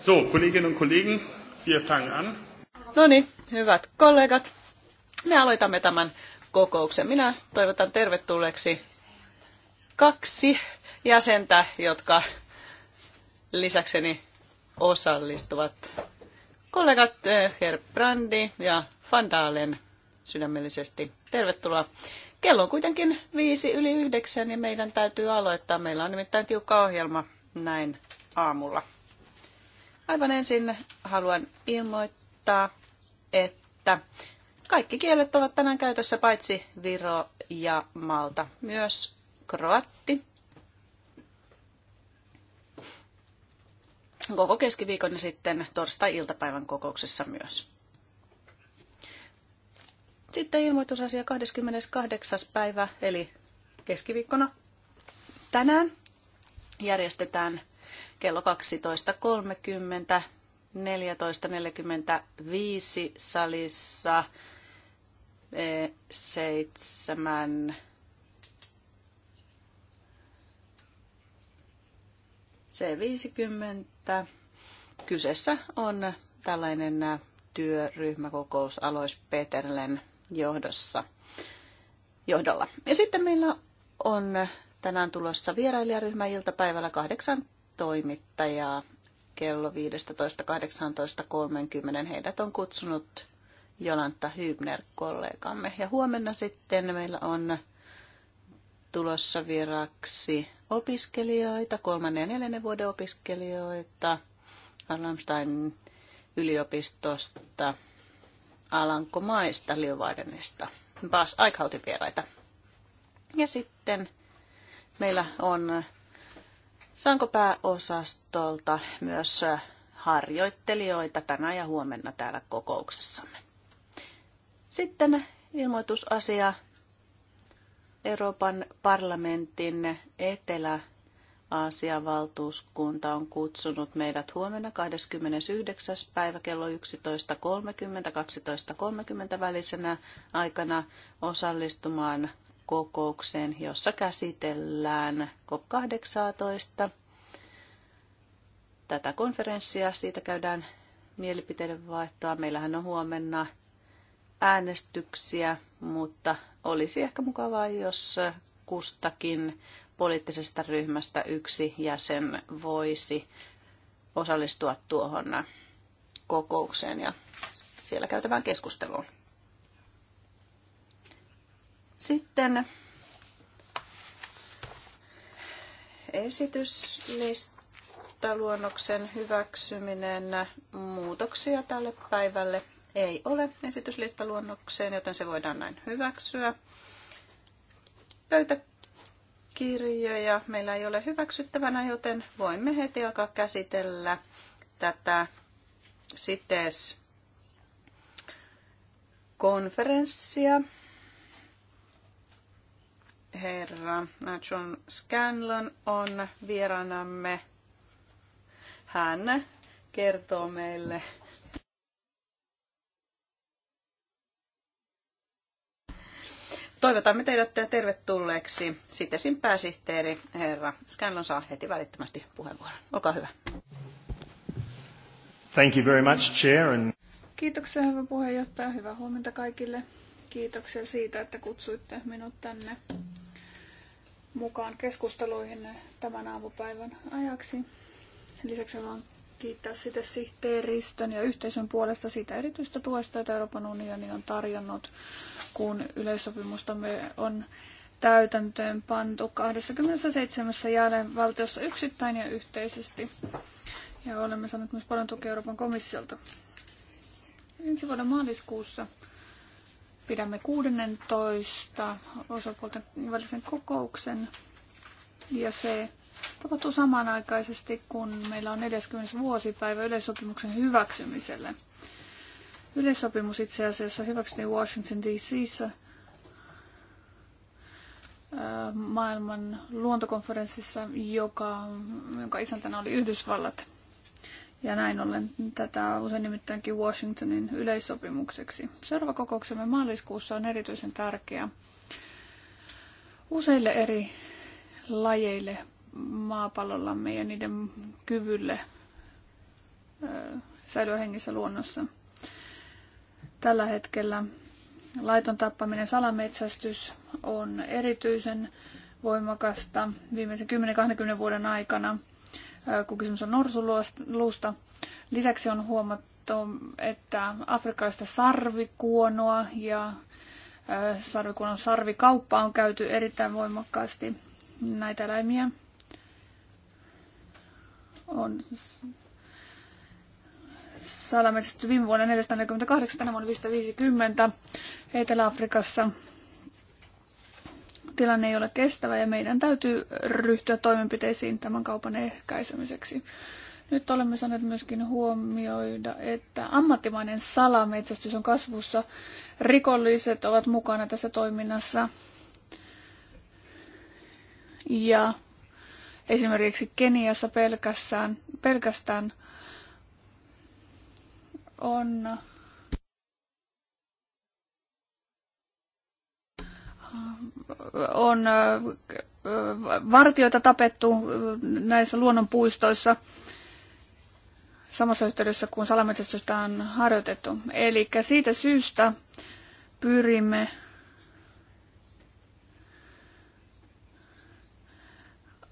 So, Kolleginnen und Kollegen, wir fangen an. No niin, hyvät kollegat. Me aloitamme tämän kokouksen. Minä toivotan tervetulleeksi kaksi jäsentä, jotka lisäkseni osallistuvat. Kollegat eh, Herr Brandi ja Van Dalen sydämellisesti tervetuloa. Kello on kuitenkin viisi yli yhdeksän ja meidän täytyy aloittaa. Meillä on nimittäin tiukka ohjelma näin aamulla. Aivan ensin haluan ilmoittaa, että kaikki kielet ovat tänään käytössä paitsi Viro ja Malta, myös kroatti. Koko keskiviikon ja sitten torstai-iltapäivän kokouksessa myös. Sitten ilmoitusasia 28. päivä, eli keskiviikkona tänään järjestetään kello 12.30 14.45 salissa 7 eh, C50. Kyseessä on tällainen eh, työryhmäkokous Alois Peterlen johdossa, johdolla. Ja sitten meillä on tänään tulossa vierailijaryhmä iltapäivällä 8 toimittajaa kello 15.18.30. Heidät on kutsunut Jolanta Hybner kollegamme. Ja huomenna sitten meillä on tulossa vieraksi opiskelijoita, kolmannen ja neljännen vuoden opiskelijoita Alamstein yliopistosta, Alankomaista, Liovaidenista, Bas Aikhautin vieraita. Ja sitten meillä on Saanko pääosastolta myös äh, harjoittelijoita tänään ja huomenna täällä kokouksessamme? Sitten ilmoitusasia Euroopan parlamentin etelä Aasian valtuuskunta on kutsunut meidät huomenna 29. päivä kello 11.30-12.30 välisenä aikana osallistumaan kokoukseen, jossa käsitellään COP18. Tätä konferenssia, siitä käydään mielipiteiden vaihtoa. Meillähän on huomenna äänestyksiä, mutta olisi ehkä mukavaa, jos kustakin poliittisesta ryhmästä yksi jäsen voisi osallistua tuohon kokoukseen ja siellä käytävään keskusteluun. Sitten esityslistaluonnoksen hyväksyminen muutoksia tälle päivälle ei ole esityslistaluonnokseen, joten se voidaan näin hyväksyä. Pöytäkirjoja meillä ei ole hyväksyttävänä, joten voimme heti alkaa käsitellä tätä sites konferenssia herra John Scanlon on vieraanamme. Hän kertoo meille Toivotamme teidät tervetulleeksi. Sittesin pääsihteeri herra Scanlon saa heti välittömästi puheenvuoron. Olkaa hyvä. Thank you very much, Chair. And... Kiitoksia, hyvä puheenjohtaja. Hyvää huomenta kaikille. Kiitoksia siitä, että kutsuitte minut tänne mukaan keskusteluihin tämän aamupäivän ajaksi. Lisäksi haluan kiittää sitä sihteeristön ja yhteisön puolesta siitä erityistä tuesta, jota Euroopan unioni on tarjonnut, kun yleissopimustamme on täytäntöön pantu 27 jäsenvaltiossa yksittäin ja yhteisesti. Ja olemme saaneet myös paljon tukea Euroopan komissiolta. Ensi vuoden maaliskuussa Pidämme 16 osapuolten välisen kokouksen ja se tapahtuu samanaikaisesti, kun meillä on 40. vuosipäivä yleissopimuksen hyväksymiselle. Yleissopimus itse asiassa hyväksyttiin Washington DCissä äh, maailman luontokonferenssissa, joka, jonka isäntänä oli Yhdysvallat. Ja näin ollen tätä usein nimittäinkin Washingtonin yleissopimukseksi. Seuraava kokouksemme maaliskuussa on erityisen tärkeä useille eri lajeille maapallollamme ja niiden kyvylle säilyä hengissä luonnossa. Tällä hetkellä laiton tappaminen salametsästys on erityisen voimakasta viimeisen 10-20 vuoden aikana – kun kysymys on norsuluusta. Lisäksi on huomattu, että afrikkalaista sarvikuonoa ja sarvikuonon sarvikauppa on käyty erittäin voimakkaasti näitä eläimiä. On salametsästetty viime vuonna 448, tänä vuonna 550 Etelä-Afrikassa tilanne ei ole kestävä ja meidän täytyy ryhtyä toimenpiteisiin tämän kaupan ehkäisemiseksi. Nyt olemme saaneet myöskin huomioida, että ammattimainen salametsästys on kasvussa. Rikolliset ovat mukana tässä toiminnassa. Ja esimerkiksi Keniassa pelkästään, pelkästään on on vartioita tapettu näissä luonnonpuistoissa samassa yhteydessä, kuin salametsästystä on harjoitettu. Eli siitä syystä pyrimme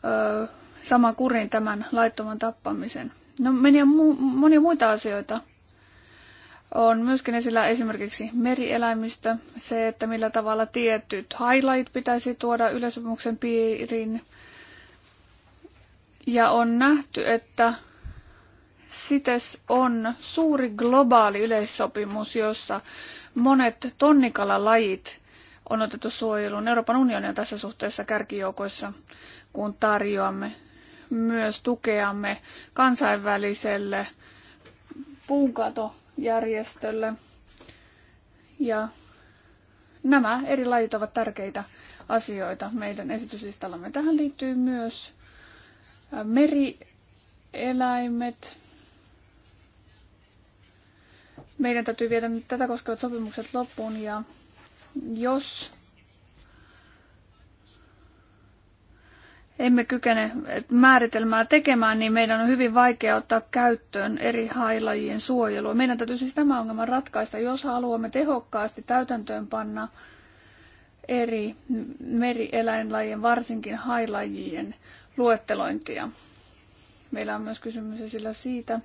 ö, kurin tämän laittoman tappamisen. No meni mu- monia muita asioita on myöskin esillä esimerkiksi merieläimistö, se, että millä tavalla tietyt highlight pitäisi tuoda yleisopimuksen piiriin. Ja on nähty, että CITES on suuri globaali yleissopimus, jossa monet tonnikalalajit on otettu suojeluun. Euroopan unioni on tässä suhteessa kärkijoukoissa, kun tarjoamme myös tukeamme kansainväliselle puunkato järjestölle. Ja nämä eri lajit ovat tärkeitä asioita meidän esityslistallamme. Tähän liittyy myös merieläimet. Meidän täytyy viedä nyt tätä koskevat sopimukset loppuun ja jos emme kykene määritelmää tekemään, niin meidän on hyvin vaikea ottaa käyttöön eri hailajien suojelua. Meidän täytyy siis tämä ongelma ratkaista, jos haluamme tehokkaasti täytäntöönpanna eri merieläinlajien, varsinkin hailajien luettelointia. Meillä on myös kysymys esillä siitä,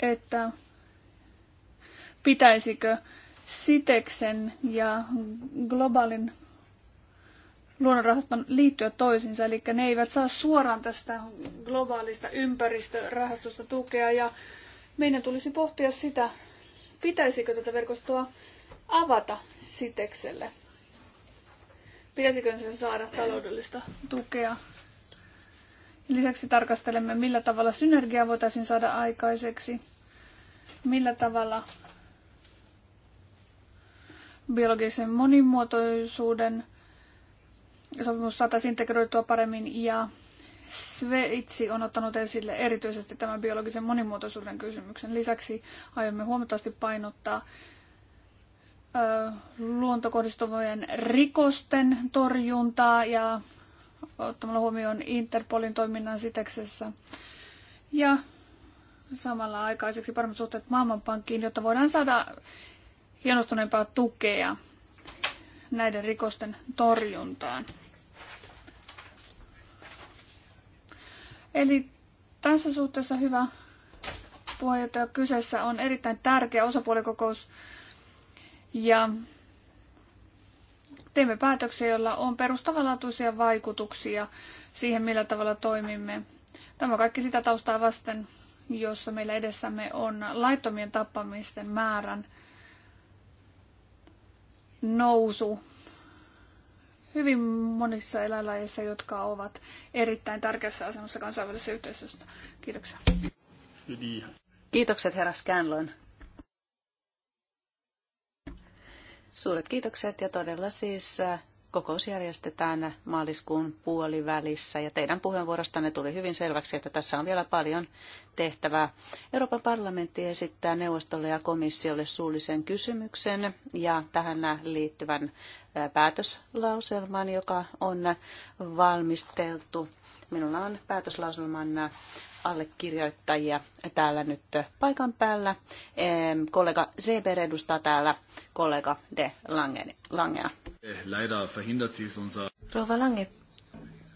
että pitäisikö Siteksen ja globaalin luonnonrahaston liittyä toisiinsa, eli ne eivät saa suoraan tästä globaalista ympäristörahastosta tukea, ja meidän tulisi pohtia sitä, pitäisikö tätä verkostoa avata sitekselle. Pitäisikö sen saada taloudellista tukea? Lisäksi tarkastelemme, millä tavalla synergiaa voitaisiin saada aikaiseksi, millä tavalla biologisen monimuotoisuuden sopimus saataisiin integroitua paremmin ja Sveitsi on ottanut esille erityisesti tämän biologisen monimuotoisuuden kysymyksen. Lisäksi aiomme huomattavasti painottaa luontokohdistuvien rikosten torjuntaa ja ottamalla huomioon Interpolin toiminnan siteksessä. Ja samalla aikaiseksi paremmat suhteet Maailmanpankkiin, jotta voidaan saada hienostuneempaa tukea näiden rikosten torjuntaan. Eli tässä suhteessa hyvä puheenjohtaja. Kyseessä on erittäin tärkeä osapuolikokous ja teemme päätöksiä, joilla on perustavanlaatuisia vaikutuksia siihen, millä tavalla toimimme. Tämä kaikki sitä taustaa vasten, jossa meillä edessämme on laittomien tappamisten määrän nousu hyvin monissa eläinlajeissa, jotka ovat erittäin tärkeässä asemassa kansainvälisessä yhteisössä. Kiitoksia. Kiitokset herra Scanlon. Suuret kiitokset ja todella siis äh, kokous järjestetään maaliskuun puolivälissä ja teidän puheenvuorostanne tuli hyvin selväksi, että tässä on vielä paljon tehtävää. Euroopan parlamentti esittää neuvostolle ja komissiolle suullisen kysymyksen ja tähän liittyvän päätöslauselman, joka on valmisteltu. Minulla on päätöslauselman allekirjoittajia täällä nyt paikan päällä. Kollega Seber edustaa täällä kollega de Langea. Eh, leider verhindert siis unser... Rova Lange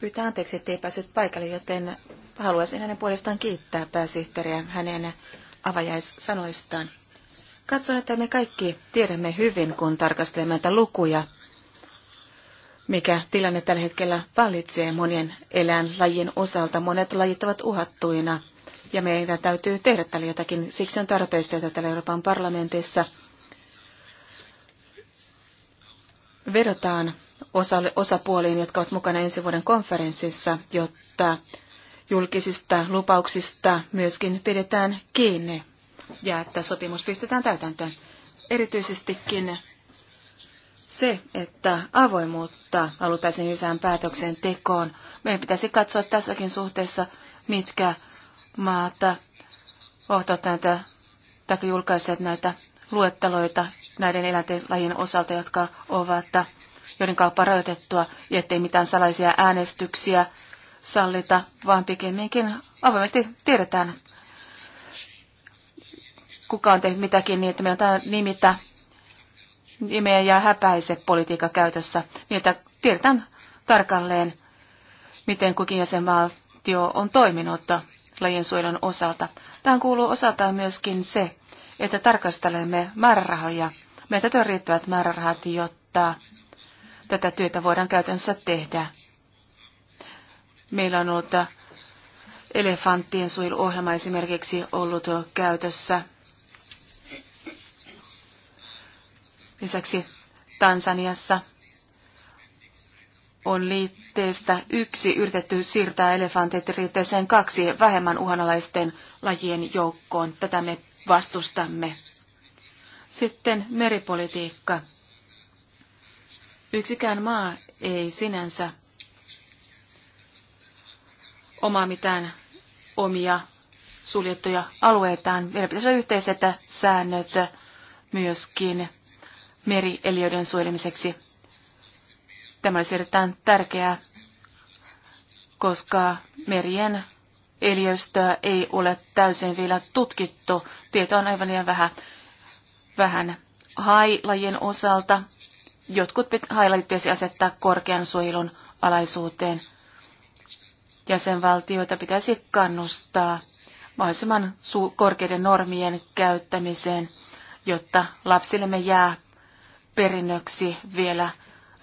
pyytää anteeksi, ettei päässyt paikalle, joten haluaisin hänen puolestaan kiittää pääsihteeriä hänen avajaissanoistaan. Katson, että me kaikki tiedämme hyvin, kun tarkastelemme näitä lukuja, mikä tilanne tällä hetkellä vallitsee monien eläinlajien osalta. Monet lajit ovat uhattuina ja meidän täytyy tehdä tälle jotakin. Siksi on tarpeista, että täällä Euroopan parlamentissa – vedotaan osapuoliin, jotka ovat mukana ensi vuoden konferenssissa, jotta julkisista lupauksista myöskin pidetään kiinni ja että sopimus pistetään täytäntöön. Erityisestikin se, että avoimuutta haluttaisiin lisään päätöksentekoon. Meidän pitäisi katsoa tässäkin suhteessa, mitkä maata ovat näitä tai julkaiset näitä luetteloita näiden eläintelajien osalta, jotka ovat, joiden kauppa on rajoitettua, ettei mitään salaisia äänestyksiä sallita, vaan pikemminkin avoimesti tiedetään, kuka on tehnyt mitäkin, niin että meillä on tämä nimitä, nimeä ja häpäise politiikka käytössä, niin että tiedetään tarkalleen, miten kukin jäsenvaltio on toiminut lajien suojelun osalta. Tähän kuuluu osaltaan myöskin se, että tarkastelemme määrärahoja, Meiltä on riittävät määrärahat, jotta tätä työtä voidaan käytännössä tehdä. Meillä on ollut elefanttien suojeluohjelma esimerkiksi ollut käytössä. Lisäksi Tansaniassa on liitteestä yksi yritetty siirtää elefantit riitteeseen kaksi vähemmän uhanalaisten lajien joukkoon. Tätä me vastustamme. Sitten meripolitiikka. Yksikään maa ei sinänsä omaa mitään omia suljettuja alueitaan. Meillä pitäisi olla yhteiset säännöt myöskin merieliöiden suojelemiseksi. Tämä olisi erittäin tärkeää, koska merien eliöstöä ei ole täysin vielä tutkittu. Tieto on aivan liian vähän vähän hailajien osalta. Jotkut hailajit pitäisi asettaa korkean suojelun alaisuuteen. Jäsenvaltioita pitäisi kannustaa mahdollisimman korkeiden normien käyttämiseen, jotta lapsillemme jää perinnöksi vielä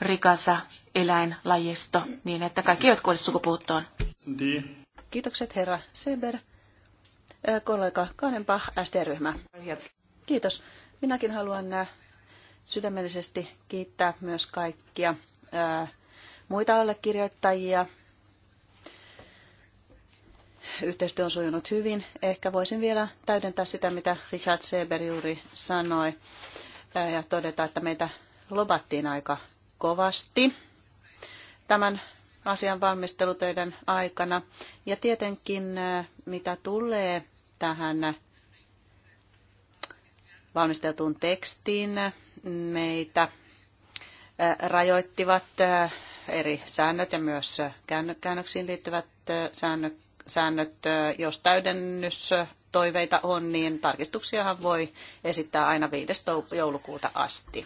rikasa eläinlajisto, niin että kaikki jotkut olisi sukupuuttoon. Kiitokset herra Seber. Kollega Kahnenbach, sd ryhmä Kiitos. Minäkin haluan äh, sydämellisesti kiittää myös kaikkia äh, muita allekirjoittajia. Yhteistyö on sujunut hyvin. Ehkä voisin vielä täydentää sitä, mitä Richard Seber juuri sanoi äh, ja todeta, että meitä lobattiin aika kovasti tämän asian valmistelutöiden aikana. Ja tietenkin mitä tulee tähän valmisteltuun tekstiin. Meitä rajoittivat eri säännöt ja myös käännöksiin liittyvät säännöt. Jos täydennys toiveita on, niin tarkistuksiahan voi esittää aina 5. joulukuuta asti.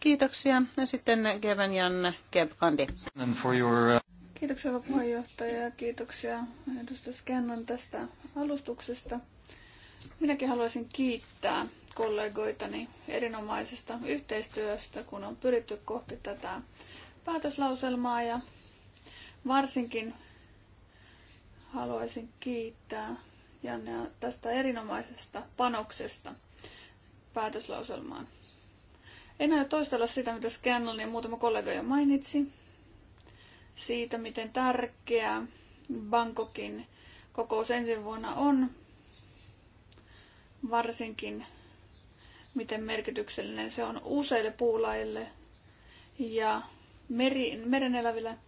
Kiitoksia. Ja sitten Gevenjan Gebrandi. Uh, kiitoksia puheenjohtaja ja kiitoksia edustaja Scannon tästä alustuksesta. Minäkin haluaisin kiittää kollegoitani erinomaisesta yhteistyöstä, kun on pyritty kohti tätä päätöslauselmaa ja varsinkin haluaisin kiittää Janne tästä erinomaisesta panoksesta päätöslauselmaan. En aio toistella sitä, mitä Scanlon ja muutama kollega jo mainitsi, siitä, miten tärkeä Bangkokin kokous ensi vuonna on varsinkin miten merkityksellinen se on useille puulaille ja meri, mereneläville.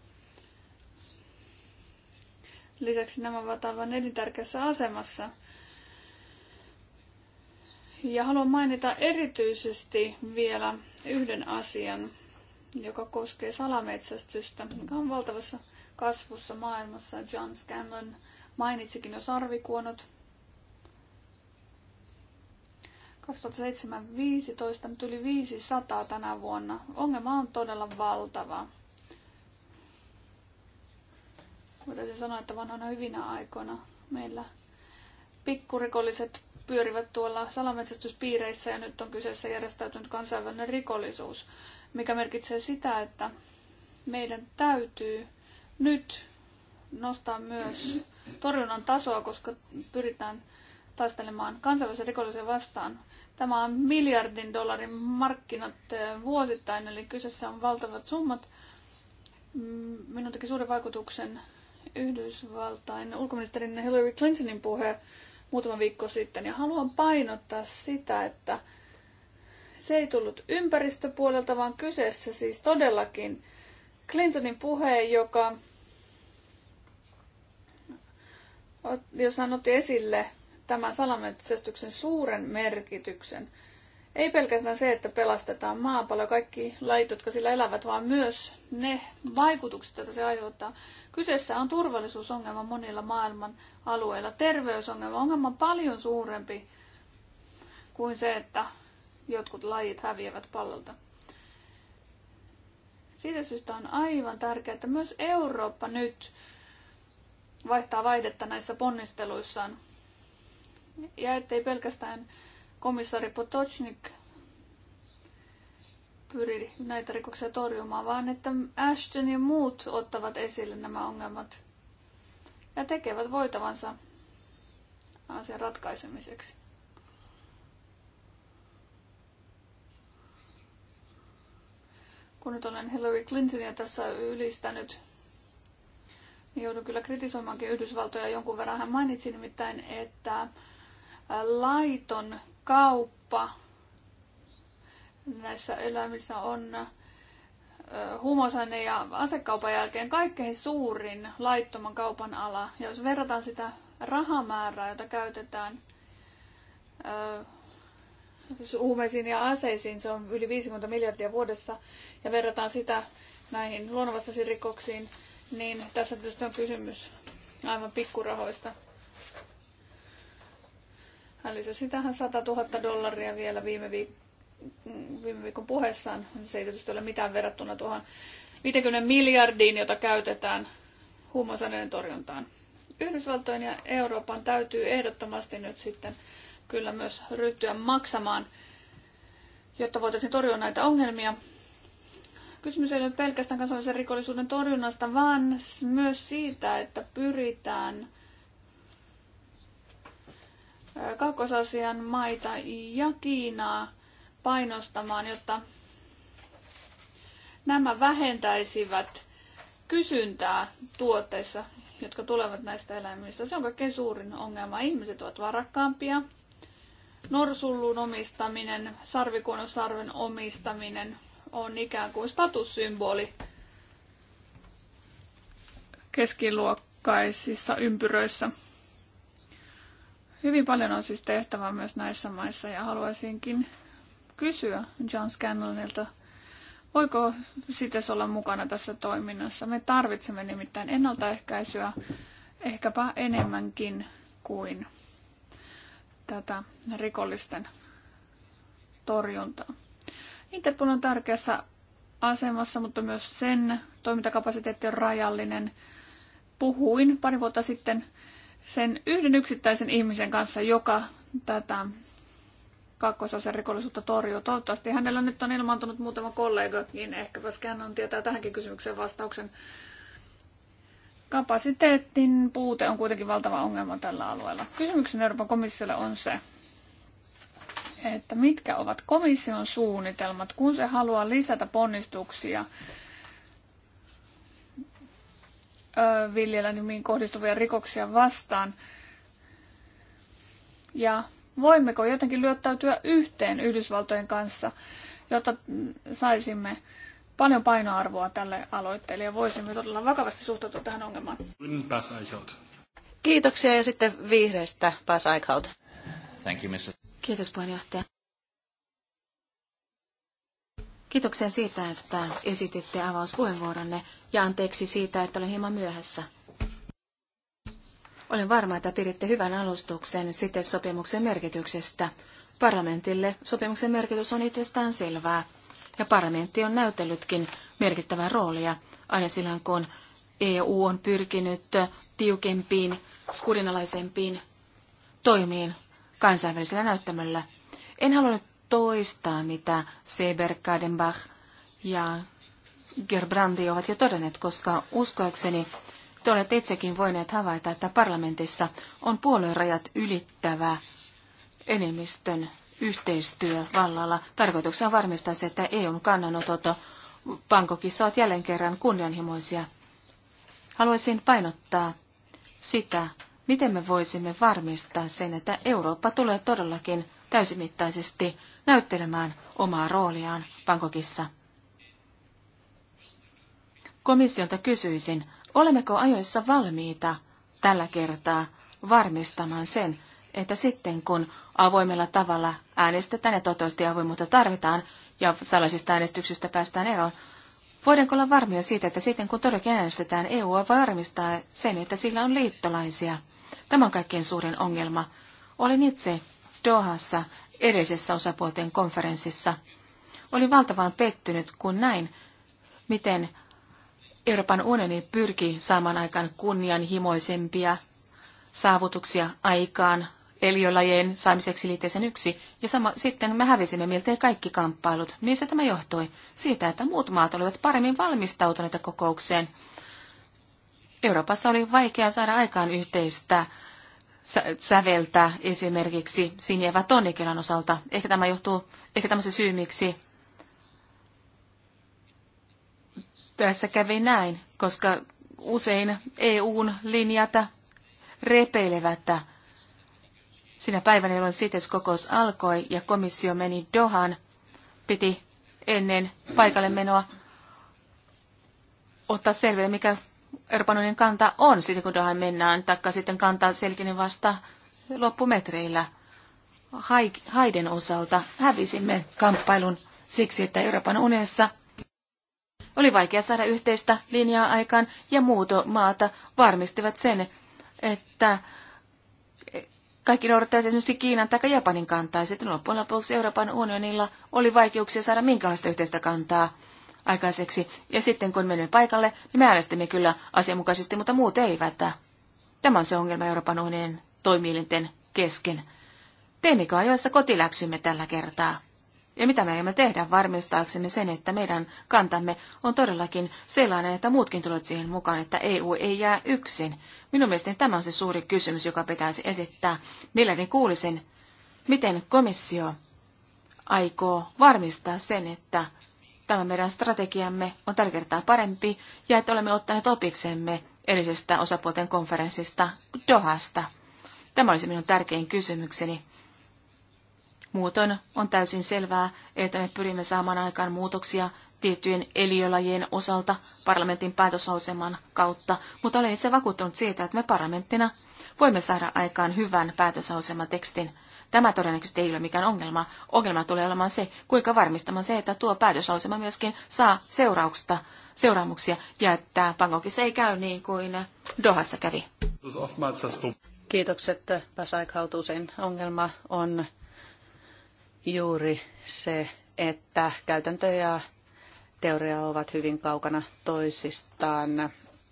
Lisäksi nämä ovat aivan elintärkeässä asemassa. Ja haluan mainita erityisesti vielä yhden asian, joka koskee salametsästystä, joka on valtavassa kasvussa maailmassa. John Scanlon mainitsikin jo sarvikuonot, 2007-2015 nyt yli 500 tänä vuonna. Ongelma on todella valtava. Voitaisiin sanoa, että vanhana hyvinä aikoina meillä pikkurikolliset pyörivät tuolla salametsästyspiireissä ja nyt on kyseessä järjestäytynyt kansainvälinen rikollisuus, mikä merkitsee sitä, että meidän täytyy nyt nostaa myös torjunnan tasoa, koska pyritään taistelemaan kansainvälisen rikollisen vastaan. Tämä on miljardin dollarin markkinat vuosittain, eli kyseessä on valtavat summat. Mm, minun teki suuren vaikutuksen Yhdysvaltain ulkoministerin Hillary Clintonin puhe muutama viikko sitten. Ja haluan painottaa sitä, että se ei tullut ympäristöpuolelta, vaan kyseessä siis todellakin Clintonin puhe, joka jos hän otti esille tämän salametsästyksen suuren merkityksen. Ei pelkästään se, että pelastetaan maapallo kaikki lait, jotka sillä elävät, vaan myös ne vaikutukset, joita se aiheuttaa. Kyseessä on turvallisuusongelma monilla maailman alueilla, terveysongelma. Ongelma on paljon suurempi kuin se, että jotkut lajit häviävät pallolta. Siitä syystä on aivan tärkeää, että myös Eurooppa nyt vaihtaa vaihdetta näissä ponnisteluissaan ja ettei pelkästään komissaari Potocnik pyri näitä rikoksia torjumaan, vaan että Ashton ja muut ottavat esille nämä ongelmat ja tekevät voitavansa asian ratkaisemiseksi. Kun nyt olen Hillary Clintonia tässä ylistänyt, niin joudun kyllä kritisoimaankin Yhdysvaltoja jonkun verran. Hän mainitsi nimittäin, että laiton kauppa näissä eläimissä on humosainen ja asekaupan jälkeen kaikkein suurin laittoman kaupan ala. Ja jos verrataan sitä rahamäärää, jota käytetään siis huumeisiin ja aseisiin, se on yli 50 miljardia vuodessa, ja verrataan sitä näihin luonnonvastaisiin rikoksiin, niin tässä tietysti on kysymys aivan pikkurahoista. Hän lisäsi tähän 100 000 dollaria vielä viime, viik- viime viikon puheessaan. Se ei tietysti ole mitään verrattuna tuohon 50 miljardiin, jota käytetään huumausaineiden torjuntaan. Yhdysvaltojen ja Euroopan täytyy ehdottomasti nyt sitten kyllä myös ryhtyä maksamaan, jotta voitaisiin torjua näitä ongelmia. Kysymys ei ole pelkästään kansallisen rikollisuuden torjunnasta, vaan myös siitä, että pyritään Kaakkois-Aasian maita ja Kiinaa painostamaan, jotta nämä vähentäisivät kysyntää tuotteissa, jotka tulevat näistä eläimistä. Se on kaikkein suurin ongelma. Ihmiset ovat varakkaampia. Norsullun omistaminen, sarvikuonosarven omistaminen on ikään kuin statussymboli keskiluokkaisissa ympyröissä. Hyvin paljon on siis tehtävää myös näissä maissa ja haluaisinkin kysyä John Scanlonilta, voiko sitten olla mukana tässä toiminnassa. Me tarvitsemme nimittäin ennaltaehkäisyä ehkäpä enemmänkin kuin tätä rikollisten torjuntaa. Interpol on tärkeässä asemassa, mutta myös sen toimintakapasiteetti on rajallinen. Puhuin pari vuotta sitten sen yhden yksittäisen ihmisen kanssa, joka tätä kakkososan rikollisuutta torjuu. Toivottavasti hänellä nyt on ilmaantunut muutama kollegakin, niin ehkä koska hän on tietää tähänkin kysymykseen vastauksen. Kapasiteetin puute on kuitenkin valtava ongelma tällä alueella. Kysymyksen Euroopan komissiolle on se, että mitkä ovat komission suunnitelmat, kun se haluaa lisätä ponnistuksia nimiin kohdistuvia rikoksia vastaan. Ja voimmeko jotenkin lyöttäytyä yhteen Yhdysvaltojen kanssa, jotta saisimme paljon painoarvoa tälle aloitteelle ja voisimme todella vakavasti suhtautua tähän ongelmaan. Kiitoksia ja sitten vihreistä Bas Eichhout. Thank you, Mr. Kiitos puheenjohtaja. Kiitoksia siitä, että esititte avauspuheenvuoronne ja anteeksi siitä, että olen hieman myöhässä. Olen varma, että piditte hyvän alustuksen sopimuksen merkityksestä. Parlamentille sopimuksen merkitys on itsestään selvää, ja parlamentti on näytellytkin merkittävää roolia aina silloin, kun EU on pyrkinyt tiukempiin, kurinalaisempiin toimiin kansainvälisellä näyttämöllä. En halunnut toistaa, mitä Seber, Kadenbach ja Gerbrandi ovat jo todenneet, koska uskoakseni te olette itsekin voineet havaita, että parlamentissa on puoluerajat ylittävä enemmistön yhteistyö vallalla. Tarkoituksena on varmistaa se, että EUn kannanotot pankokissa ovat jälleen kerran kunnianhimoisia. Haluaisin painottaa sitä, miten me voisimme varmistaa sen, että Eurooppa tulee todellakin täysimittaisesti näyttelemään omaa rooliaan Bangkokissa. Komissiolta kysyisin, olemmeko ajoissa valmiita tällä kertaa varmistamaan sen, että sitten kun avoimella tavalla äänestetään ja toivottavasti avoimuutta tarvitaan ja salaisista äänestyksistä päästään eroon, voidaanko olla varmia siitä, että sitten kun todellakin äänestetään, EU varmistaa sen, että sillä on liittolaisia. Tämä on kaikkein suurin ongelma. Olin itse Dohassa edellisessä osapuolten konferenssissa. Olin valtavan pettynyt, kun näin, miten Euroopan unioni pyrki saamaan aikaan kunnianhimoisempia saavutuksia aikaan eliölajien saamiseksi liitteeseen yksi, ja sama, sitten me hävisimme miltei kaikki kamppailut. Missä tämä johtui? Siitä, että muut maat olivat paremmin valmistautuneita kokoukseen. Euroopassa oli vaikea saada aikaan yhteistä säveltä esimerkiksi Sinjeva Tonnikilan osalta. Ehkä tämä johtuu, ehkä tämä se syy, miksi tässä kävi näin, koska usein EUn linjata repeilevät sinä päivänä, jolloin CITES-kokous alkoi ja komissio meni Dohan, piti ennen paikalle menoa ottaa selville, mikä Euroopan unionin kanta on sitten, kun Dohaan mennään, taikka sitten kanta selkeinen vasta loppumetreillä. Haiden osalta hävisimme kamppailun siksi, että Euroopan unionissa oli vaikea saada yhteistä linjaa aikaan ja muuto maata varmistivat sen, että kaikki noudattaisi esimerkiksi Kiinan tai Japanin kantaa. sitten loppujen lopuksi Euroopan unionilla oli vaikeuksia saada minkälaista yhteistä kantaa aikaiseksi. Ja sitten kun menimme paikalle, niin me äänestimme kyllä asianmukaisesti, mutta muut eivät. Tämä on se ongelma Euroopan unionin toimielinten kesken. Teemmekö ajoissa kotiläksymme tällä kertaa? Ja mitä me emme tehdä varmistaaksemme sen, että meidän kantamme on todellakin sellainen, että muutkin tulevat siihen mukaan, että EU ei jää yksin. Minun mielestäni tämä on se suuri kysymys, joka pitäisi esittää. Mielelläni kuulisin, miten komissio aikoo varmistaa sen, että tämä meidän strategiamme on tällä kertaa parempi ja että olemme ottaneet opiksemme edellisestä osapuolten konferenssista Dohasta. Tämä olisi minun tärkein kysymykseni. Muutoin on täysin selvää, että me pyrimme saamaan aikaan muutoksia tiettyjen eliölajien osalta parlamentin päätösauseman kautta, mutta olen itse vakuuttunut siitä, että me parlamenttina voimme saada aikaan hyvän päätösauseman tekstin. Tämä todennäköisesti ei ole mikään ongelma. Ongelma tulee olemaan se, kuinka varmistamaan se, että tuo päätöslausema myöskin saa seurauksista seuraamuksia ja että Bangkokissa ei käy niin kuin Dohassa kävi. Kiitokset. Pääsaikhautuusen ongelma on juuri se, että käytäntö ja teoria ovat hyvin kaukana toisistaan,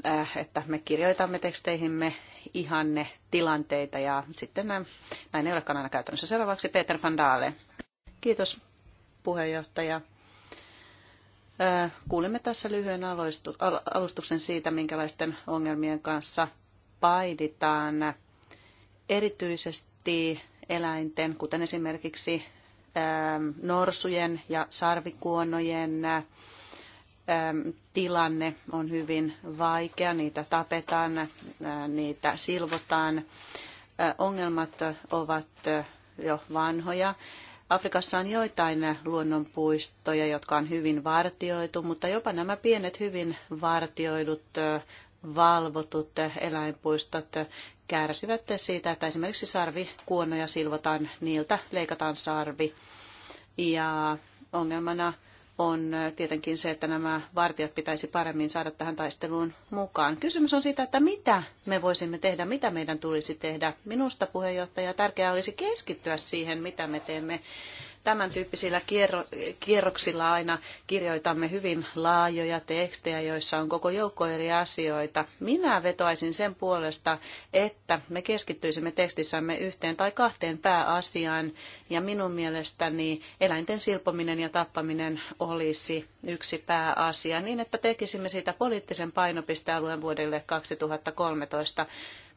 äh, että me kirjoitamme teksteihimme ihanne tilanteita ja sitten näin, näin ei olekaan aina käytännössä. Seuraavaksi Peter van Daale. Kiitos puheenjohtaja. Kuulimme tässä lyhyen alustuksen siitä, minkälaisten ongelmien kanssa paiditaan erityisesti eläinten, kuten esimerkiksi norsujen ja sarvikuonojen tilanne on hyvin vaikea. Niitä tapetaan, niitä silvotaan. Ongelmat ovat jo vanhoja. Afrikassa on joitain luonnonpuistoja, jotka on hyvin vartioitu, mutta jopa nämä pienet hyvin vartioidut, valvotut eläinpuistot kärsivät siitä, että esimerkiksi sarvikuonoja silvotaan, niiltä leikataan sarvi. Ja ongelmana on tietenkin se, että nämä vartijat pitäisi paremmin saada tähän taisteluun mukaan. Kysymys on siitä, että mitä me voisimme tehdä, mitä meidän tulisi tehdä. Minusta puheenjohtaja tärkeää olisi keskittyä siihen, mitä me teemme Tämän tyyppisillä kierroksilla aina kirjoitamme hyvin laajoja tekstejä, joissa on koko joukko eri asioita. Minä vetoaisin sen puolesta, että me keskittyisimme tekstissämme yhteen tai kahteen pääasiaan, ja minun mielestäni eläinten silpominen ja tappaminen olisi yksi pääasia, niin että tekisimme siitä poliittisen painopistealueen vuodelle 2013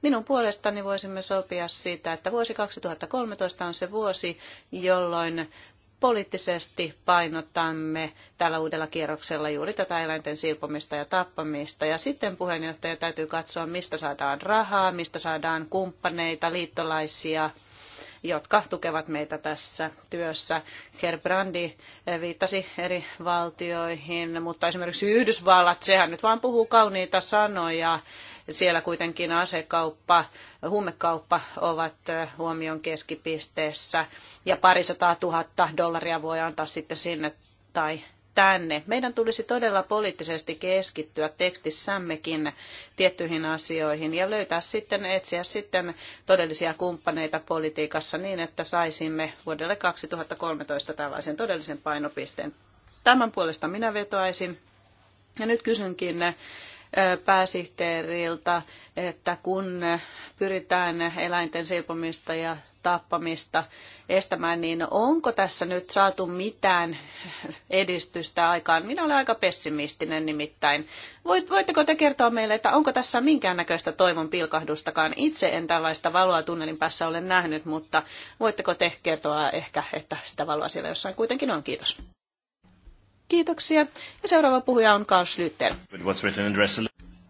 Minun puolestani voisimme sopia siitä, että vuosi 2013 on se vuosi, jolloin poliittisesti painotamme tällä uudella kierroksella juuri tätä eläinten silpomista ja tappamista. Ja sitten puheenjohtaja täytyy katsoa, mistä saadaan rahaa, mistä saadaan kumppaneita, liittolaisia – jotka tukevat meitä tässä työssä. Brandi eh, viittasi eri valtioihin, mutta esimerkiksi Yhdysvallat, sehän nyt vaan puhuu kauniita sanoja. Siellä kuitenkin asekauppa, huumekauppa ovat eh, huomion keskipisteessä ja parisataa tuhatta dollaria voi antaa sitten sinne tai tänne. Meidän tulisi todella poliittisesti keskittyä tekstissämmekin tiettyihin asioihin ja löytää sitten, etsiä sitten todellisia kumppaneita politiikassa niin, että saisimme vuodelle 2013 tällaisen todellisen painopisteen. Tämän puolesta minä vetoaisin. Ja nyt kysynkin pääsihteeriltä, että kun pyritään eläinten silpomista ja tappamista estämään, niin onko tässä nyt saatu mitään edistystä aikaan? Minä olen aika pessimistinen nimittäin. voitteko te kertoa meille, että onko tässä minkäännäköistä toivon pilkahdustakaan? Itse en tällaista valoa tunnelin päässä ole nähnyt, mutta voitteko te kertoa ehkä, että sitä valoa siellä jossain kuitenkin on? Kiitos. Kiitoksia. Ja seuraava puhuja on Carl Schlüter.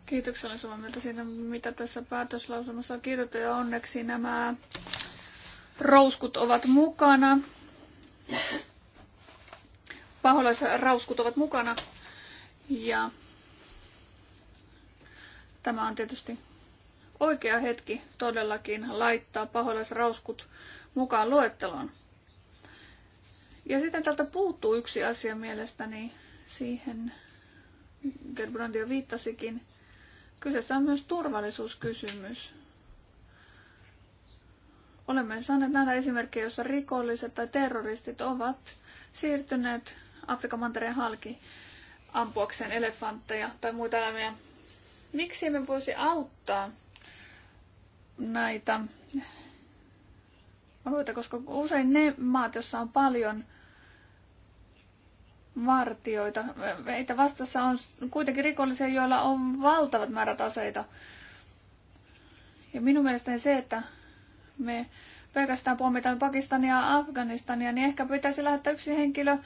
Kiitoksia, olen samaa mieltä siinä, mitä tässä päätöslausumassa on kirjoitettu ja onneksi nämä rouskut ovat mukana. Paholaisrauskut ovat mukana ja tämä on tietysti oikea hetki todellakin laittaa paholaisrauskut mukaan luetteloon. Ja sitten tältä puuttuu yksi asia mielestäni, siihen Gerbrandi jo viittasikin. Kyseessä on myös turvallisuuskysymys. Olemme saaneet nähdä esimerkkejä, joissa rikolliset tai terroristit ovat siirtyneet Afrikan mantereen halki ampuakseen elefantteja tai muita eläimiä. Miksi me voisi auttaa näitä alueita, koska usein ne maat, joissa on paljon vartioita, meitä vastassa on kuitenkin rikollisia, joilla on valtavat määrät aseita. Ja minun mielestäni se, että me pelkästään pommitamme Pakistania ja Afganistania, niin ehkä pitäisi lähettää yksi henkilö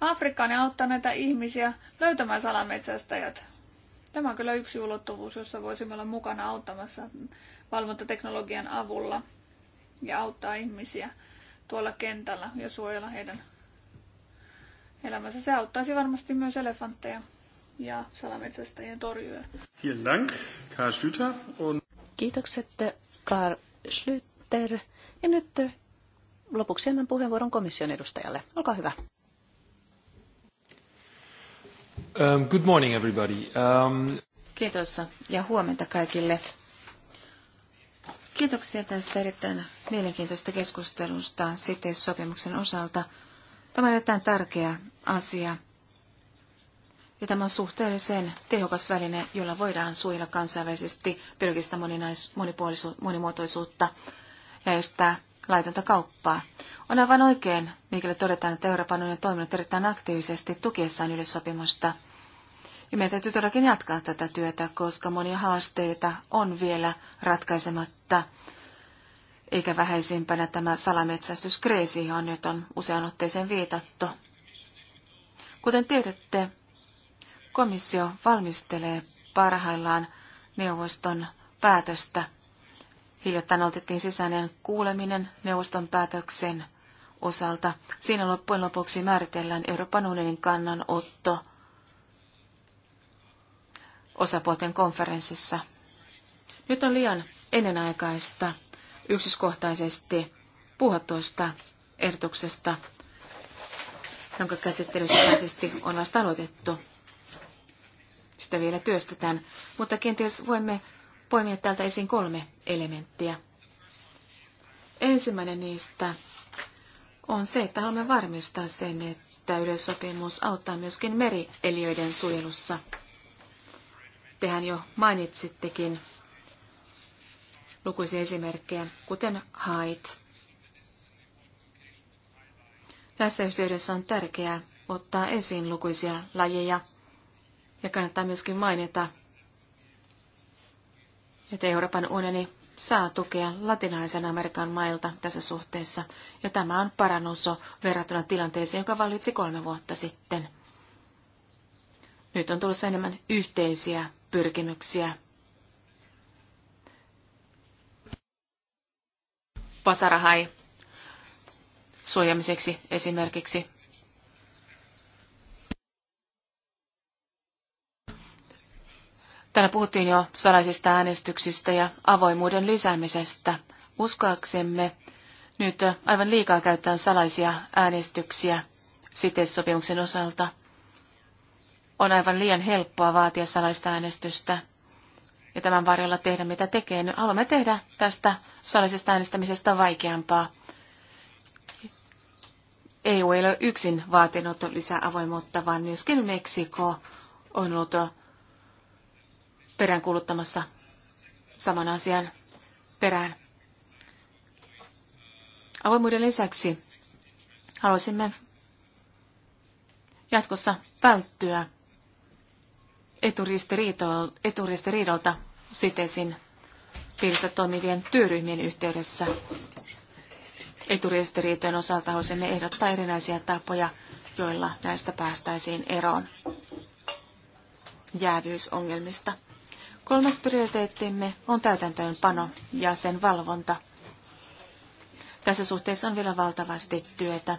Afrikkaan ja auttaa näitä ihmisiä löytämään salametsästäjät. Tämä on kyllä yksi ulottuvuus, jossa voisimme olla mukana auttamassa valvontateknologian avulla ja auttaa ihmisiä tuolla kentällä ja suojella heidän elämänsä. Se auttaisi varmasti myös elefantteja ja salametsästäjien torjuja. Dank, Karl Schlüter. Und... Kiitokset, Karl Schlüter. Ja nyt lopuksi annan puheenvuoron komission edustajalle. Olkaa hyvä. Um, good morning everybody. Um... Kiitos ja huomenta kaikille. Kiitoksia tästä erittäin mielenkiintoista keskustelusta sitten sopimuksen osalta. Tämä on erittäin tärkeä asia. Ja tämä on suhteellisen tehokas väline, jolla voidaan suojella kansainvälisesti pyrkistä monimuotoisuutta ja estää laitonta kauppaa. On aivan oikein, mikäli todetaan, että Euroopan unioni on toiminut erittäin aktiivisesti tukiessaan yleissopimusta – ja meidän täytyy todellakin jatkaa tätä työtä, koska monia haasteita on vielä ratkaisematta. Eikä vähäisimpänä tämä salametsästyskreisi, johon nyt on usean otteeseen viitattu. Kuten tiedätte, komissio valmistelee parhaillaan neuvoston päätöstä. Hiljattain otettiin sisäinen kuuleminen neuvoston päätöksen osalta. Siinä loppujen lopuksi määritellään Euroopan unionin kannanotto osapuolten konferenssissa. Nyt on liian ennenaikaista yksiskohtaisesti puhua tuosta ehdotuksesta, jonka käsittelysäisesti on vasta aloitettu. Sitä vielä työstetään, mutta kenties voimme poimia täältä esiin kolme elementtiä. Ensimmäinen niistä on se, että haluamme varmistaa sen, että yleissopimus auttaa myöskin merieliöiden suojelussa – Tehän jo mainitsittekin lukuisia esimerkkejä, kuten hait. Tässä yhteydessä on tärkeää ottaa esiin lukuisia lajeja ja kannattaa myöskin mainita, että Euroopan unioni saa tukea latinalaisen Amerikan mailta tässä suhteessa, ja tämä on parannus verrattuna tilanteeseen, joka vallitsi kolme vuotta sitten. Nyt on tulossa enemmän yhteisiä pyrkimyksiä. Pasarahai suojamiseksi esimerkiksi. Täällä puhuttiin jo salaisista äänestyksistä ja avoimuuden lisäämisestä. Uskoaksemme nyt aivan liikaa käytetään salaisia äänestyksiä sitesopimuksen osalta – on aivan liian helppoa vaatia salaista äänestystä ja tämän varjolla tehdä mitä tekee. Nyt haluamme tehdä tästä salaisesta äänestämisestä vaikeampaa. EU ei ole yksin vaatinut lisää avoimuutta, vaan myöskin Meksiko on ollut peräänkuuluttamassa saman asian perään. Avoimuuden lisäksi haluaisimme jatkossa välttyä eturistiriidolta sitesin piirissä toimivien työryhmien yhteydessä. Eturistiriitojen osalta haluaisimme ehdottaa erinäisiä tapoja, joilla näistä päästäisiin eroon jäävyysongelmista. Kolmas prioriteettimme on täytäntöönpano ja sen valvonta. Tässä suhteessa on vielä valtavasti työtä.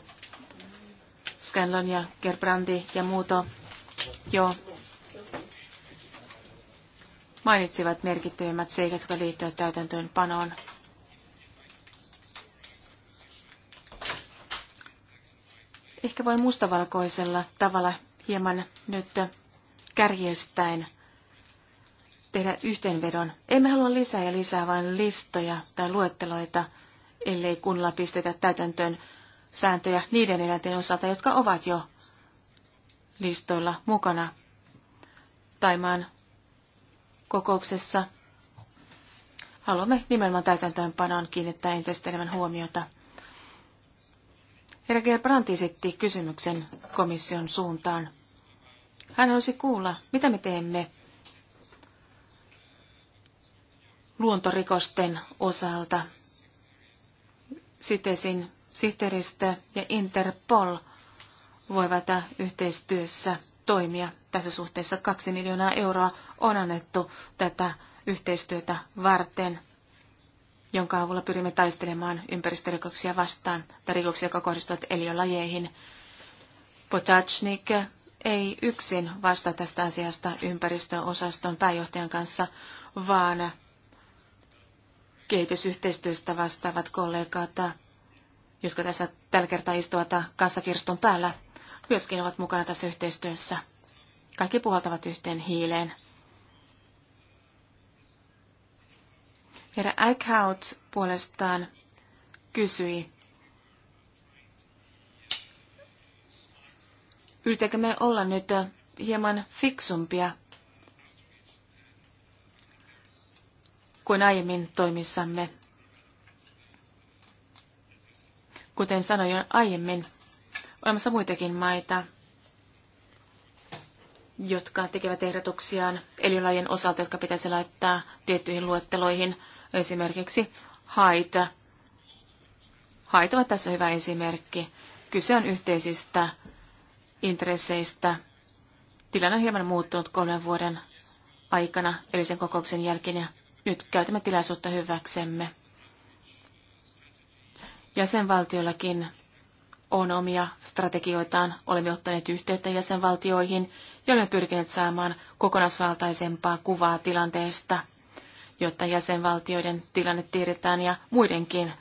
Scanlon ja Gerbrandi ja muuto jo mainitsivat merkittävimmät seikat, jotka liittyvät täytäntöönpanoon. Ehkä voi mustavalkoisella tavalla hieman nyt kärjestäen tehdä yhteenvedon. Emme halua lisää ja lisää vain listoja tai luetteloita, ellei kunnolla pistetä täytäntöön sääntöjä niiden eläinten osalta, jotka ovat jo listoilla mukana. Taimaan kokouksessa haluamme nimenomaan täytäntöönpanoon kiinnittää entistä enemmän huomiota. Herra Gerbrandt esitti kysymyksen komission suuntaan. Hän halusi kuulla, mitä me teemme luontorikosten osalta. Sitesin sihteeristö ja Interpol voivat yhteistyössä toimia tässä suhteessa. Kaksi miljoonaa euroa on annettu tätä yhteistyötä varten, jonka avulla pyrimme taistelemaan ympäristörikoksia vastaan tai rikoksia, jotka kohdistuvat eliölajeihin. Potachnik ei yksin vastaa tästä asiasta ympäristöosaston pääjohtajan kanssa, vaan kehitysyhteistyöstä vastaavat kollegat, jotka tässä tällä kertaa istuvat kanssakirstun päällä, myöskin ovat mukana tässä yhteistyössä. Kaikki puhaltavat yhteen hiileen. Herra Eichhout puolestaan kysyi, yritäkö me olla nyt hieman fiksumpia kuin aiemmin toimissamme. Kuten sanoin jo aiemmin, olemassa muitakin maita, jotka tekevät ehdotuksiaan eliölajien osalta, jotka pitäisi laittaa tiettyihin luetteloihin, esimerkiksi haita. Haita ovat tässä hyvä esimerkki. Kyse on yhteisistä intresseistä. Tilanne on hieman muuttunut kolmen vuoden aikana eli sen kokouksen jälkeen ja nyt käytämme tilaisuutta hyväksemme. Jäsenvaltiollakin on omia strategioitaan, olemme ottaneet yhteyttä jäsenvaltioihin ja olemme pyrkineet saamaan kokonaisvaltaisempaa kuvaa tilanteesta, jotta jäsenvaltioiden tilanne tiedetään ja muidenkin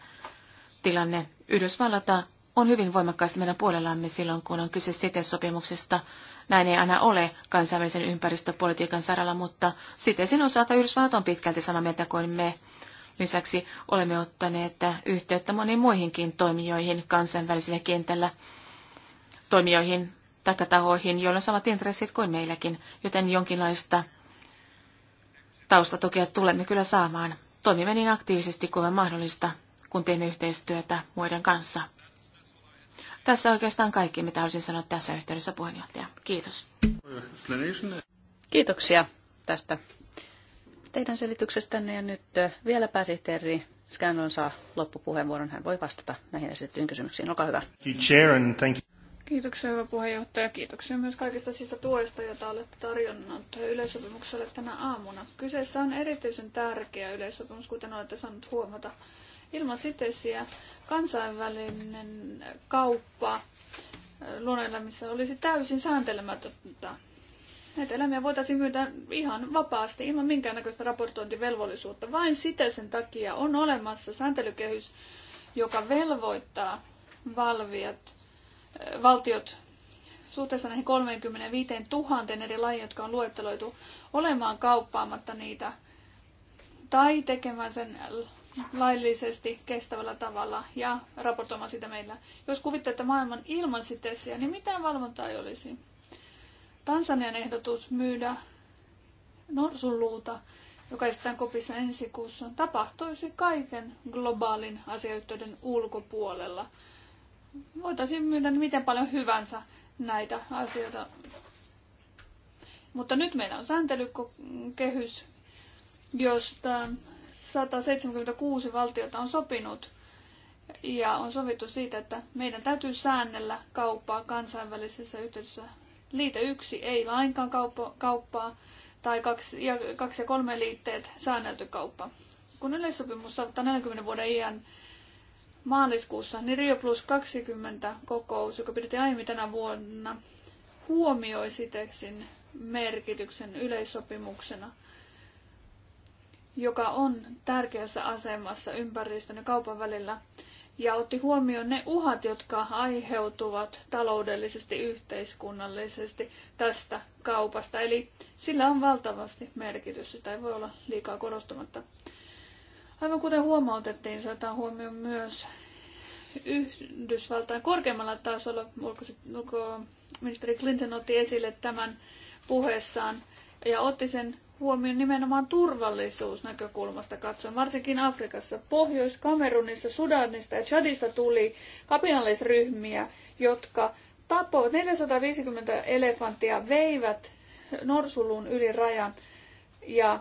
tilanne. Yhdysvallata on hyvin voimakkaasti meidän puolellamme silloin, kun on kyse CITES-sopimuksesta. Näin ei aina ole kansainvälisen ympäristöpolitiikan saralla, mutta CITESin osalta Yhdysvallat on pitkälti samaa mieltä kuin me. Lisäksi olemme ottaneet yhteyttä moniin muihinkin toimijoihin kansainvälisellä kentällä, toimijoihin takatahoihin, joilla on samat intressit kuin meilläkin, joten jonkinlaista taustatukea tulemme kyllä saamaan. Toimimme niin aktiivisesti kuin mahdollista, kun teemme yhteistyötä muiden kanssa. Tässä oikeastaan kaikki, mitä olisin sanoa tässä yhteydessä puheenjohtaja. Kiitos. Kiitoksia tästä teidän selityksestänne ja nyt eh, vielä pääsihteeri Scanlon saa loppupuheenvuoron. Hän voi vastata näihin esitettyyn kysymyksiin. Olkaa hyvä. Kiitoksia hyvä puheenjohtaja. Kiitoksia myös kaikista siitä tuesta, jota olette tarjonnut yleisopimukselle tänä aamuna. Kyseessä on erityisen tärkeä yleisopimus, kuten olette saaneet huomata. Ilman sitesiä kansainvälinen kauppa eh, luonnonelämissä olisi täysin sääntelemätöntä. Näitä eläimiä voitaisiin myydä ihan vapaasti ilman minkäännäköistä raportointivelvollisuutta. Vain sitä sen takia on olemassa sääntelykehys, joka velvoittaa valviat, eh, valtiot suhteessa näihin 35 000 eri lajiin, jotka on luetteloitu, olemaan kauppaamatta niitä tai tekemään sen laillisesti kestävällä tavalla ja raportoimaan sitä meillä. Jos kuvittelette maailman ilman sitesiä, niin mitään valvontaa ei olisi. Tansanian ehdotus myydä norsunluuta, joka estetään kopissa ensi kuussa, tapahtuisi kaiken globaalin asiayhteyden ulkopuolella. Voitaisiin myydä miten paljon hyvänsä näitä asioita. Mutta nyt meillä on sääntelykehys, josta 176 valtiota on sopinut ja on sovittu siitä, että meidän täytyy säännellä kauppaa kansainvälisessä yhteisössä Liite yksi ei lainkaan kauppa, kauppaa tai kaksi ja, kaksi ja kolme liitteet säännelty kauppa. Kun yleissopimus saattaa 40 vuoden iän maaliskuussa, niin Rio Plus 20 kokous, joka pidettiin aiemmin tänä vuonna, huomioi Sitexin merkityksen yleissopimuksena, joka on tärkeässä asemassa ympäristön ja kaupan välillä – ja otti huomioon ne uhat, jotka aiheutuvat taloudellisesti, yhteiskunnallisesti tästä kaupasta. Eli sillä on valtavasti merkitys, sitä ei voi olla liikaa korostamatta. Aivan kuten huomautettiin, se otetaan huomioon myös Yhdysvaltain korkeammalla tasolla. Ulkoministeri Clinton otti esille tämän puheessaan ja otti sen huomioon nimenomaan turvallisuusnäkökulmasta katsoen, varsinkin Afrikassa. Pohjois-Kamerunissa, Sudanista ja Chadista tuli kapinallisryhmiä, jotka tapoivat 450 elefanttia, veivät norsulun yli rajan ja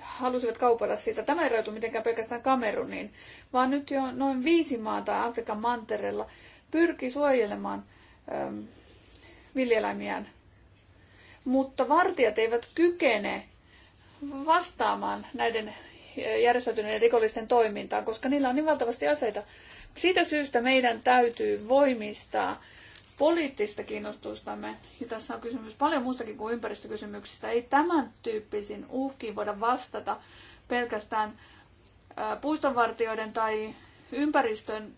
halusivat kaupata siitä. Tämä ei rajoitu mitenkään pelkästään Kameruniin, vaan nyt jo noin viisi maata Afrikan mantereella pyrki suojelemaan äm, villieläimiään mutta vartijat eivät kykene vastaamaan näiden järjestäytyneiden rikollisten toimintaan, koska niillä on niin valtavasti aseita. Siitä syystä meidän täytyy voimistaa poliittista kiinnostustamme, ja tässä on kysymys paljon muustakin kuin ympäristökysymyksistä, ei tämän tyyppisiin uhkiin voida vastata pelkästään puistonvartijoiden tai ympäristön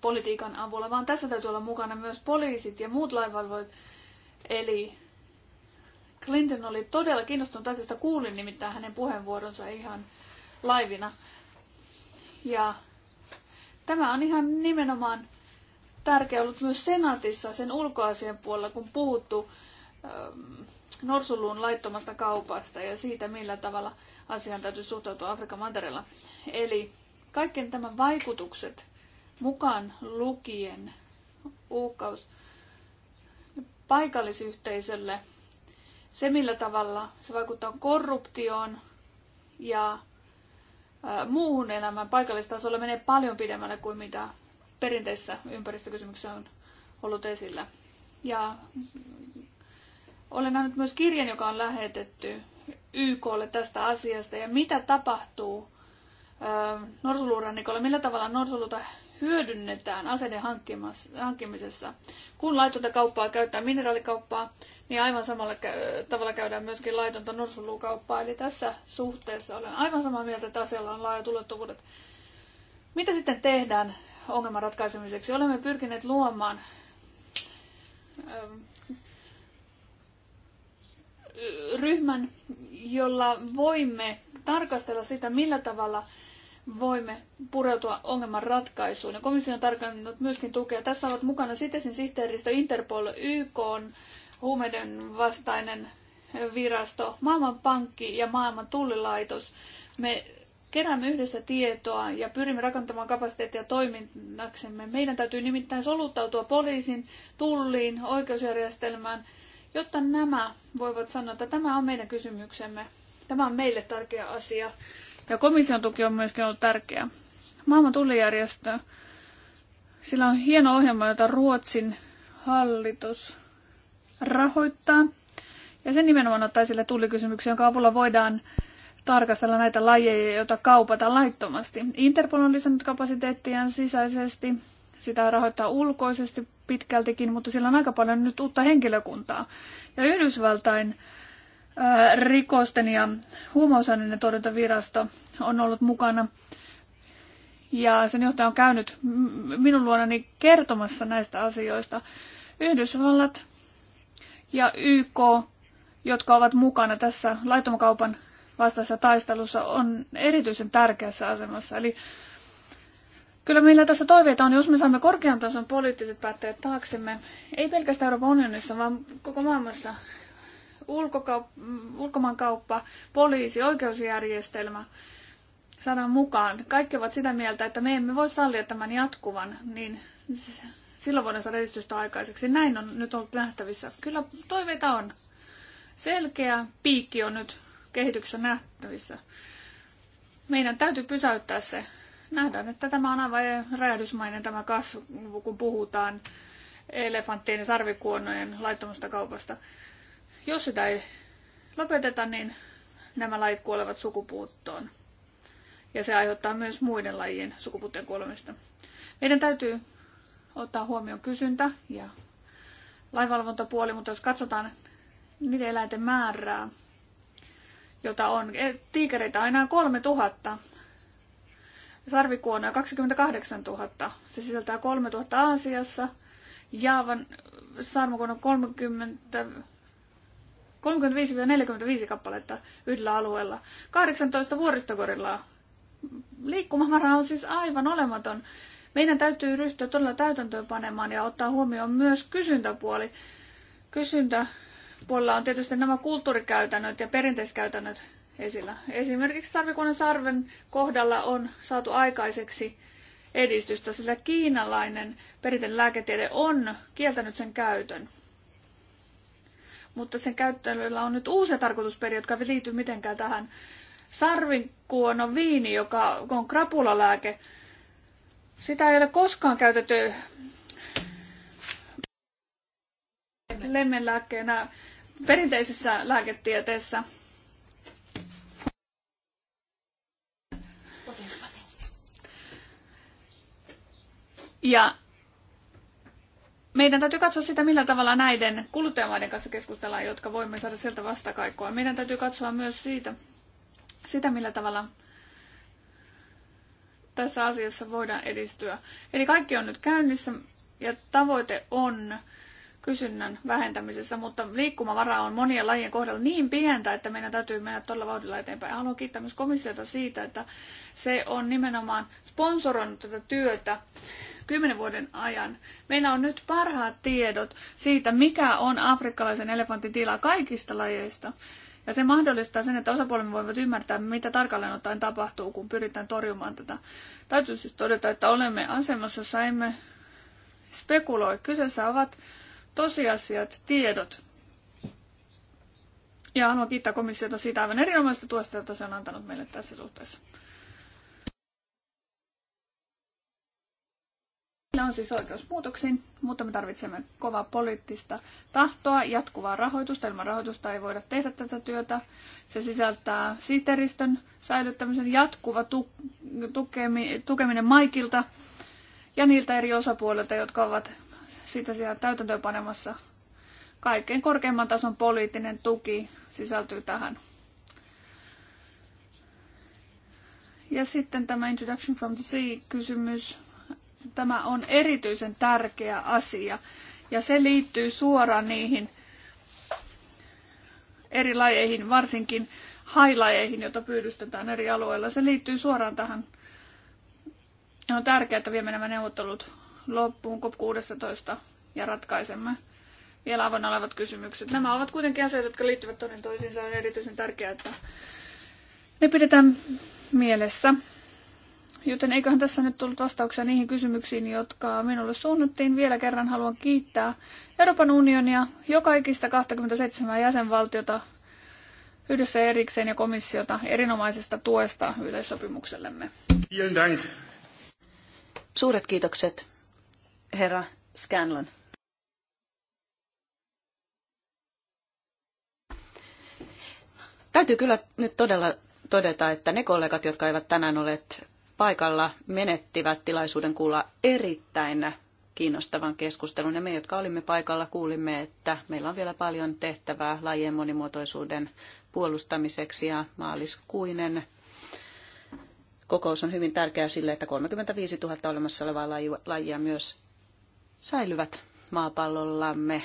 politiikan avulla, vaan tässä täytyy olla mukana myös poliisit ja muut lainvalvojat, eli Clinton oli todella kiinnostunut asiasta, kuulin nimittäin hänen puheenvuoronsa ihan laivina. Ja tämä on ihan nimenomaan tärkeä ollut myös senaatissa sen ulkoasian puolella, kun puhuttu ähm, norsuluun laittomasta kaupasta ja siitä, millä tavalla asiaan täytyy suhtautua Afrikan mantereella. Eli kaiken tämän vaikutukset mukaan lukien uhkaus paikallisyhteisölle – se, millä tavalla se vaikuttaa korruptioon ja muuhun elämään paikallistasolla menee paljon pidemmälle kuin mitä perinteisessä ympäristökysymyksessä on ollut esillä. Ja olen nähnyt myös kirjan, joka on lähetetty YKlle tästä asiasta ja mitä tapahtuu norsuluurannikolla, millä tavalla norsuluta hyödynnetään aseiden hankkimisessa. Kun laitonta kauppaa käyttää mineraalikauppaa, niin aivan samalla tavalla käydään myöskin laitonta norsulukauppaa. Eli tässä suhteessa olen aivan samaa mieltä, että asialla on laajat ulottuvuudet. Mitä sitten tehdään ongelman ratkaisemiseksi? Olemme pyrkineet luomaan ähm, ryhmän, jolla voimme tarkastella sitä, millä tavalla – voimme pureutua ongelman ratkaisuun. Ja komissio on tarkannut myöskin tukea. Tässä ovat mukana Sitesin sihteeristö Interpol, YK, huumeiden vastainen virasto, Maailmanpankki ja Maailman tullilaitos. Me keräämme yhdessä tietoa ja pyrimme rakentamaan kapasiteettia toiminnaksemme. Meidän täytyy nimittäin soluttautua poliisin, tulliin, oikeusjärjestelmään, jotta nämä voivat sanoa, että tämä on meidän kysymyksemme. Tämä on meille tärkeä asia. Ja komission tuki on myöskin ollut tärkeä. Maailman tullijärjestö, sillä on hieno ohjelma, jota Ruotsin hallitus rahoittaa. Ja se nimenomaan ottaa sille tullikysymyksiä, jonka avulla voidaan tarkastella näitä lajeja, joita kaupataan laittomasti. Interpol on lisännyt kapasiteettiaan sisäisesti, sitä rahoittaa ulkoisesti pitkältikin, mutta sillä on aika paljon nyt uutta henkilökuntaa. Ja Yhdysvaltain rikosten ja huumausaineiden torjuntavirasto on ollut mukana. Ja sen johtaja on käynyt minun luonani kertomassa näistä asioista. Yhdysvallat ja YK, jotka ovat mukana tässä laitomakaupan vastaisessa taistelussa, on erityisen tärkeässä asemassa. Eli Kyllä meillä tässä toiveita on, jos me saamme korkean tason poliittiset päättäjät taaksemme, ei pelkästään Euroopan unionissa, vaan koko maailmassa, ulkokauppa, mm, ulkomaankauppa, poliisi, oikeusjärjestelmä saadaan mukaan. Kaikki ovat sitä mieltä, että me emme voi sallia tämän jatkuvan, niin silloin voidaan saada edistystä aikaiseksi. Näin on nyt ollut nähtävissä. Kyllä toiveita on. Selkeä piikki on nyt kehityksessä nähtävissä. Meidän täytyy pysäyttää se. Nähdään, että tämä on aivan räjähdysmainen tämä kasvu, kun puhutaan elefanttien ja sarvikuonojen laittomasta kaupasta. Jos sitä ei lopeteta, niin nämä lajit kuolevat sukupuuttoon. Ja se aiheuttaa myös muiden lajien sukupuutteen kuolemista. Meidän täytyy ottaa huomioon kysyntä ja lainvalvontapuoli, mutta jos katsotaan niiden eläinten määrää, jota on, e, tiikereitä on 3000, sarvikuonoja 28 000, se sisältää 3000 Aasiassa, Jaavan sarmakuono 30 35-45 kappaletta yhdellä alueella. 18 vuoristokorillaa. Liikkumavara on siis aivan olematon. Meidän täytyy ryhtyä todella panemaan ja ottaa huomioon myös kysyntäpuoli. Kysyntäpuolella on tietysti nämä kulttuurikäytännöt ja perinteiskäytännöt esillä. Esimerkiksi sarvikunnan sarven kohdalla on saatu aikaiseksi edistystä, sillä kiinalainen perinteinen lääketiede on kieltänyt sen käytön mutta sen käyttäjällä on nyt uusi tarkoitusperi, jotka ei liity mitenkään tähän. Sarvinkuono viini, joka on krapulalääke, sitä ei ole koskaan käytetty lemmenlääkkeenä perinteisessä lääketieteessä. Ja meidän täytyy katsoa sitä, millä tavalla näiden kuluttajamaiden kanssa keskustellaan, jotka voimme saada sieltä vastakaikkoa. Meidän täytyy katsoa myös siitä, sitä, millä tavalla tässä asiassa voidaan edistyä. Eli kaikki on nyt käynnissä ja tavoite on kysynnän vähentämisessä, mutta liikkumavara on monien lajien kohdalla niin pientä, että meidän täytyy mennä todella vauhdilla eteenpäin. Haluan kiittää myös komissiota siitä, että se on nimenomaan sponsoroinut tätä työtä kymmenen vuoden ajan. Meillä on nyt parhaat tiedot siitä, mikä on afrikkalaisen elefantin tila kaikista lajeista. Ja se mahdollistaa sen, että osapuolemme voivat ymmärtää, mitä tarkalleen ottaen tapahtuu, kun pyritään torjumaan tätä. Täytyy siis todeta, että olemme asemassa, jossa emme spekuloi. Kyseessä ovat tosiasiat, tiedot. Ja haluan kiittää komissiota siitä aivan erinomaisesta tuosta, jota se on antanut meille tässä suhteessa. Meillä on siis oikeus muutoksiin, mutta me tarvitsemme kovaa poliittista tahtoa, jatkuvaa rahoitusta. Ilman rahoitusta ei voida tehdä tätä työtä. Se sisältää siteristön säilyttämisen jatkuva tu- tukemi- tukeminen Maikilta ja niiltä eri osapuolilta, jotka ovat sitä siellä täytäntöönpanemassa. Kaikkein korkeimman tason poliittinen tuki sisältyy tähän. Ja sitten tämä Introduction from the Sea-kysymys Tämä on erityisen tärkeä asia ja se liittyy suoraan niihin eri lajeihin, varsinkin hailajeihin, joita pyydystetään eri alueilla. Se liittyy suoraan tähän. On tärkeää, että viemme nämä neuvottelut loppuun COP16 ja ratkaisemme vielä avoin olevat kysymykset. Nämä ovat kuitenkin asioita, jotka liittyvät toinen toisiinsa. On erityisen tärkeää, että ne pidetään mielessä. Joten eiköhän tässä nyt tullut vastauksia niihin kysymyksiin, jotka minulle suunnattiin. Vielä kerran haluan kiittää Euroopan unionia, joka ikistä 27 jäsenvaltiota yhdessä erikseen ja komissiota erinomaisesta tuesta yleissopimuksellemme. Suuret kiitokset, herra Scanlon. Täytyy kyllä nyt todella todeta, että ne kollegat, jotka eivät tänään ole paikalla menettivät tilaisuuden kuulla erittäin kiinnostavan keskustelun. Ja me, jotka olimme paikalla, kuulimme, että meillä on vielä paljon tehtävää lajien monimuotoisuuden puolustamiseksi ja maaliskuinen kokous on hyvin tärkeä sille, että 35 000 olemassa olevaa lajia myös säilyvät maapallollamme.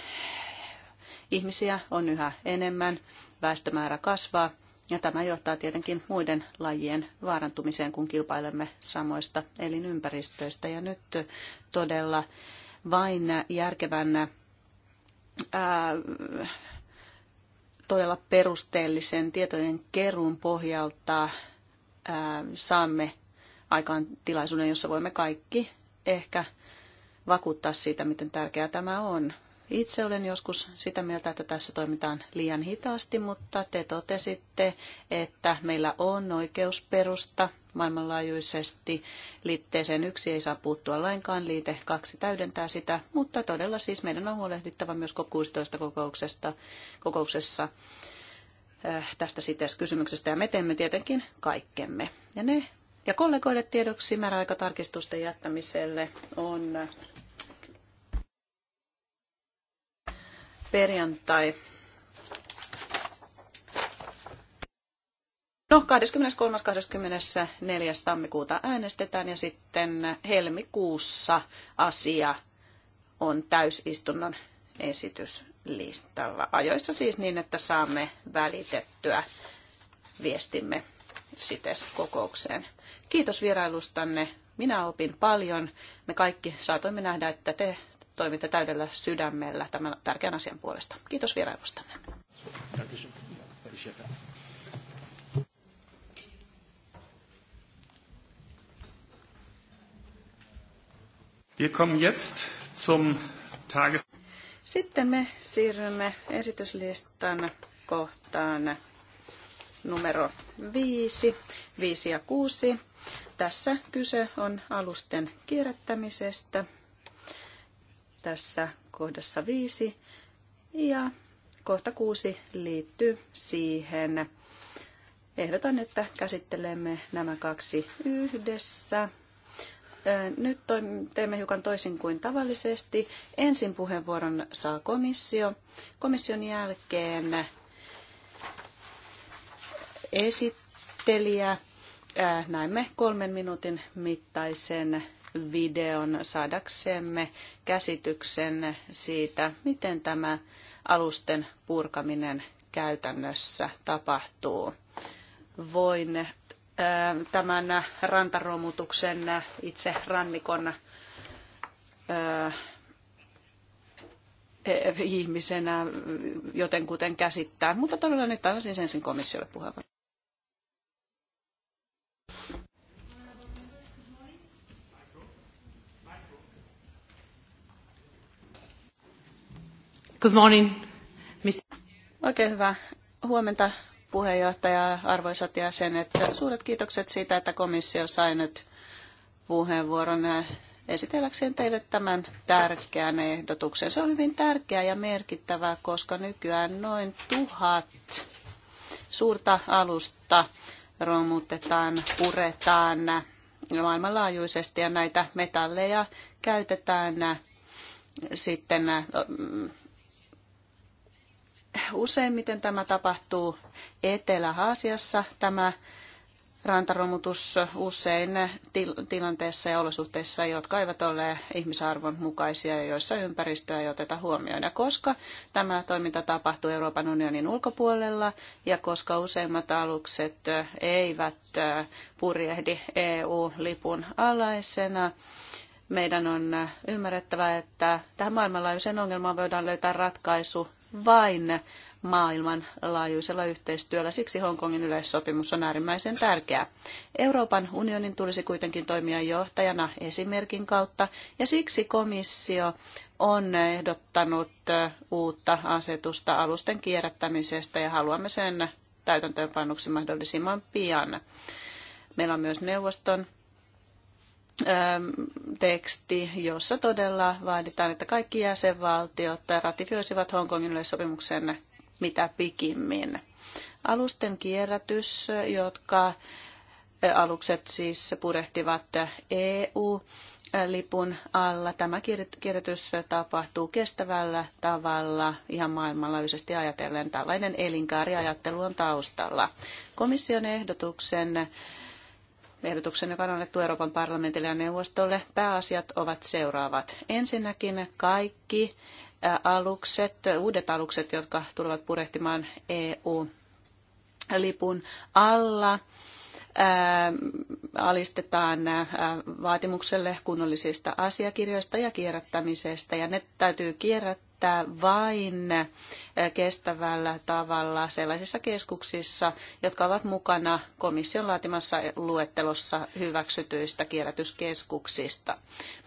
Ihmisiä on yhä enemmän, väestömäärä kasvaa ja tämä johtaa tietenkin muiden lajien vaarantumiseen, kun kilpailemme samoista elinympäristöistä. Ja nyt todella vain järkevän ää, todella perusteellisen tietojen keruun pohjalta ää, saamme aikaan tilaisuuden, jossa voimme kaikki ehkä vakuuttaa siitä, miten tärkeää tämä on. Itse olen joskus sitä mieltä, että tässä toimitaan liian hitaasti, mutta te totesitte, että meillä on oikeusperusta maailmanlaajuisesti. Liitteeseen yksi ei saa puuttua lainkaan, liite kaksi täydentää sitä, mutta todella siis meidän on huolehdittava myös COP16 kokouksesta, kokouksessa äh, tästä sitten kysymyksestä ja me teemme tietenkin kaikkemme. Ja ne ja kollegoille tiedoksi määräaikatarkistusten jättämiselle on perjantai. No, 23.24. tammikuuta äänestetään ja sitten helmikuussa asia on täysistunnon esityslistalla. Ajoissa siis niin, että saamme välitettyä viestimme sites kokoukseen. Kiitos vierailustanne. Minä opin paljon. Me kaikki saatoimme nähdä, että te toimitte täydellä sydämellä tämän tärkeän asian puolesta. Kiitos vierailustanne. Sitten me siirrymme esityslistan kohtaan numero 5, 5 ja 6. Tässä kyse on alusten kierrättämisestä tässä kohdassa viisi ja kohta kuusi liittyy siihen. Ehdotan, että käsittelemme nämä kaksi yhdessä. Nyt teemme hiukan toisin kuin tavallisesti. Ensin puheenvuoron saa komissio. Komission jälkeen esittelijä. Näemme kolmen minuutin mittaisen videon saadaksemme käsityksen siitä, miten tämä alusten purkaminen käytännössä tapahtuu. Voin äh, tämän rantaromutuksen itse rannikon äh, eh, ihmisenä jotenkuten käsittää, mutta todella nyt antaisin sen, sen komissiolle puheenvuoron. Good morning. Oikein huomenta puheenjohtaja, arvoisat jäsenet. Suuret kiitokset siitä, että komissio sai nyt puheenvuoron äh, esitelläkseen teille tämän tärkeän ehdotuksen. Se on hyvin tärkeä ja merkittävä, koska nykyään noin tuhat suurta alusta romutetaan, puretaan maailmanlaajuisesti ja näitä metalleja käytetään sitten äh, Useimmiten tämä tapahtuu Etelä-Aasiassa, tämä rantaromutus usein tilanteessa ja olosuhteissa, jotka eivät ole ihmisarvon mukaisia ja joissa ympäristöä ei oteta huomioon. Ja koska tämä toiminta tapahtuu Euroopan unionin ulkopuolella ja koska useimmat alukset eivät purjehdi EU-lipun alaisena, meidän on ymmärrettävä, että tähän maailmanlaajuiseen ongelmaan voidaan löytää ratkaisu vain maailmanlaajuisella yhteistyöllä. Siksi Hongkongin yleissopimus on äärimmäisen tärkeä. Euroopan unionin tulisi kuitenkin toimia johtajana esimerkin kautta, ja siksi komissio on ehdottanut uutta asetusta alusten kierrättämisestä, ja haluamme sen täytäntöönpannuksi mahdollisimman pian. Meillä on myös neuvoston teksti, jossa todella vaaditaan, että kaikki jäsenvaltiot ratifioisivat Hongkongin yleissopimuksen mitä pikimmin. Alusten kierrätys, jotka alukset siis purehtivat EU, lipun alla. Tämä kierrätys tapahtuu kestävällä tavalla ihan maailmanlaajuisesti ajatellen. Tällainen elinkaariajattelu on taustalla. Komission ehdotuksen ehdotuksen, joka on annettu Euroopan parlamentille ja neuvostolle. Pääasiat ovat seuraavat. Ensinnäkin kaikki alukset, uudet alukset, jotka tulevat purehtimaan EU-lipun alla, alistetaan vaatimukselle kunnollisista asiakirjoista ja kierrättämisestä. Ja ne täytyy kierrättää että vain kestävällä tavalla sellaisissa keskuksissa, jotka ovat mukana komission laatimassa luettelossa hyväksytyistä kierrätyskeskuksista.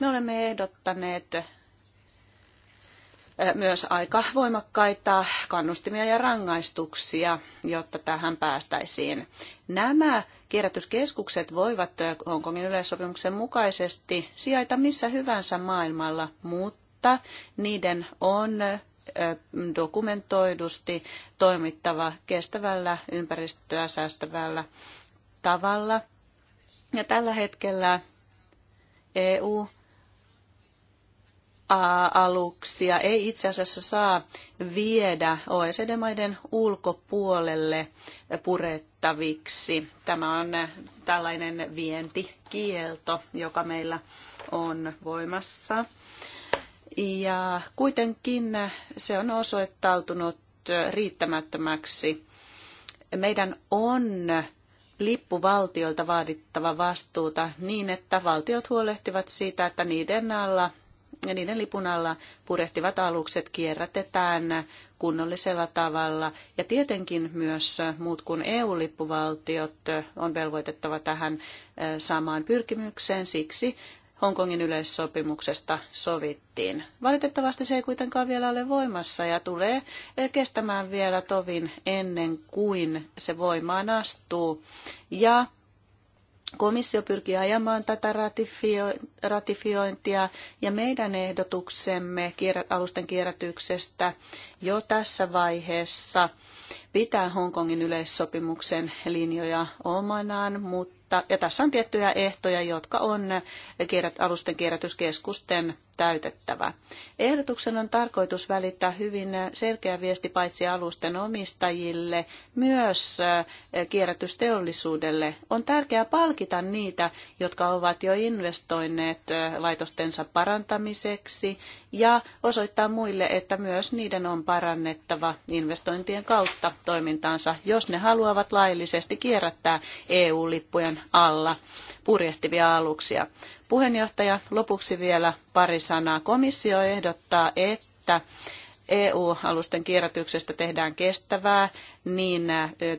Me olemme ehdottaneet myös aika voimakkaita kannustimia ja rangaistuksia, jotta tähän päästäisiin. Nämä kierrätyskeskukset voivat Hongkongin yleissopimuksen mukaisesti sijaita missä hyvänsä maailmalla, mutta mutta niiden on dokumentoidusti toimittava kestävällä ympäristöä säästävällä tavalla. Ja tällä hetkellä EU aluksia ei itse asiassa saa viedä OECD-maiden ulkopuolelle purettaviksi. Tämä on tällainen vientikielto, joka meillä on voimassa. Ja kuitenkin se on osoittautunut riittämättömäksi. Meidän on lippuvaltioilta vaadittava vastuuta niin, että valtiot huolehtivat siitä, että niiden alla ja niiden lipun alla purehtivat alukset kierrätetään kunnollisella tavalla. Ja tietenkin myös muut kuin EU-lippuvaltiot on velvoitettava tähän eh, samaan pyrkimykseen. Siksi Hongkongin yleissopimuksesta sovittiin. Valitettavasti se ei kuitenkaan vielä ole voimassa ja tulee kestämään vielä tovin ennen kuin se voimaan astuu. Ja komissio pyrkii ajamaan tätä ratifiointia ja meidän ehdotuksemme alusten kierrätyksestä jo tässä vaiheessa pitää Hongkongin yleissopimuksen linjoja omanaan, mutta ja tässä on tiettyjä ehtoja, jotka on alusten kierrätyskeskusten täytettävä. Ehdotuksen on tarkoitus välittää hyvin selkeä viesti paitsi alusten omistajille, myös kierrätysteollisuudelle. On tärkeää palkita niitä, jotka ovat jo investoineet laitostensa parantamiseksi ja osoittaa muille, että myös niiden on parannettava investointien kautta toimintaansa, jos ne haluavat laillisesti kierrättää EU-lippujen alla purjehtivia aluksia. Puheenjohtaja, lopuksi vielä pari sanaa. Komissio ehdottaa, että EU-alusten kierrätyksestä tehdään kestävää niin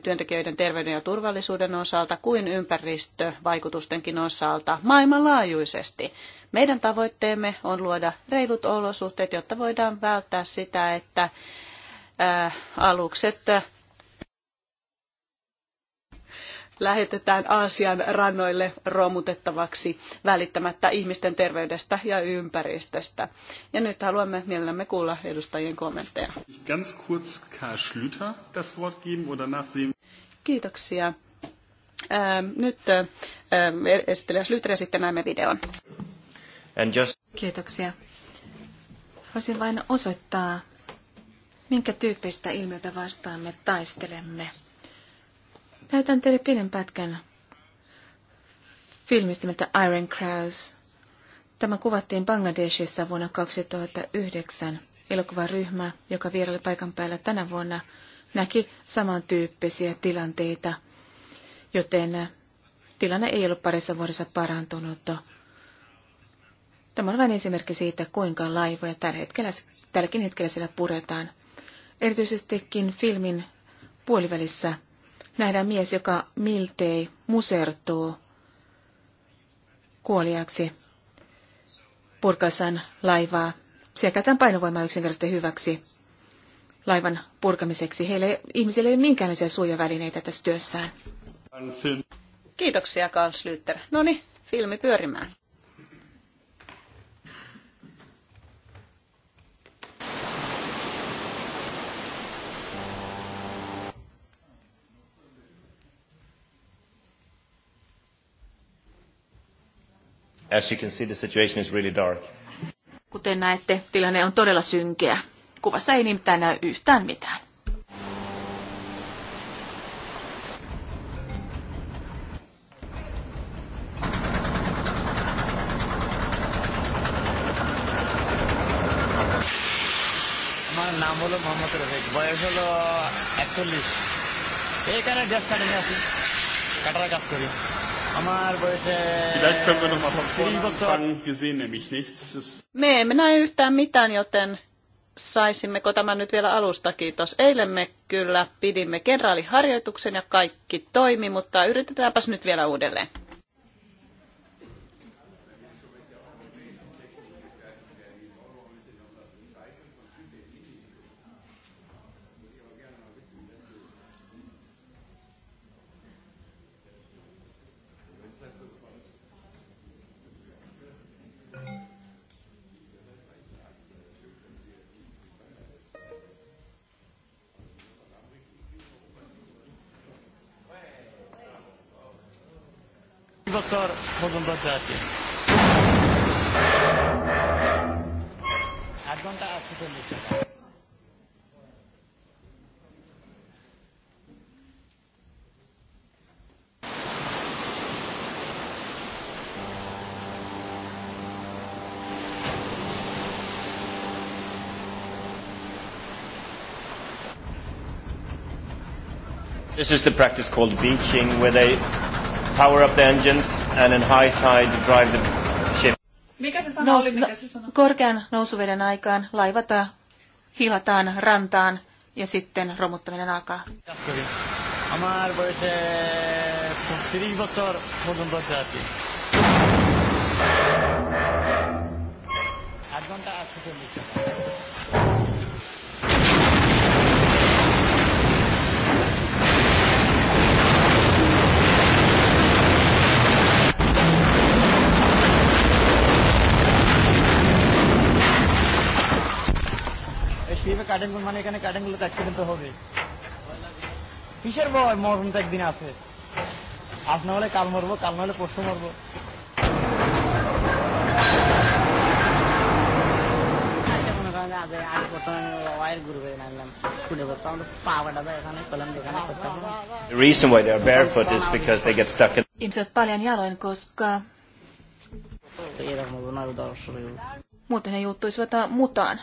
työntekijöiden terveyden ja turvallisuuden osalta kuin ympäristövaikutustenkin osalta maailmanlaajuisesti. Meidän tavoitteemme on luoda reilut olosuhteet, jotta voidaan välttää sitä, että alukset lähetetään Aasian rannoille romutettavaksi välittämättä ihmisten terveydestä ja ympäristöstä. Ja nyt haluamme mielellämme kuulla edustajien kommentteja. Ganz kurz Karl Schlüter das Wort geben oder nachsehen. Kiitoksia. Ähm, nyt ähm, e- esittelijä Schlüter ja sitten näemme videon. And just... Kiitoksia. Voisin vain osoittaa, minkä tyyppistä ilmiötä vastaan me taistelemme. Näytän teille pienen pätkän filmistä nimeltä Iron Crows. Tämä kuvattiin Bangladeshissa vuonna 2009. Elokuvaryhmä, joka vieraili paikan päällä tänä vuonna, näki samantyyppisiä tilanteita, joten tilanne ei ollut parissa vuodessa parantunut. Tämä on vain esimerkki siitä, kuinka laivoja tällä hetkellä, tälläkin hetkellä siellä puretaan. Erityisestikin filmin puolivälissä nähdään mies, joka miltei musertuu kuoliaksi purkaessaan laivaa. Siellä käytetään painovoimaa yksinkertaisesti hyväksi laivan purkamiseksi. Heille ihmisille ei ole minkäänlaisia suojavälineitä tässä työssään. Kiitoksia, Karl Slyter. No niin, filmi pyörimään. As you can see, the situation is really dark. Kuten näette, tilanne on todella synkeä. Kuvassa ei nimittäin näy yhtään mitään. আমার নাম হলো মোহাম্মদ রফিক বয়স হলো একচল্লিশ এইখানে আছি কাজ করি me emme näe yhtään mitään, joten saisimmeko tämän nyt vielä alusta, kiitos. Eilen me kyllä pidimme kenraaliharjoituksen ja kaikki toimi, mutta yritetäänpäs nyt vielä uudelleen. Doktor বলুন দরজা This is the practice called beaching, where they power up the engines and in high tide drive the ship. Mikä se sana Nous, oli, mikä se no, sana? Korkean nousuveden aikaan laivata äh, hilataan rantaan ja sitten romuttaminen alkaa. সেভাবে current মানে এখানে কারেন্টগুলোতে অ্যাক্সিডেন্ট হবে কিসের ভয় মরণ তো একদিন আছে আজ না হলে কাল মরবো কাল না হলে পরশু মরবো Ihmiset paljon jaloin, koska muuten he juuttuisivat mutaan.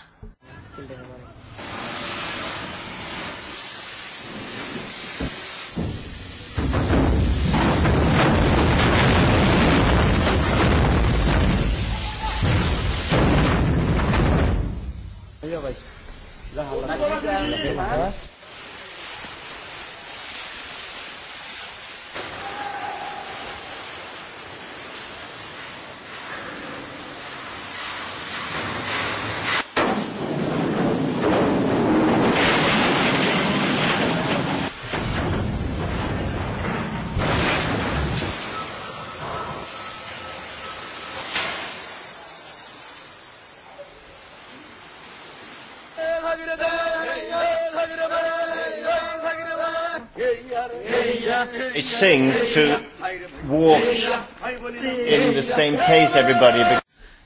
Joo vai? Vähän sing to walk in the same pace everybody.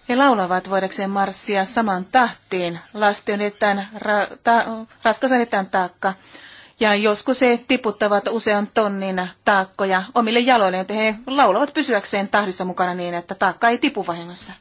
He laulavat voidakseen marssia saman tahtiin. Lasti on erittäin ra- ta- raskas erittäin taakka. Ja joskus he tiputtavat usean tonnin taakkoja omille jaloilleen, että he laulavat pysyäkseen tahdissa mukana niin, että taakka ei tipu vahingossa.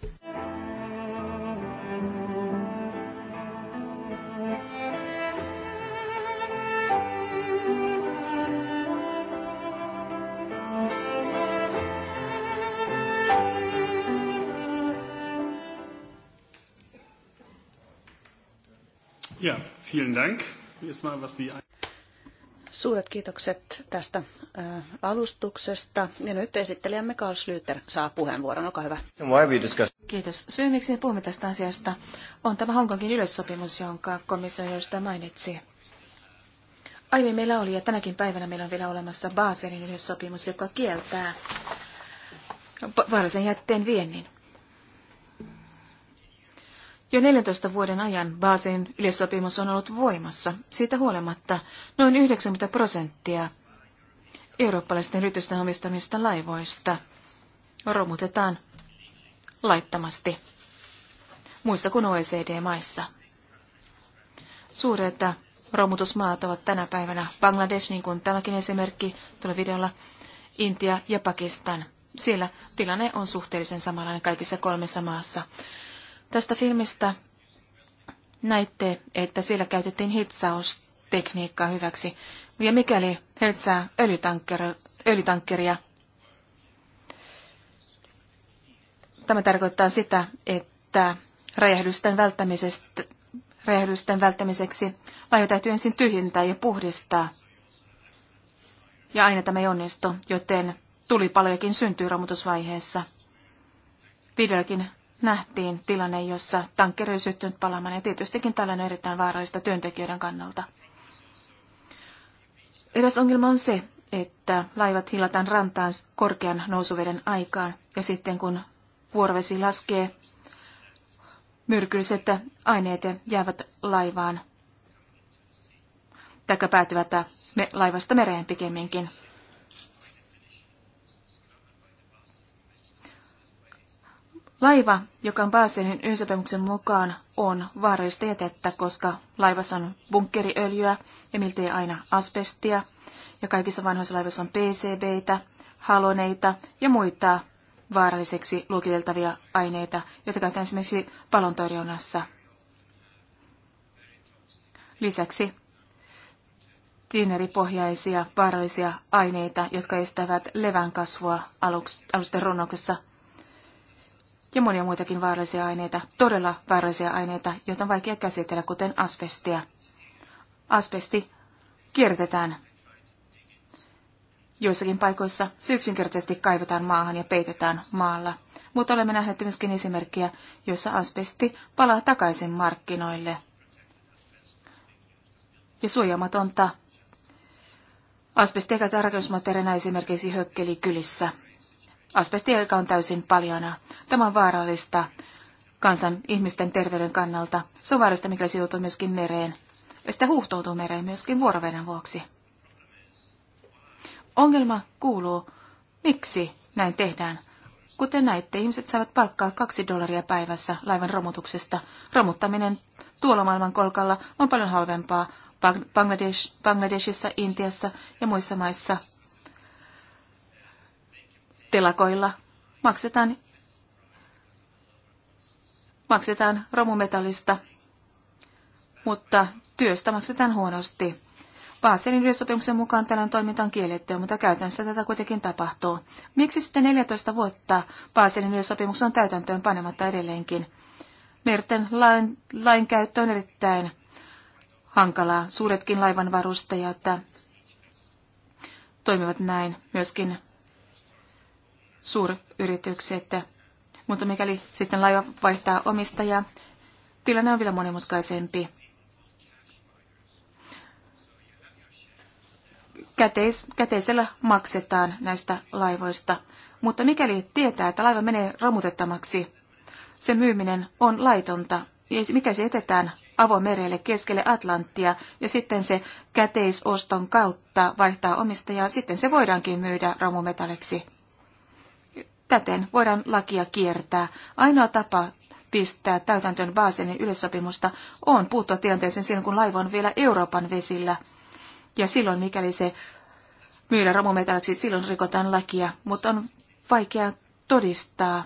Vielen Dank. Suuret kiitokset tästä äh, alustuksesta. Ja nyt esittelijämme Carl Schlüter saa puheenvuoron. Olkaa hyvä. Kiitos. Syy, miksi puhumme tästä asiasta, on tämä Hongkongin yleissopimus, jonka komissio edustaja mainitsi. Aiemmin meillä oli ja tänäkin päivänä meillä on vielä olemassa Baselin yleissopimus, joka kieltää vaarallisen jätteen viennin. Jo 14 vuoden ajan Baasin yleissopimus on ollut voimassa. Siitä huolimatta noin 90 prosenttia eurooppalaisten yritysten omistamista laivoista romutetaan laittamasti muissa kuin OECD-maissa. Suuret romutusmaat ovat tänä päivänä Bangladesh, niin kuin tämäkin esimerkki tuolla videolla, Intia ja Pakistan. Siellä tilanne on suhteellisen samanlainen kaikissa kolmessa maassa. Tästä filmistä näitte, että siellä käytettiin hitsaustekniikkaa hyväksi. Ja mikäli hitsaa öljytankkeria, tämä tarkoittaa sitä, että räjähdysten, välttämisestä, räjähdysten välttämiseksi laiva täytyy ensin tyhjentää ja puhdistaa. Ja aina tämä ei onnistu, joten tulipalojakin syntyy romutusvaiheessa. Videokin nähtiin tilanne, jossa tankkeri oli syttynyt palamaan ja tietystikin tällainen erittäin vaarallista työntekijöiden kannalta. Eräs ongelma on se, että laivat hilataan rantaan korkean nousuveden aikaan ja sitten kun vuorovesi laskee, myrkylliset aineet jäävät laivaan tai päätyvät laivasta mereen pikemminkin. Laiva, joka on Baselin yhdysopimuksen mukaan, on vaarallista jätettä, koska laivassa on bunkkeriöljyä ja miltei aina asbestia. Ja kaikissa vanhoissa laivassa on PCBitä, haloneita ja muita vaaralliseksi luokiteltavia aineita, joita käytetään esimerkiksi palontorjunnassa. Lisäksi tiineripohjaisia vaarallisia aineita, jotka estävät levän kasvua alusten runnoksessa – ja monia muitakin vaarallisia aineita, todella vaarallisia aineita, joita on vaikea käsitellä, kuten asbestia. Asbesti kiertetään. Joissakin paikoissa se yksinkertaisesti kaivetaan maahan ja peitetään maalla, mutta olemme nähneet myöskin esimerkkiä, joissa asbesti palaa takaisin markkinoille. Ja suojaamatonta asbestia käytetään rakennusmateriaalina esimerkiksi hökkelikylissä asbesti, joka on täysin paljana. Tämä on vaarallista kansan ihmisten terveyden kannalta. Se on vaarallista, mikä sijoituu myöskin mereen. Ja sitä huuhtoutuu mereen myöskin vuoroveden vuoksi. Ongelma kuuluu, miksi näin tehdään. Kuten näitte, ihmiset saavat palkkaa kaksi dollaria päivässä laivan romutuksesta. Romuttaminen tuolla maailman kolkalla on paljon halvempaa Bangladesh, Bangladeshissa, Intiassa ja muissa maissa – telakoilla maksetaan, maksetaan romumetallista, mutta työstä maksetaan huonosti. Baselin yleissopimuksen mukaan tällainen toiminta on kielletty, mutta käytännössä tätä kuitenkin tapahtuu. Miksi sitten 14 vuotta Baselin yleissopimuksen on täytäntöön panematta edelleenkin? Merten lain, käyttö on erittäin hankalaa. Suuretkin laivanvarustajat äh, toimivat näin. Myöskin suuryritykset. Mutta mikäli sitten laiva vaihtaa omistajaa, tilanne on vielä monimutkaisempi. Käteis, käteisellä maksetaan näistä laivoista, mutta mikäli tietää, että laiva menee romutettamaksi, sen myyminen on laitonta. Mikä se etetään avomerelle keskelle Atlanttia ja sitten se käteisoston kautta vaihtaa omistajaa, sitten se voidaankin myydä romumetalleksi. Täten voidaan lakia kiertää. Ainoa tapa pistää täytäntöön Baselin yleissopimusta on puuttua tilanteeseen silloin, kun laiva on vielä Euroopan vesillä. Ja silloin, mikäli se myydään romumetalliksi, silloin rikotaan lakia, mutta on vaikea todistaa,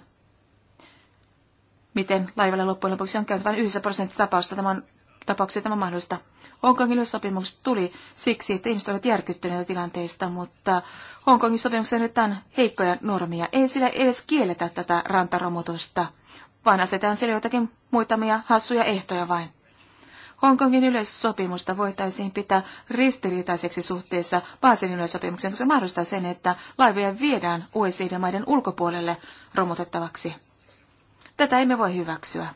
miten laivalla loppujen lopuksi on käynyt vain yhdessä prosenttia tapausta. Tämä on tapauksessa tämä on mahdollista. Hongkongin sopimus tuli siksi, että ihmiset olivat järkyttyneitä tilanteista, mutta Hongkongin sopimuksessa annetaan heikkoja normia. Ei sillä edes kielletä tätä rantaromutusta, vaan asetetaan sille jotakin muutamia hassuja ehtoja vain. Hongkongin yleissopimusta voitaisiin pitää ristiriitaiseksi suhteessa Baselin yleissopimukseen, koska se mahdollistaa sen, että laivoja viedään OECD-maiden ulkopuolelle romutettavaksi. Tätä emme voi hyväksyä.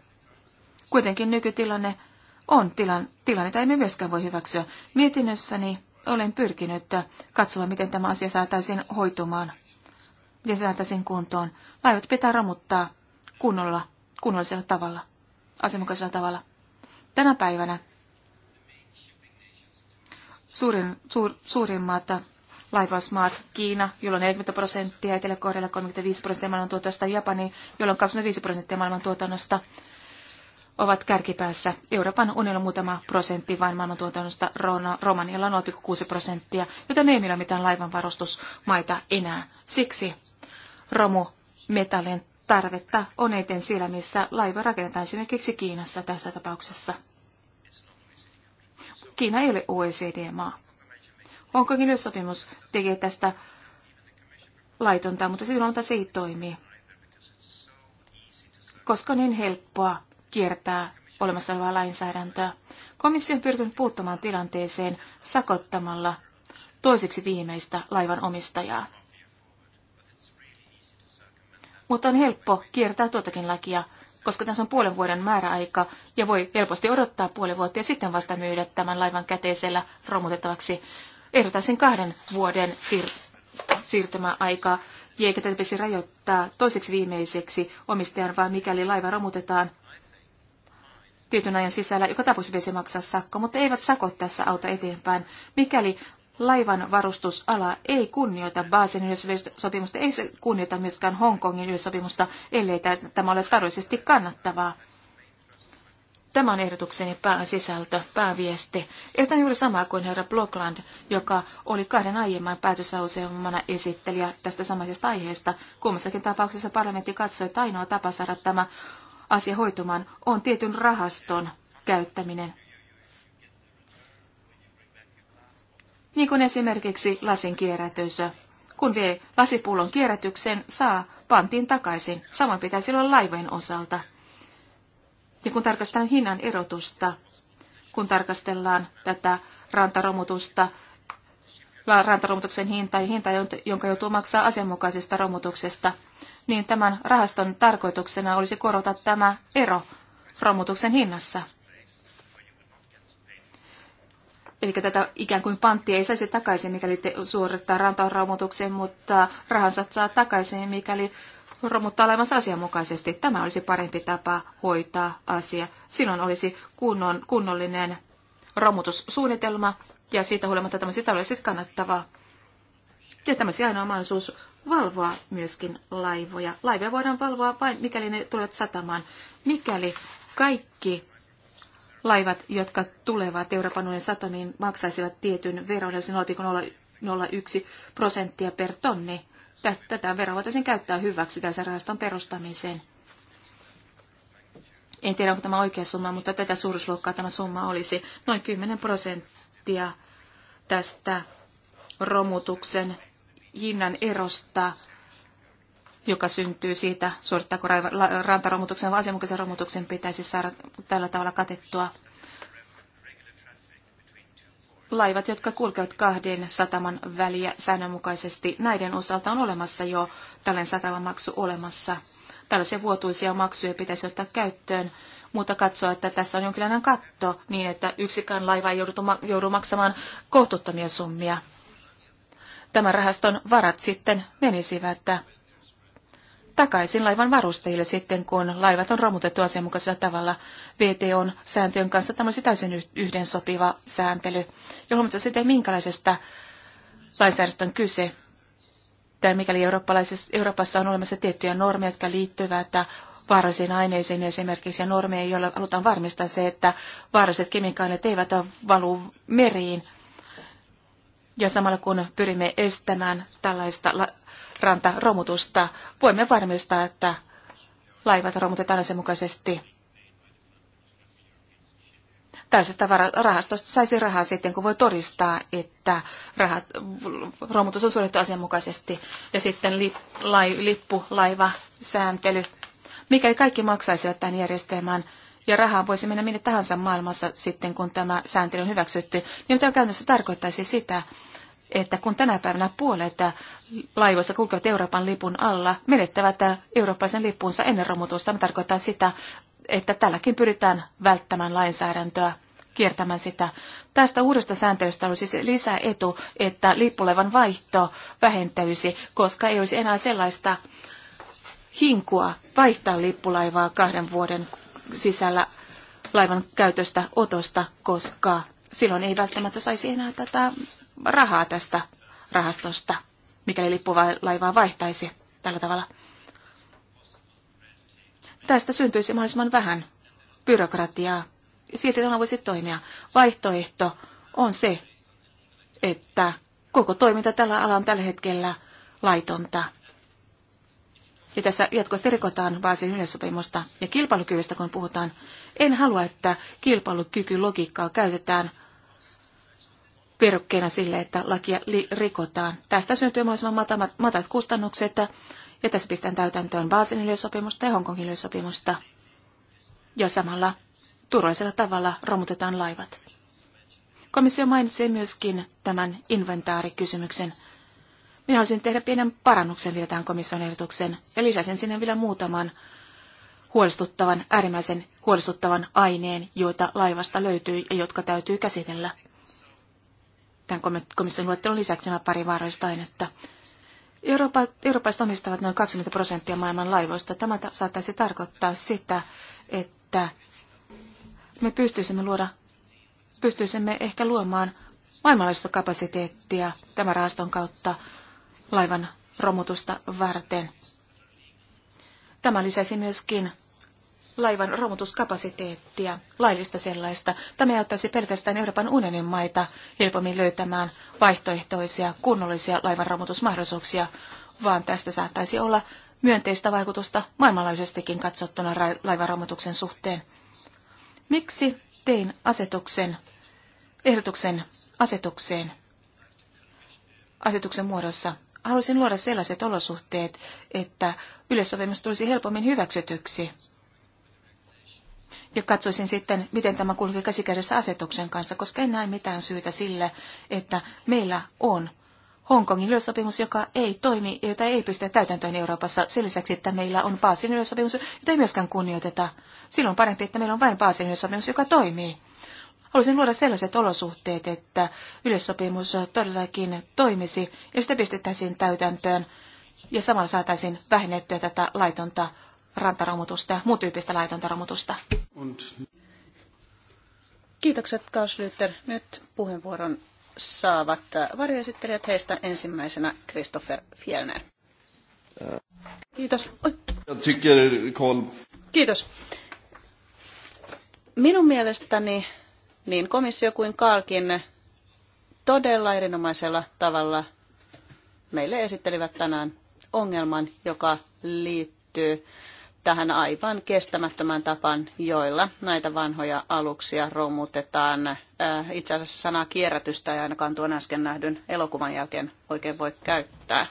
Kuitenkin nykytilanne on tilan, tai emme myöskään voi hyväksyä. Mietinnössäni olen pyrkinyt katsomaan, miten tämä asia saataisiin hoitumaan, miten saataisiin kuntoon. Laivat pitää ramuttaa kunnolla, kunnollisella tavalla, asianmukaisella tavalla. Tänä päivänä suurin, suur, suurimmat laivausmaat Kiina, jolla on 40 prosenttia, Etelä-Korealla 35 prosenttia maailman tuotannosta, Japani, jolla on 25 prosenttia maailman tuotannosta, ovat kärkipäässä. Euroopan unionilla muutama prosentti vain maailmantuotannosta, Romanialla 0,6 prosenttia, joten ei meillä ole mitään laivanvarustusmaita enää. Siksi romu metallin tarvetta on eniten siellä, missä laiva rakennetaan esimerkiksi Kiinassa tässä tapauksessa. Kiina ei ole OECD-maa. Hongkongin sopimus tekee tästä laitonta, mutta silloin se ei toimi koska on niin helppoa kiertää olemassa olevaa lainsäädäntöä. Komissio on pyrkinyt puuttumaan tilanteeseen sakottamalla toiseksi viimeistä laivan omistajaa. Mutta on helppo kiertää tuotakin lakia, koska tässä on puolen vuoden määräaika ja voi helposti odottaa puolen vuotta ja sitten vasta myydä tämän laivan käteisellä romutettavaksi. sen kahden vuoden siir- siirtymäaikaa, eikä tätä rajoittaa toiseksi viimeiseksi omistajan, vaan mikäli laiva romutetaan, tietyn ajan sisällä, joka tapauksessa maksaa sakko, mutta eivät sakot tässä auta eteenpäin. Mikäli laivan varustusala ei kunnioita Baasin yleissopimusta, ei se kunnioita myöskään Hongkongin yleissopimusta, ellei tämä ole taloudellisesti kannattavaa. Tämä on ehdotukseni pääsisältö, pääviesti. Ehdotan juuri samaa kuin herra Blokland, joka oli kahden aiemman päätöslauselmana esittelijä tästä samaisesta aiheesta. Kummassakin tapauksessa parlamentti katsoi, että ainoa tapa saada tämä asia hoitumaan, on tietyn rahaston käyttäminen. Niin kuin esimerkiksi lasin kierrätys. Kun vie lasipullon kierrätyksen, saa pantin takaisin. Samoin pitäisi olla laivojen osalta. Ja kun tarkastellaan hinnan erotusta, kun tarkastellaan tätä rantaromutusta, rantaromutuksen hinta ja hinta, jonka joutuu maksaa asianmukaisesta romutuksesta, niin tämän rahaston tarkoituksena olisi korota tämä ero romutuksen hinnassa. Eli tätä ikään kuin panttia ei saisi takaisin, mikäli te suorittaa rantaromutuksen, mutta rahansa saa takaisin, mikäli romuttaa olemassa asianmukaisesti. Tämä olisi parempi tapa hoitaa asia. Silloin olisi kunnon, kunnollinen romutussuunnitelma ja siitä huolimatta tämmöiset taloudelliset kannattavaa. Ja tämmöisiä ainoa mahdollisuus valvoa myöskin laivoja. Laivoja voidaan valvoa vain, mikäli ne tulevat satamaan. Mikäli kaikki laivat, jotka tulevat Euroopan unionin satamiin, maksaisivat tietyn veron, eli 0,01 prosenttia per tonni. Tätä veroa voitaisiin käyttää hyväksi tässä rahaston perustamiseen. En tiedä, onko tämä oikea summa, mutta tätä suuruusluokkaa tämä summa olisi noin 10 prosenttia tästä romutuksen jinnan erosta, joka syntyy siitä, suorittaako rantaromutuksen vai asianmukaisen romutuksen, pitäisi saada tällä tavalla katettua. Laivat, jotka kulkevat kahden sataman väliä säännönmukaisesti, näiden osalta on olemassa jo tällainen satamamaksu olemassa. Tällaisia vuotuisia maksuja pitäisi ottaa käyttöön, mutta katsoa, että tässä on jonkinlainen katto niin, että yksikään laiva ei joudu maksamaan kohtuuttomia summia tämän rahaston varat sitten menisivät takaisin laivan varustajille sitten, kun laivat on romutettu asianmukaisella tavalla. VTOn sääntöjen kanssa tämä olisi täysin sopiva sääntely, ja huomataan sitten, minkälaisesta lainsäädännöstä on kyse. Tai mikäli Euroopassa on olemassa tiettyjä normeja, jotka liittyvät vaarallisiin aineisiin esimerkiksi ja normeja, joilla halutaan varmistaa se, että vaaralliset kemikaalit eivät valu meriin ja samalla kun pyrimme estämään tällaista rantaromutusta, voimme varmistaa, että laivat romutetaan mukaisesti. Tällaisesta rahastosta saisi rahaa sitten, kun voi todistaa, että rahat, romutus on suoritettu asianmukaisesti. Ja sitten li, lai, lippu, laiva, sääntely. Mikäli kaikki maksaisivat tämän järjestelmän, ja rahaa voisi mennä minne tahansa maailmassa sitten, kun tämä sääntely on hyväksytty, niin tämä käytännössä tarkoittaisi sitä, että kun tänä päivänä puolet laivoista kulkevat Euroopan lipun alla, menettävät eurooppalaisen lippunsa ennen romutusta. Tämä tarkoittaa sitä, että tälläkin pyritään välttämään lainsäädäntöä kiertämään sitä. Tästä uudesta sääntelystä olisi siis etu, että lippulevan vaihto vähentäisi, koska ei olisi enää sellaista hinkua vaihtaa lippulaivaa kahden vuoden sisällä laivan käytöstä otosta, koska silloin ei välttämättä saisi enää tätä rahaa tästä rahastosta, mikäli lippulaivaa vaihtaisi tällä tavalla. Tästä syntyisi mahdollisimman vähän byrokratiaa. Silti tämä voisi toimia. Vaihtoehto on se, että koko toiminta tällä alalla on tällä hetkellä laitonta. Ja tässä jatkuvasti rikotaan Vaasin yleissopimusta ja kilpailukyvystä, kun puhutaan. En halua, että kilpailukykylogiikkaa käytetään perukkeena sille, että lakia rikotaan. Tästä syntyy mahdollisimman matamat, matat kustannukset ja tässä pistetään täytäntöön Baasin yliösopimusta ja Hongkongin yliösopimusta, Ja samalla turvallisella tavalla romutetaan laivat. Komissio mainitsee myöskin tämän inventaarikysymyksen. Minä haluaisin tehdä pienen parannuksen vielä tähän komission ehdotukseen ja lisäsin sinne vielä muutaman huolestuttavan, äärimmäisen huolestuttavan aineen, joita laivasta löytyy ja jotka täytyy käsitellä tämän komission luettelon lisäksi nämä pari vaarallista ainetta. Eurooppa, eurooppalaiset omistavat noin 20 prosenttia maailman laivoista. Tämä saattaisi tarkoittaa sitä, että me pystyisimme, luoda, pystyisimme ehkä luomaan maailmanlaajuista kapasiteettia tämän rahaston kautta laivan romutusta varten. Tämä lisäisi myöskin laivan romutuskapasiteettia, laillista sellaista. Tämä auttaisi pelkästään Euroopan unionin maita helpommin löytämään vaihtoehtoisia, kunnollisia laivan romutusmahdollisuuksia, vaan tästä saattaisi olla myönteistä vaikutusta maailmanlaajuisestikin katsottuna romutuksen suhteen. Miksi tein asetuksen, ehdotuksen asetukseen, asetuksen muodossa? Haluaisin luoda sellaiset olosuhteet, että yleissopimus tulisi helpommin hyväksytyksi – ja katsoisin sitten, miten tämä kulkee käsikädessä asetuksen kanssa, koska en näe mitään syytä sille, että meillä on Hongkongin yleissopimus, joka ei toimi, jota ei pistetä täytäntöön Euroopassa sen lisäksi, että meillä on Baasin yleissopimus, jota ei myöskään kunnioiteta. Silloin on parempi, että meillä on vain Baasin yleissopimus, joka toimii. Haluaisin luoda sellaiset olosuhteet, että yleissopimus todellakin toimisi ja sitä pistettäisiin täytäntöön ja samalla saataisiin vähennettyä tätä laitonta rantaromutusta ja muun tyyppistä laitonta romutusta. Kiitokset Kauslyter. Nyt puheenvuoron saavat varjoesittelijät heistä ensimmäisenä Christopher Fjellner. Kiitos. Oi. Kiitos. Minun mielestäni niin komissio kuin Kaalkin todella erinomaisella tavalla meille esittelivät tänään ongelman, joka liittyy tähän aivan kestämättömän tapan, joilla näitä vanhoja aluksia romutetaan. Äh, itse asiassa sanaa kierrätystä ei ainakaan tuon äsken nähdyn elokuvan jälkeen oikein voi käyttää.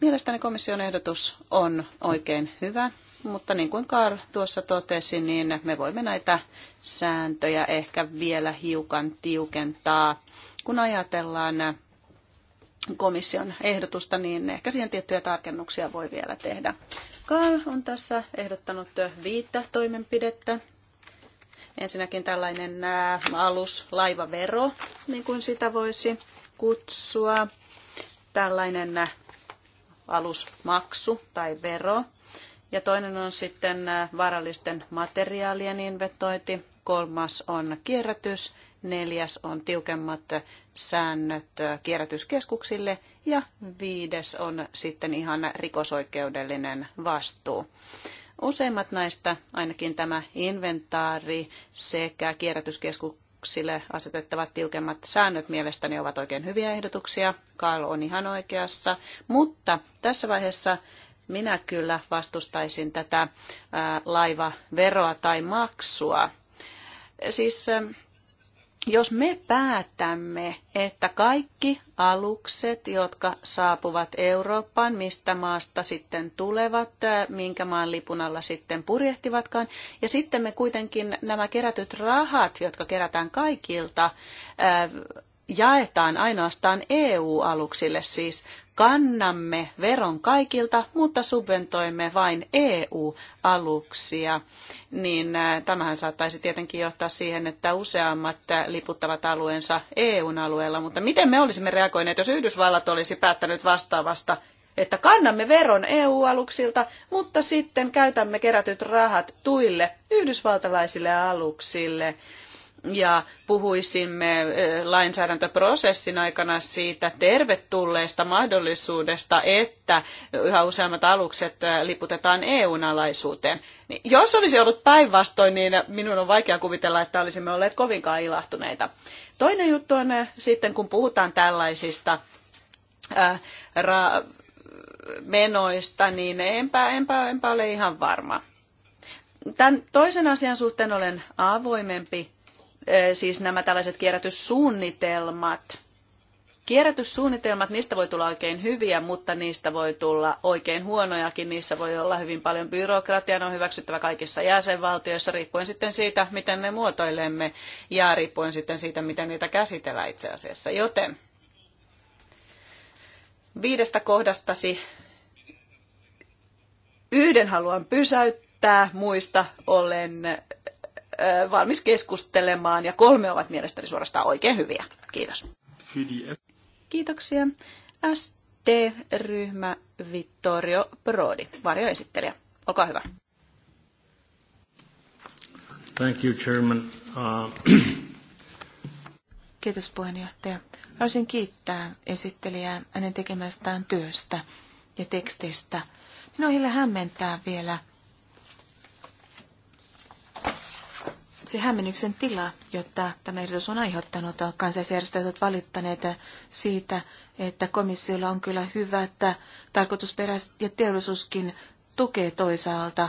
Mielestäni komission ehdotus on oikein hyvä, mutta niin kuin Karl tuossa totesi, niin me voimme näitä sääntöjä ehkä vielä hiukan tiukentaa. Kun ajatellaan komission ehdotusta, niin ehkä siihen tiettyjä tarkennuksia voi vielä tehdä. Karl on tässä ehdottanut viittä toimenpidettä. Ensinnäkin tällainen äh, aluslaivavero, niin kuin sitä voisi kutsua. Tällainen äh, alusmaksu tai vero. Ja toinen on sitten äh, varallisten materiaalien inventointi. kolmas on kierrätys, neljäs on tiukemmat säännöt kierrätyskeskuksille ja viides on sitten ihan rikosoikeudellinen vastuu. Useimmat näistä, ainakin tämä inventaari sekä kierrätyskeskuksille asetettavat tiukemmat säännöt mielestäni ovat oikein hyviä ehdotuksia. Karl on ihan oikeassa, mutta tässä vaiheessa minä kyllä vastustaisin tätä laivaveroa tai maksua. Siis jos me päätämme, että kaikki alukset, jotka saapuvat Eurooppaan, mistä maasta sitten tulevat, äh, minkä maan lipun alla sitten purjehtivatkaan, ja sitten me kuitenkin nämä kerätyt rahat, jotka kerätään kaikilta, äh, jaetaan ainoastaan EU-aluksille, siis kannamme veron kaikilta, mutta subventoimme vain EU-aluksia, niin äh, tämähän saattaisi tietenkin johtaa siihen, että useammat äh, liputtavat alueensa eu alueella, mutta miten me olisimme reagoineet, jos Yhdysvallat olisi päättänyt vastaavasta että kannamme veron EU-aluksilta, mutta sitten käytämme kerätyt rahat tuille yhdysvaltalaisille aluksille ja puhuisimme lainsäädäntöprosessin aikana siitä tervetulleesta mahdollisuudesta, että yhä useammat alukset liputetaan EU-alaisuuteen. Niin jos olisi ollut päinvastoin, niin minun on vaikea kuvitella, että olisimme olleet kovinkaan ilahtuneita. Toinen juttu on sitten, kun puhutaan tällaisista menoista, niin enpä, enpä, enpä ole ihan varma. Tämän toisen asian suhteen olen avoimempi siis nämä tällaiset kierrätyssuunnitelmat. Kierrätyssuunnitelmat, niistä voi tulla oikein hyviä, mutta niistä voi tulla oikein huonojakin. Niissä voi olla hyvin paljon byrokratiaa, ne on hyväksyttävä kaikissa jäsenvaltioissa, riippuen sitten siitä, miten ne muotoilemme ja riippuen sitten siitä, miten niitä käsitellään itse asiassa. Joten viidestä kohdastasi yhden haluan pysäyttää, muista olen valmis keskustelemaan ja kolme ovat mielestäni suorastaan oikein hyviä. Kiitos. Kiitoksia. SD-ryhmä Vittorio Prodi, varjoesittelijä. Olkaa hyvä. Thank you, Chairman. Uh... Kiitos puheenjohtaja. Haluaisin kiittää esittelijää hänen tekemästään työstä ja tekstistä. Minua on hämmentää vielä se hämmennyksen tila, jota tämä ehdotus on aiheuttanut. Kansallisjärjestöt ovat valittaneet siitä, että komissiolla on kyllä hyvä, että tarkoitusperäis ja teollisuuskin tukee toisaalta.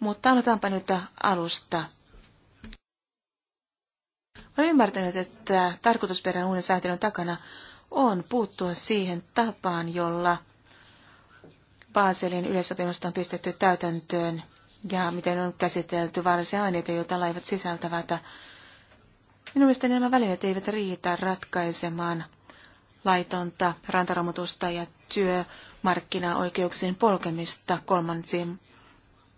Mutta aloitetaanpa nyt alusta. Olen ymmärtänyt, että tarkoitusperän uuden sääntelyn takana on puuttua siihen tapaan, jolla Baselin yleissopimusta on pistetty täytäntöön – ja miten on käsitelty vaarallisia aineita, joita laivat sisältävät. Minun mielestäni nämä välineet eivät riitä ratkaisemaan laitonta rantaromutusta ja työmarkkinaoikeuksien polkemista kolmansien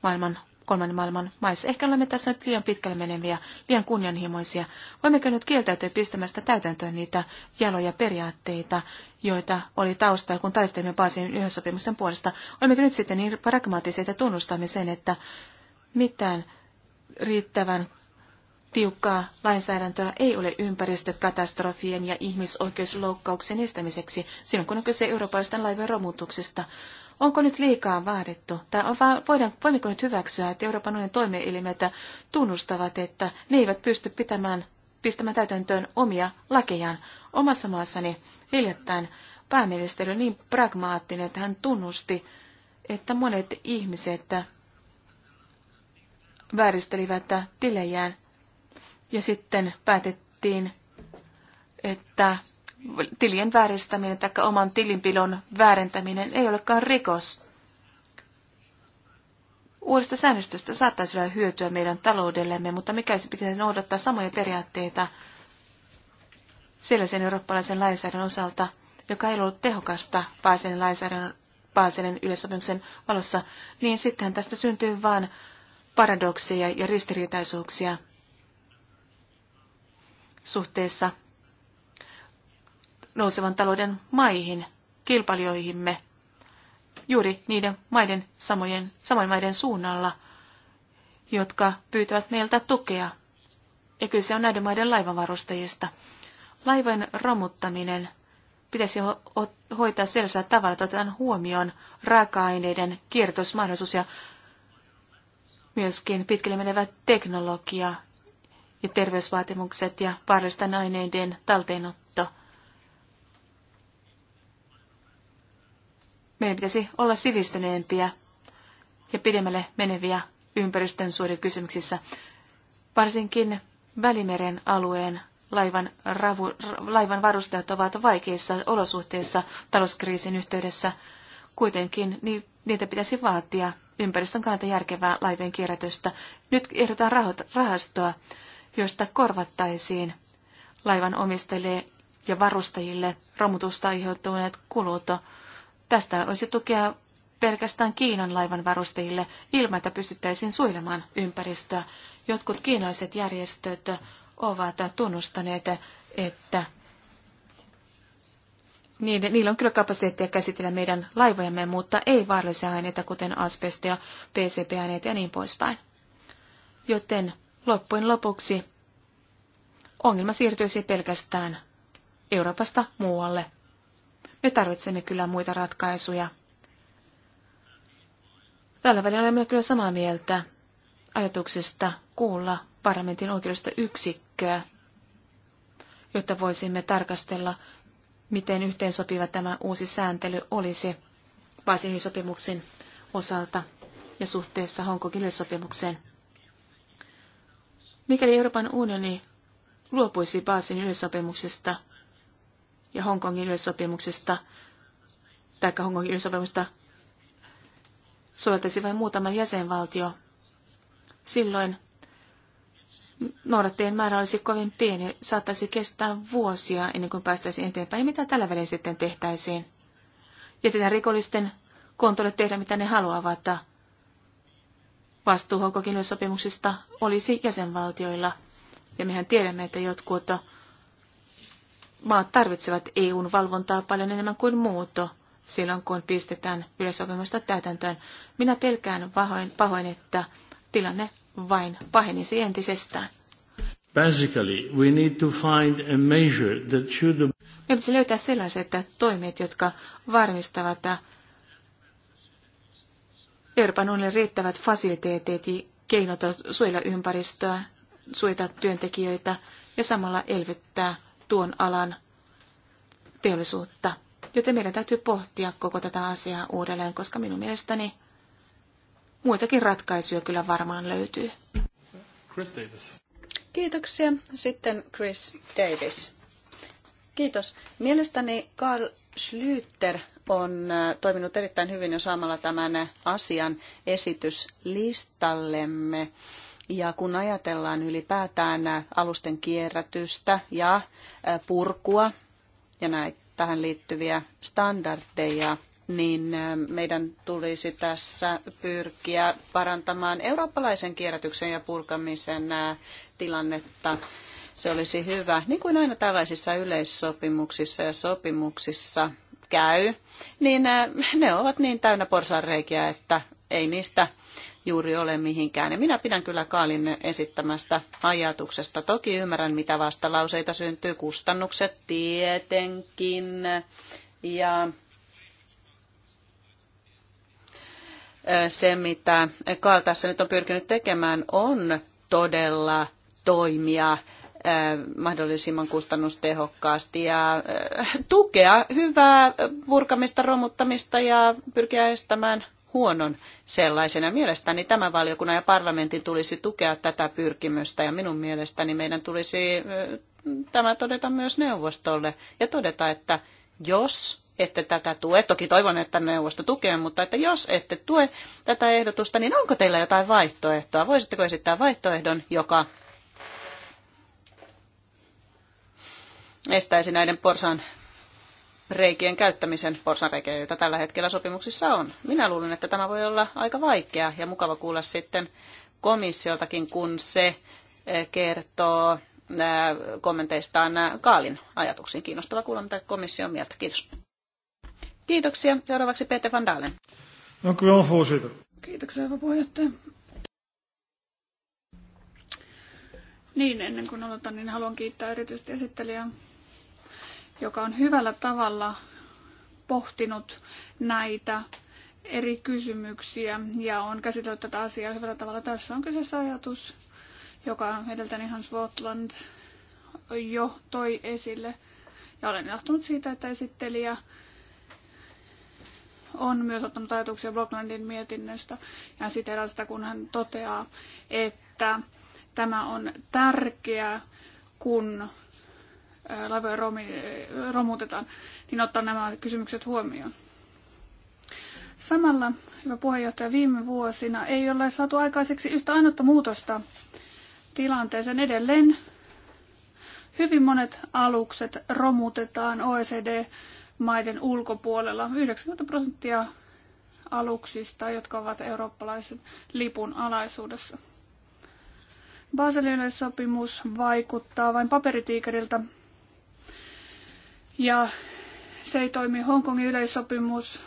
maailman kolmannen maailman maissa. Ehkä olemme tässä nyt liian pitkälle meneviä, liian kunnianhimoisia. Voimmeko nyt kieltäytyä pistämästä täytäntöön niitä jaloja periaatteita, joita oli taustalla, kun taistelimme Baasin yhdessopimusten puolesta? Olemmeko nyt sitten niin pragmaattisia, että tunnustamme sen, että mitään riittävän tiukkaa lainsäädäntöä ei ole ympäristökatastrofien ja ihmisoikeusloukkauksen estämiseksi silloin, kun on kyse eurooppalaisten laivojen romutuksesta. Onko nyt liikaa vaadittu? Tai on vaan, voidaan, voimmeko nyt hyväksyä, että Euroopan unionin toimielimet tunnustavat, että ne eivät pysty pitämään, pistämään täytäntöön omia lakejaan? Omassa maassani hiljattain pääministeri on niin pragmaattinen, että hän tunnusti, että monet ihmiset vääristelivät tilejään. Ja sitten päätettiin, että tilien vääristäminen tai oman tilinpilon väärentäminen ei olekaan rikos. Uudesta säännöstöstä saattaisi olla hyötyä meidän taloudellemme, mutta mikä se pitäisi noudattaa samoja periaatteita sellaisen eurooppalaisen lainsäädännön osalta, joka ei ollut tehokasta Baselin lainsäädännön Baselin yleisopimuksen valossa, niin sittenhän tästä syntyy vain paradokseja ja ristiriitaisuuksia suhteessa nousevan talouden maihin, kilpailijoihimme, juuri niiden maiden samojen, samojen maiden suunnalla, jotka pyytävät meiltä tukea. Ja se on näiden maiden laivavarustajista. Laivojen romuttaminen pitäisi ho- hoitaa sellaisella tavalla, että otetaan huomioon raaka-aineiden kiertosmahdollisuus ja myöskin pitkälle menevä teknologia ja terveysvaatimukset ja vaarallisten aineiden talteenotto. Meidän pitäisi olla sivistyneempiä ja pidemmälle meneviä ympäristön kysymyksissä, varsinkin Välimeren alueen laivan, ravu, laivan varustajat ovat vaikeissa olosuhteissa talouskriisin yhteydessä. Kuitenkin ni, niitä pitäisi vaatia ympäristön kannalta järkevää laivojen kierrätystä. Nyt ehdotetaan rahastoa, josta korvattaisiin laivan omistajille ja varustajille romutusta aiheutuneet kulut Tästä olisi tukea pelkästään Kiinan laivan varustajille ilman, että pystyttäisiin suojelemaan ympäristöä. Jotkut kiinalaiset järjestöt ovat tunnustaneet, että niiden, niillä on kyllä kapasiteettia käsitellä meidän laivojamme, mutta ei vaarallisia aineita, kuten asbestia, PCB-aineita ja niin poispäin. Joten loppujen lopuksi ongelma siirtyisi pelkästään Euroopasta muualle me tarvitsemme kyllä muita ratkaisuja. Tällä välillä olemme kyllä samaa mieltä ajatuksesta kuulla parlamentin oikeudesta yksikköä, jotta voisimme tarkastella, miten yhteensopiva tämä uusi sääntely olisi Basilin sopimuksen osalta ja suhteessa Hongkongin yleissopimukseen. Mikäli Euroopan unioni luopuisi Baasin yleissopimuksesta, ja Hongkongin yleissopimuksesta, tai Hongkongin yleissopimusta soveltaisi vain muutama jäsenvaltio. Silloin noudattajien määrä olisi kovin pieni, saattaisi kestää vuosia ennen kuin päästäisiin eteenpäin. mitä tällä välin sitten tehtäisiin? Jätetään rikollisten kontolle tehdä, mitä ne haluavat. Vastuu sopimuksista olisi jäsenvaltioilla. Ja mehän tiedämme, että jotkut maat tarvitsevat EUn valvontaa paljon enemmän kuin muut silloin, kun pistetään yleisopimusta täytäntöön. Minä pelkään pahoin, pahoin että tilanne vain pahenisi entisestään. Basically, we need to find a measure that should... Meidän pitäisi löytää sellaiset toimet, jotka varmistavat Euroopan unionille riittävät fasiliteetit ja keinot suojella ympäristöä, suojata työntekijöitä ja samalla elvyttää tuon alan teollisuutta. Joten meidän täytyy pohtia koko tätä asiaa uudelleen, koska minun mielestäni muitakin ratkaisuja kyllä varmaan löytyy. Chris Davis. Kiitoksia. Sitten Chris Davis. Kiitos. Mielestäni Karl Schlüter on äh, toiminut erittäin hyvin jo saamalla tämän asian esityslistallemme. listallemme ja kun ajatellaan ylipäätään alusten kierrätystä ja purkua ja näitä tähän liittyviä standardeja, niin meidän tulisi tässä pyrkiä parantamaan eurooppalaisen kierrätyksen ja purkamisen tilannetta. Se olisi hyvä, niin kuin aina tällaisissa yleissopimuksissa ja sopimuksissa käy, niin ne ovat niin täynnä porsanreikiä, että ei niistä juuri ole mihinkään. Ja minä pidän kyllä Kaalin esittämästä ajatuksesta. Toki ymmärrän, mitä vastalauseita syntyy. Kustannukset tietenkin. Ja se, mitä Kaal tässä nyt on pyrkinyt tekemään, on todella toimia mahdollisimman kustannustehokkaasti ja tukea hyvää purkamista, romuttamista ja pyrkiä estämään huonon sellaisena. Mielestäni tämän valiokunnan ja parlamentin tulisi tukea tätä pyrkimystä ja minun mielestäni meidän tulisi tämä todeta myös neuvostolle ja todeta, että jos ette tätä tue, toki toivon, että neuvosto tukee, mutta että jos ette tue tätä ehdotusta, niin onko teillä jotain vaihtoehtoa? Voisitteko esittää vaihtoehdon, joka estäisi näiden porsan reikien käyttämisen porsanreikiä, joita tällä hetkellä sopimuksissa on. Minä luulen, että tämä voi olla aika vaikea ja mukava kuulla sitten komissioltakin, kun se eh, kertoo eh, kommenteistaan eh, Kaalin ajatuksiin. Kiinnostava kuulla, mitä komissio on mieltä. Kiitos. Kiitoksia. Seuraavaksi Peter van Dalen. No kyllä on voorzitter. Kiitoksia, hyvä puheenjohtaja. Niin, ennen kuin aloitan, niin haluan kiittää erityisesti esittelijää joka on hyvällä tavalla pohtinut näitä eri kysymyksiä ja on käsitellyt tätä asiaa hyvällä tavalla. Tässä on kyseessä ajatus, joka edeltäni Hans Wotland jo toi esille. Ja olen ilahtunut siitä, että esittelijä on myös ottanut ajatuksia Blocklandin mietinnöstä ja siteraa sitä, kun hän toteaa, että tämä on tärkeä kun laivoja romutetaan, niin ottaa nämä kysymykset huomioon. Samalla, hyvä puheenjohtaja, viime vuosina ei ole saatu aikaiseksi yhtä ainutta muutosta tilanteeseen edelleen. Hyvin monet alukset romutetaan OECD-maiden ulkopuolella. 90 prosenttia aluksista, jotka ovat eurooppalaisen lipun alaisuudessa. Baselin sopimus vaikuttaa vain paperitiikeriltä ja se ei toimi Hongkongin yleissopimus,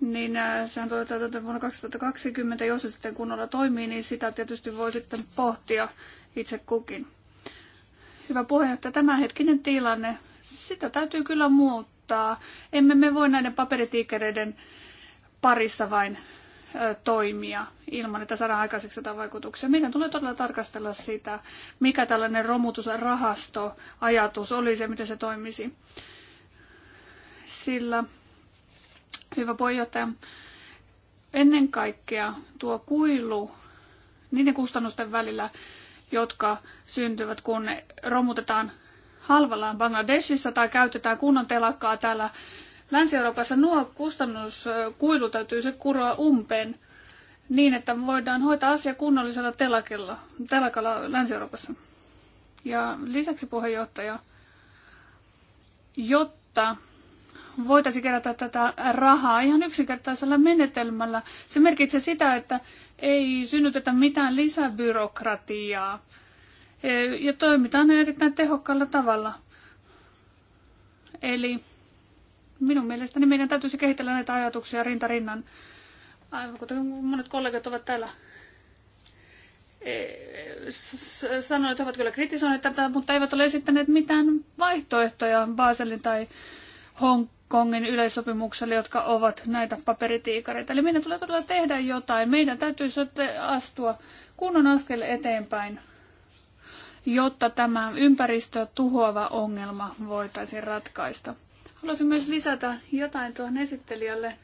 niin äh, sehän toteutetaan vuonna 2020. Jos se sitten kunnolla toimii, niin sitä tietysti voi sitten pohtia itse kukin. Hyvä puheenjohtaja, tämänhetkinen tilanne, sitä täytyy kyllä muuttaa. Emme me voi näiden paperitiikereiden parissa vain toimia ilman, että saadaan aikaiseksi jotain vaikutuksia. Meidän tulee todella tarkastella sitä, mikä tällainen romutusrahastoajatus olisi ja miten se toimisi. Sillä, hyvä puheenjohtaja, ennen kaikkea tuo kuilu niiden kustannusten välillä, jotka syntyvät, kun romutetaan halvalla Bangladesissa tai käytetään kunnon telakkaa täällä Länsi-Euroopassa nuo kustannuskuilu täytyy se kuroa umpeen niin, että voidaan hoitaa asia kunnollisella telakilla, telakalla Länsi-Euroopassa. Ja lisäksi puheenjohtaja, jotta voitaisiin kerätä tätä rahaa ihan yksinkertaisella menetelmällä. Se merkitsee sitä, että ei synnytetä mitään lisäbyrokratiaa ja toimitaan erittäin tehokkaalla tavalla. Eli Minun mielestäni meidän täytyisi kehitellä näitä ajatuksia rintarinnan, aivan kuten monet kollegat ovat täällä e, sanoneet, ovat kyllä kritisoineet tätä, mutta eivät ole esittäneet mitään vaihtoehtoja Baselin tai Hongkongin yleissopimukselle, jotka ovat näitä paperitiikareita. Eli meidän tulee todella tehdä jotain. Meidän täytyisi astua kunnon askel eteenpäin, jotta tämä ympäristöä tuhoava ongelma voitaisiin ratkaista. Haluaisin myös lisätä jotain tuohon esittelijälle.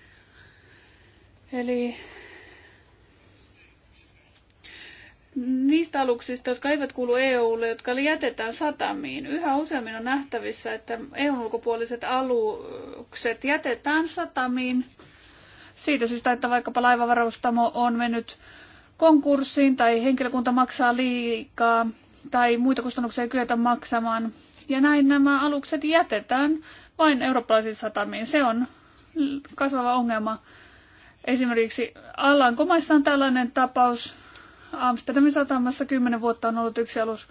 Eli niistä aluksista, jotka eivät kuulu EUlle, jotka jätetään satamiin. Yhä useammin on nähtävissä, että EUn ulkopuoliset alukset jätetään satamiin siitä syystä, että vaikkapa laivavarustamo on mennyt konkurssiin tai henkilökunta maksaa liikaa tai muita kustannuksia ei kyetä maksamaan. Ja näin nämä alukset jätetään vain eurooppalaisiin satamiin. Se on kasvava ongelma. Esimerkiksi Alankomaissa on tällainen tapaus. Amsterdamin satamassa 10 vuotta on ollut yksi alus.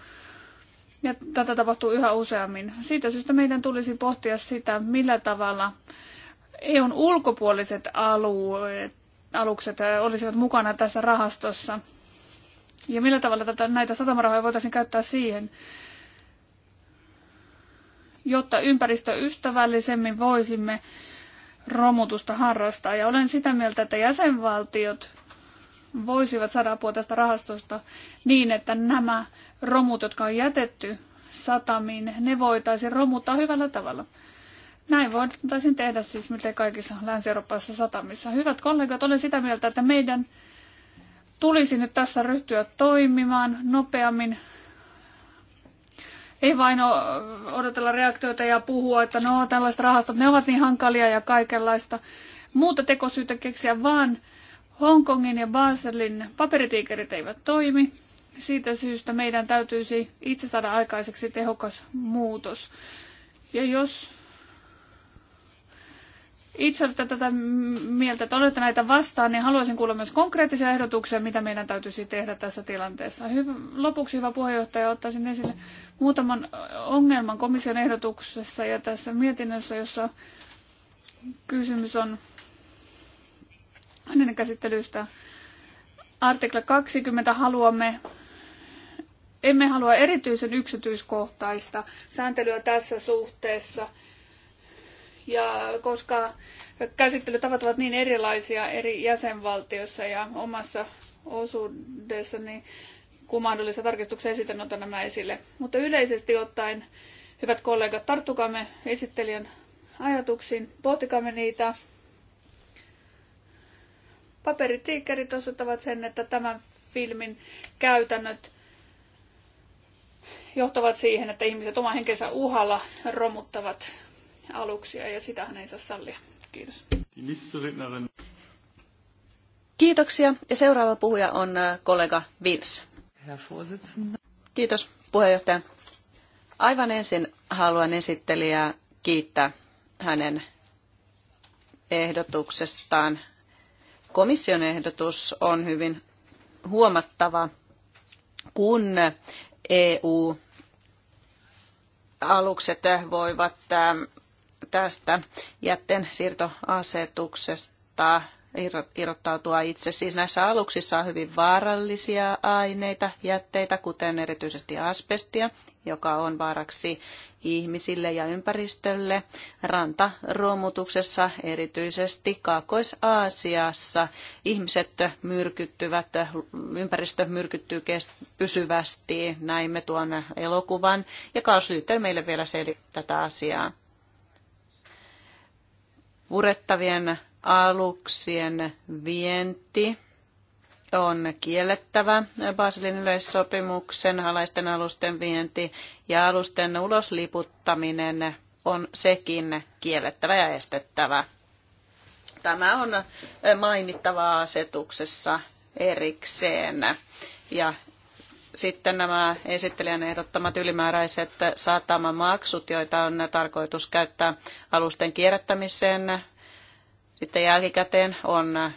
Ja tätä tapahtuu yhä useammin. Siitä syystä meidän tulisi pohtia sitä, millä tavalla EUn ulkopuoliset alueet, alukset olisivat mukana tässä rahastossa. Ja millä tavalla tätä, näitä satamarahoja voitaisiin käyttää siihen, jotta ympäristöystävällisemmin voisimme romutusta harrastaa. Ja olen sitä mieltä, että jäsenvaltiot voisivat saada apua tästä rahastosta niin, että nämä romut, jotka on jätetty satamiin, ne voitaisiin romuttaa hyvällä tavalla. Näin voitaisiin tehdä siis miltei kaikissa länsi euroopassa satamissa. Hyvät kollegat, olen sitä mieltä, että meidän tulisi nyt tässä ryhtyä toimimaan nopeammin ei vain odotella reaktioita ja puhua, että no tällaiset rahastot, ne ovat niin hankalia ja kaikenlaista muuta tekosyytä keksiä, vaan Hongkongin ja Baselin paperitiikerit eivät toimi. Siitä syystä meidän täytyisi itse saada aikaiseksi tehokas muutos. Ja jos itse olette tätä mieltä, että olette näitä vastaan, niin haluaisin kuulla myös konkreettisia ehdotuksia, mitä meidän täytyisi tehdä tässä tilanteessa. Hyvä, lopuksi hyvä puheenjohtaja, ottaisin esille muutaman ongelman komission ehdotuksessa ja tässä mietinnössä, jossa kysymys on hänen käsittelystä. Artikla 20 haluamme emme halua erityisen yksityiskohtaista sääntelyä tässä suhteessa – ja koska käsittelytavat ovat niin erilaisia eri jäsenvaltioissa ja omassa osuudessa, niin kun mahdollisia tarkistuksia esitän, otan nämä esille. Mutta yleisesti ottaen, hyvät kollegat, tarttukaamme esittelijän ajatuksiin, pohtikaamme niitä. Paperitiikkerit osoittavat sen, että tämän filmin käytännöt johtavat siihen, että ihmiset oman henkensä uhalla romuttavat aluksia ja sitähän ei saa sallia. Kiitos. Kiitoksia. Ja seuraava puhuja on äh, kollega Vils. Kiitos puheenjohtaja. Aivan ensin haluan esittelijää kiittää hänen ehdotuksestaan. Komission ehdotus on hyvin huomattava, kun EU-alukset voivat ähm, tästä jätteen siirtoasetuksesta irrottautua itse. Siis näissä aluksissa on hyvin vaarallisia aineita, jätteitä, kuten erityisesti asbestia, joka on vaaraksi ihmisille ja ympäristölle. Rantaromutuksessa, erityisesti Kaakkois-Aasiassa, ihmiset myrkyttyvät, ympäristö myrkyttyy pysyvästi. Näimme tuon elokuvan, ja Karl Slyter meille vielä selittää tätä asiaa purettavien aluksien vienti on kiellettävä Baselin yleissopimuksen alaisten alusten vienti ja alusten ulosliputtaminen on sekin kiellettävä ja estettävä. Tämä on mainittava asetuksessa erikseen ja sitten nämä esittelijän ehdottamat ylimääräiset maksut, joita on tarkoitus käyttää alusten kierrättämiseen, sitten jälkikäteen on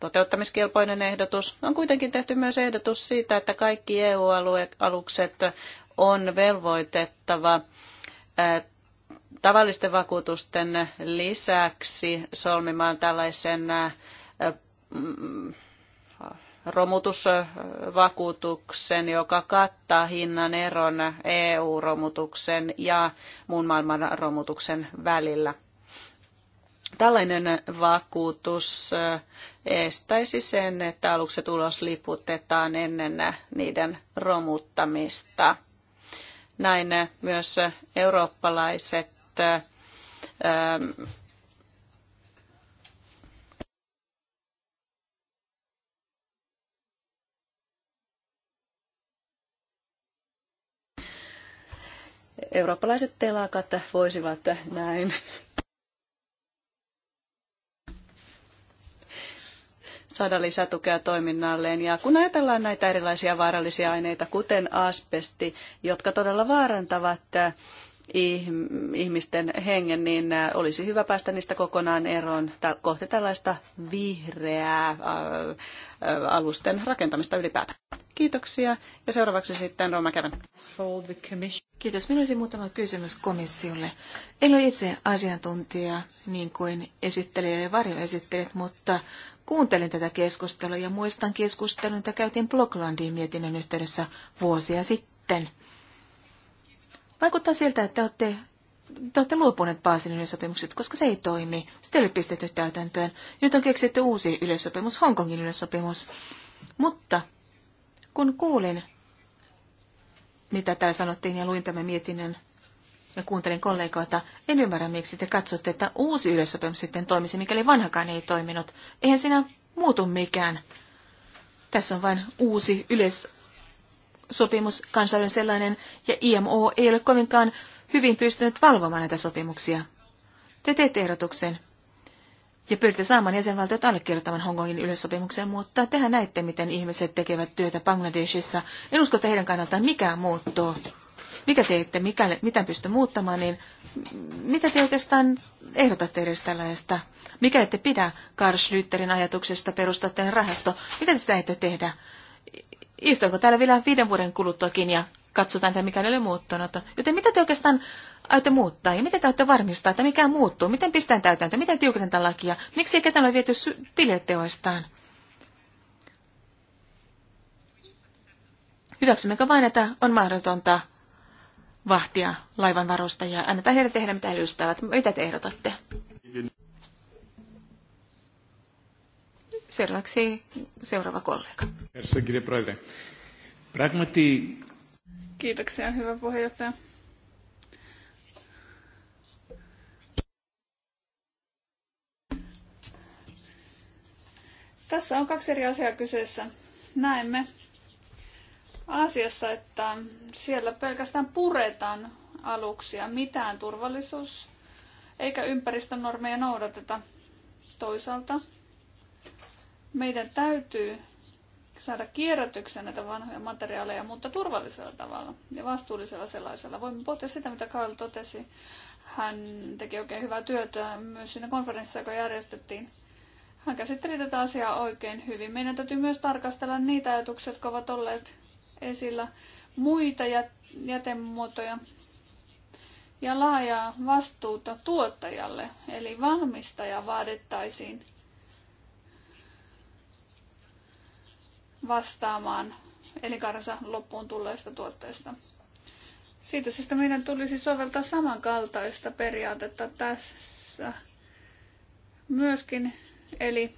toteuttamiskelpoinen ehdotus. On kuitenkin tehty myös ehdotus siitä, että kaikki EU-alukset on velvoitettava tavallisten vakuutusten lisäksi solmimaan tällaisen romutusvakuutuksen, joka kattaa hinnan eron EU-romutuksen ja muun maailman romutuksen välillä. Tällainen vakuutus eh, estäisi sen, että alukset ulos liputetaan ennen niiden romuttamista. Näin myös eurooppalaiset eh, eurooppalaiset telakat voisivat näin saada lisätukea toiminnalleen. Ja kun ajatellaan näitä erilaisia vaarallisia aineita, kuten asbesti, jotka todella vaarantavat ihmisten hengen, niin olisi hyvä päästä niistä kokonaan eroon kohti tällaista vihreää alusten rakentamista ylipäätään. Kiitoksia. Ja seuraavaksi sitten Roma Kävän. Kiitos. Minulla olisi muutama kysymys komissiolle. En ole itse asiantuntija niin kuin esittelijä ja varjoesittelijät, mutta kuuntelin tätä keskustelua ja muistan keskustelun, jota käytiin Bloklandin mietinnön yhteydessä vuosia sitten – Vaikuttaa siltä, että olette te olette luopuneet Baasin yleissopimukset, koska se ei toimi. Sitä ei ole pistetty täytäntöön. Nyt on keksitty uusi yleissopimus, Hongkongin yleissopimus. Mutta kun kuulin, mitä täällä sanottiin ja luin tämän mietinnön ja kuuntelin kollegoita, en ymmärrä, miksi te katsotte, että uusi yleissopimus sitten toimisi, mikäli vanhakaan ei toiminut. Eihän siinä muutu mikään. Tässä on vain uusi yleis sopimus, kansainvälinen sellainen, ja IMO ei ole kovinkaan hyvin pystynyt valvomaan näitä sopimuksia. Te teette ehdotuksen ja pyritte saamaan jäsenvaltiot allekirjoittamaan Hongkongin yleissopimuksen, mutta tehän näette, miten ihmiset tekevät työtä Bangladeshissa. En usko, että heidän kannaltaan mikään muuttuu. Mikä teette, mikä, mitä pysty muuttamaan, niin mitä te oikeastaan ehdotatte edes tällaista? Mikä ette pidä Karl Schlüterin ajatuksesta perustaa rahasto? Mitä te sitä ette tehdä? Istuinko täällä vielä viiden vuoden kuluttuakin ja katsotaan, että mikään ei ole muuttunut. Joten mitä te oikeastaan aiotte muuttaa ja miten te aiotte varmistaa, että mikään muuttuu? Miten pistetään täytäntöön? Miten tiukennetaan lakia? Miksi ei ketään ole viety sy- tileteoistaan? Hyväksymmekö vain, että on mahdotonta vahtia laivan varustajia? Annetaan heille tehdä, mitä he ystävät. Mitä te ehdotatte? Seuraavaksi seuraava kollega. Kiitoksia, hyvä puheenjohtaja. Tässä on kaksi eri asiaa kyseessä. Näemme asiassa, että siellä pelkästään puretaan aluksia, mitään turvallisuus eikä ympäristönormeja noudateta. Toisaalta meidän täytyy saada kierrätykseen näitä vanhoja materiaaleja, mutta turvallisella tavalla ja vastuullisella sellaisella. Voimme pohtia sitä, mitä Karl totesi. Hän teki oikein hyvää työtä myös siinä konferenssissa, joka järjestettiin. Hän käsitteli tätä asiaa oikein hyvin. Meidän täytyy myös tarkastella niitä ajatuksia, jotka ovat olleet esillä, muita jätemuotoja ja laajaa vastuuta tuottajalle, eli valmistaja vaadittaisiin vastaamaan elinkaarensa loppuun tulleista tuotteista. Siitä syystä meidän tulisi soveltaa samankaltaista periaatetta tässä myöskin, eli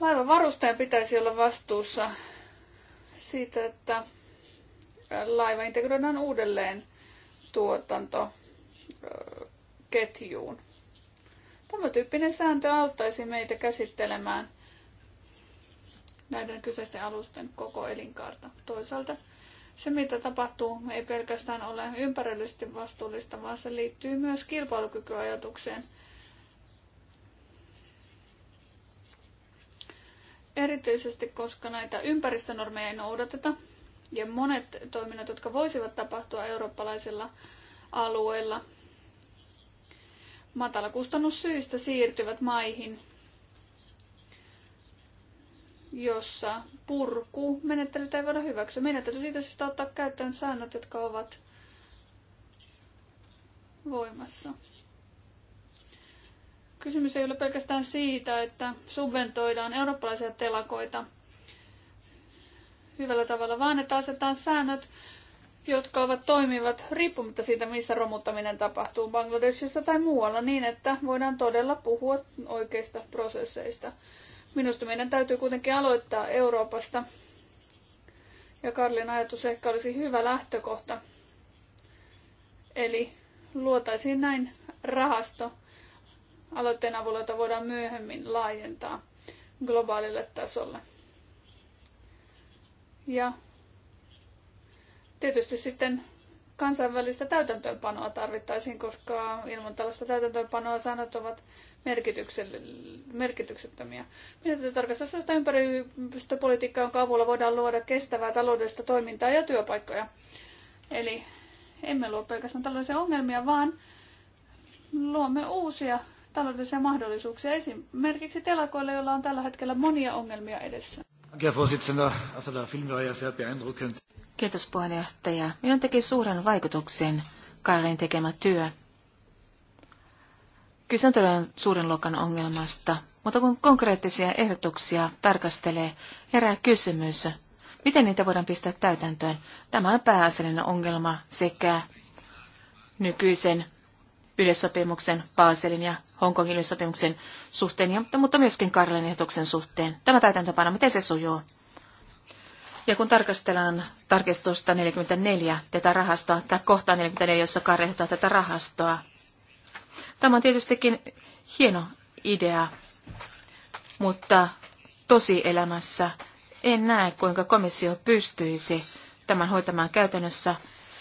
laivan varustaja pitäisi olla vastuussa siitä, että laiva integroidaan uudelleen tuotantoketjuun. Tämä tyyppinen sääntö auttaisi meitä käsittelemään – näiden kyseisten alusten koko elinkaarta. Toisaalta se, mitä tapahtuu, ei pelkästään ole ympärillisesti vastuullista, vaan se liittyy myös kilpailukykyajatukseen. Erityisesti, koska näitä ympäristönormeja ei noudateta, ja monet toiminnot, jotka voisivat tapahtua eurooppalaisilla alueilla, matalakustannussyistä siirtyvät maihin, jossa purku menettelyt ei voida hyväksyä. Meidän täytyy siitä syystä ottaa käyttöön säännöt, jotka ovat voimassa. Kysymys ei ole pelkästään siitä, että subventoidaan eurooppalaisia telakoita hyvällä tavalla, vaan että asetetaan säännöt, jotka ovat toimivat riippumatta siitä, missä romuttaminen tapahtuu Bangladesissa tai muualla, niin että voidaan todella puhua oikeista prosesseista. Minusta meidän täytyy kuitenkin aloittaa Euroopasta. Ja Karlin ajatus ehkä olisi hyvä lähtökohta. Eli luotaisiin näin rahasto aloitteen avulla, jota voidaan myöhemmin laajentaa globaalille tasolle. Ja tietysti sitten kansainvälistä täytäntöönpanoa tarvittaisiin, koska ilman tällaista täytäntöönpanoa sanat ovat merkityksettömiä. Meidän täytyy tarkastaa sellaista ympäristöpolitiikkaa, jonka avulla voidaan luoda kestävää taloudellista toimintaa ja työpaikkoja. Eli emme luo pelkästään tällaisia ongelmia, vaan luomme uusia taloudellisia mahdollisuuksia esimerkiksi telakoille, joilla on tällä hetkellä monia ongelmia edessä. Kiitos puheenjohtaja. Minun teki suuren vaikutuksen Karlin tekemä työ. Kyse on todella suuren luokan ongelmasta, mutta kun konkreettisia ehdotuksia tarkastelee, herää kysymys, miten niitä voidaan pistää täytäntöön. Tämä on pääasiallinen ongelma sekä nykyisen yleissopimuksen, Baselin ja Hongkongin yleissopimuksen suhteen, mutta myöskin Karlen ehdotuksen suhteen. Tämä täytäntöpano, miten se sujuu? Ja kun tarkastellaan tarkistusta 44 tätä rahastoa, tai kohtaa 44, jossa Karli tätä rahastoa, Tämä on tietystikin hieno idea, mutta tosi elämässä en näe, kuinka komissio pystyisi tämän hoitamaan käytännössä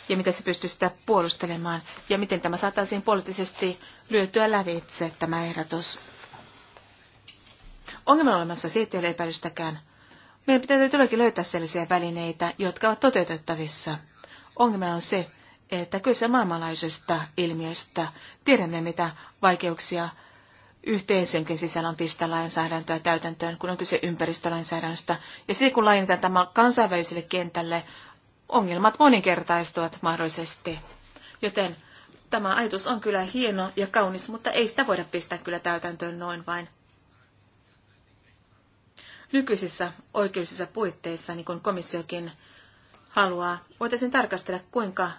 ja miten se pystyisi sitä puolustelemaan ja miten tämä saataisiin poliittisesti lyötyä lävitse tämä ehdotus. Ongelma olemassa, siitä ei ole epäilystäkään. Meidän pitää todellakin löytää sellaisia välineitä, jotka ovat toteutettavissa. Ongelma on se, että kyse maailmanlaajuisesta ilmiöstä. Tiedämme, mitä vaikeuksia yhteisönkin sisällä on pistää lainsäädäntöä täytäntöön, kun on kyse ympäristölainsäädännöstä. Ja sitten kun laajennetaan tämä kansainväliselle kentälle, ongelmat moninkertaistuvat mahdollisesti. Joten tämä ajatus on kyllä hieno ja kaunis, mutta ei sitä voida pistää kyllä täytäntöön noin vain. Nykyisissä oikeudellisissa puitteissa, niin kuin komissiokin haluaa, voitaisiin tarkastella, kuinka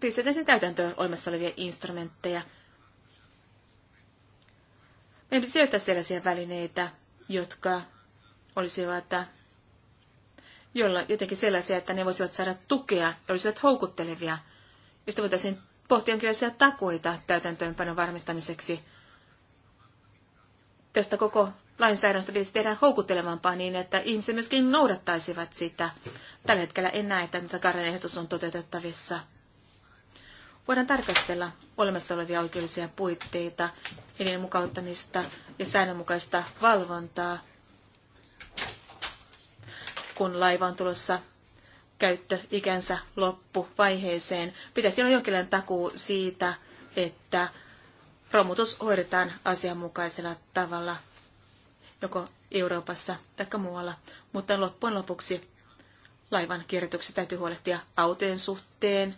pistettäisiin täytäntöön olemassa olevia instrumentteja. Meidän pitäisi löytää sellaisia välineitä, jotka olisivat äh, jolla jotenkin sellaisia, että ne voisivat saada tukea ja olisivat houkuttelevia, josta voitaisiin pohtia jonkinlaisia takuita täytäntöönpanon varmistamiseksi. Tästä koko lainsäädännöstä pitäisi tehdä houkuttelevampaa niin, että ihmiset myöskin noudattaisivat sitä. Tällä hetkellä en näe, että tämä ehdotus on toteutettavissa voidaan tarkastella olemassa olevia oikeudellisia puitteita, niiden mukauttamista ja säännönmukaista valvontaa, kun laiva on tulossa käyttö ikänsä loppuvaiheeseen. Pitäisi olla jonkinlainen takuu siitä, että romutus hoidetaan asianmukaisella tavalla, joko Euroopassa tai muualla. Mutta loppujen lopuksi laivan kirjoituksessa täytyy huolehtia autojen suhteen,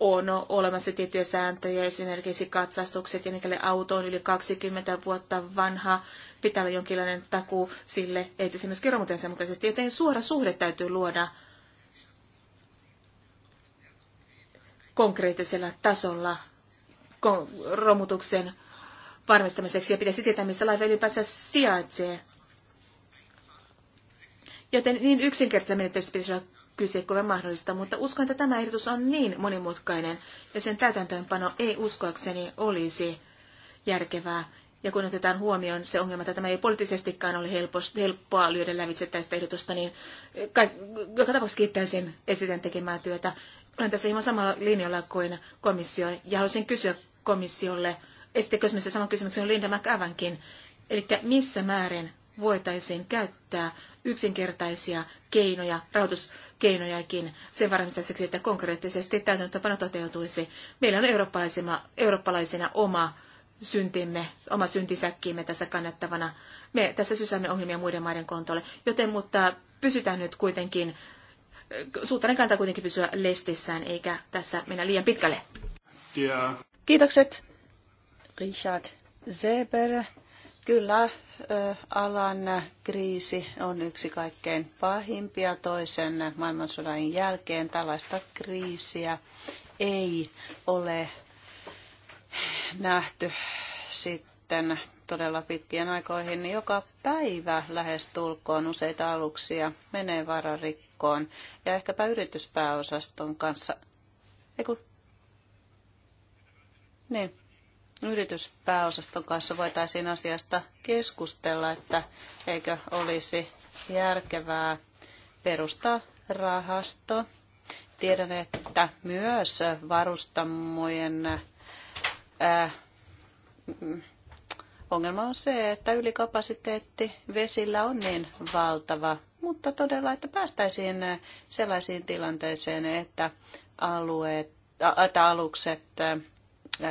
on olemassa tiettyjä sääntöjä, esimerkiksi katsastukset ja mikäli auto on yli 20 vuotta vanha, pitää olla jonkinlainen taku sille, että se myöskin romutetaan sen mukaisesti. Joten suora suhde täytyy luoda konkreettisella tasolla romutuksen varmistamiseksi ja pitäisi tietää, missä laiva ylipäänsä sijaitsee. Joten niin yksinkertaisesti menettelystä pitäisi olla kyse kovin mahdollista, mutta uskon, että tämä ehdotus on niin monimutkainen ja sen täytäntöönpano ei uskoakseni olisi järkevää. Ja kun otetaan huomioon se ongelma, että tämä ei poliittisestikaan ole helppoa lyödä lävitse tästä ehdotusta, niin joka tapauksessa kiittäisin esitän tekemää työtä. Olen tässä hieman samalla linjalla kuin komissio ja haluaisin kysyä komissiolle, esittekö esimerkiksi saman kysymyksen Linda McAvankin, eli missä määrin voitaisiin käyttää yksinkertaisia keinoja, rahoituskeinojakin sen varmistamiseksi, että konkreettisesti täytäntöpano toteutuisi. Meillä on eurooppalaisena, eurooppalaisena oma syntimme, oma syntisäkkiimme tässä kannettavana. Me tässä sysäämme ongelmia muiden maiden kontolle, joten mutta pysytään nyt kuitenkin, suuttainen kantaa kuitenkin pysyä lestissään, eikä tässä mennä liian pitkälle. Yeah. Kiitokset. Richard Zeber Kyllä alan kriisi on yksi kaikkein pahimpia toisen maailmansodan jälkeen. Tällaista kriisiä ei ole nähty sitten todella pitkien aikoihin. Joka päivä lähes tulkoon useita aluksia menee vararikkoon ja ehkäpä yrityspääosaston kanssa. Eiku? Niin yrityspääosaston kanssa voitaisiin asiasta keskustella, että eikö olisi järkevää perustaa rahasto. Tiedän, että myös varustamojen ää, äh, ongelma on se, että ylikapasiteetti vesillä on niin valtava, mutta todella, että päästäisiin sellaisiin tilanteeseen, että alueet, äh, että alukset äh,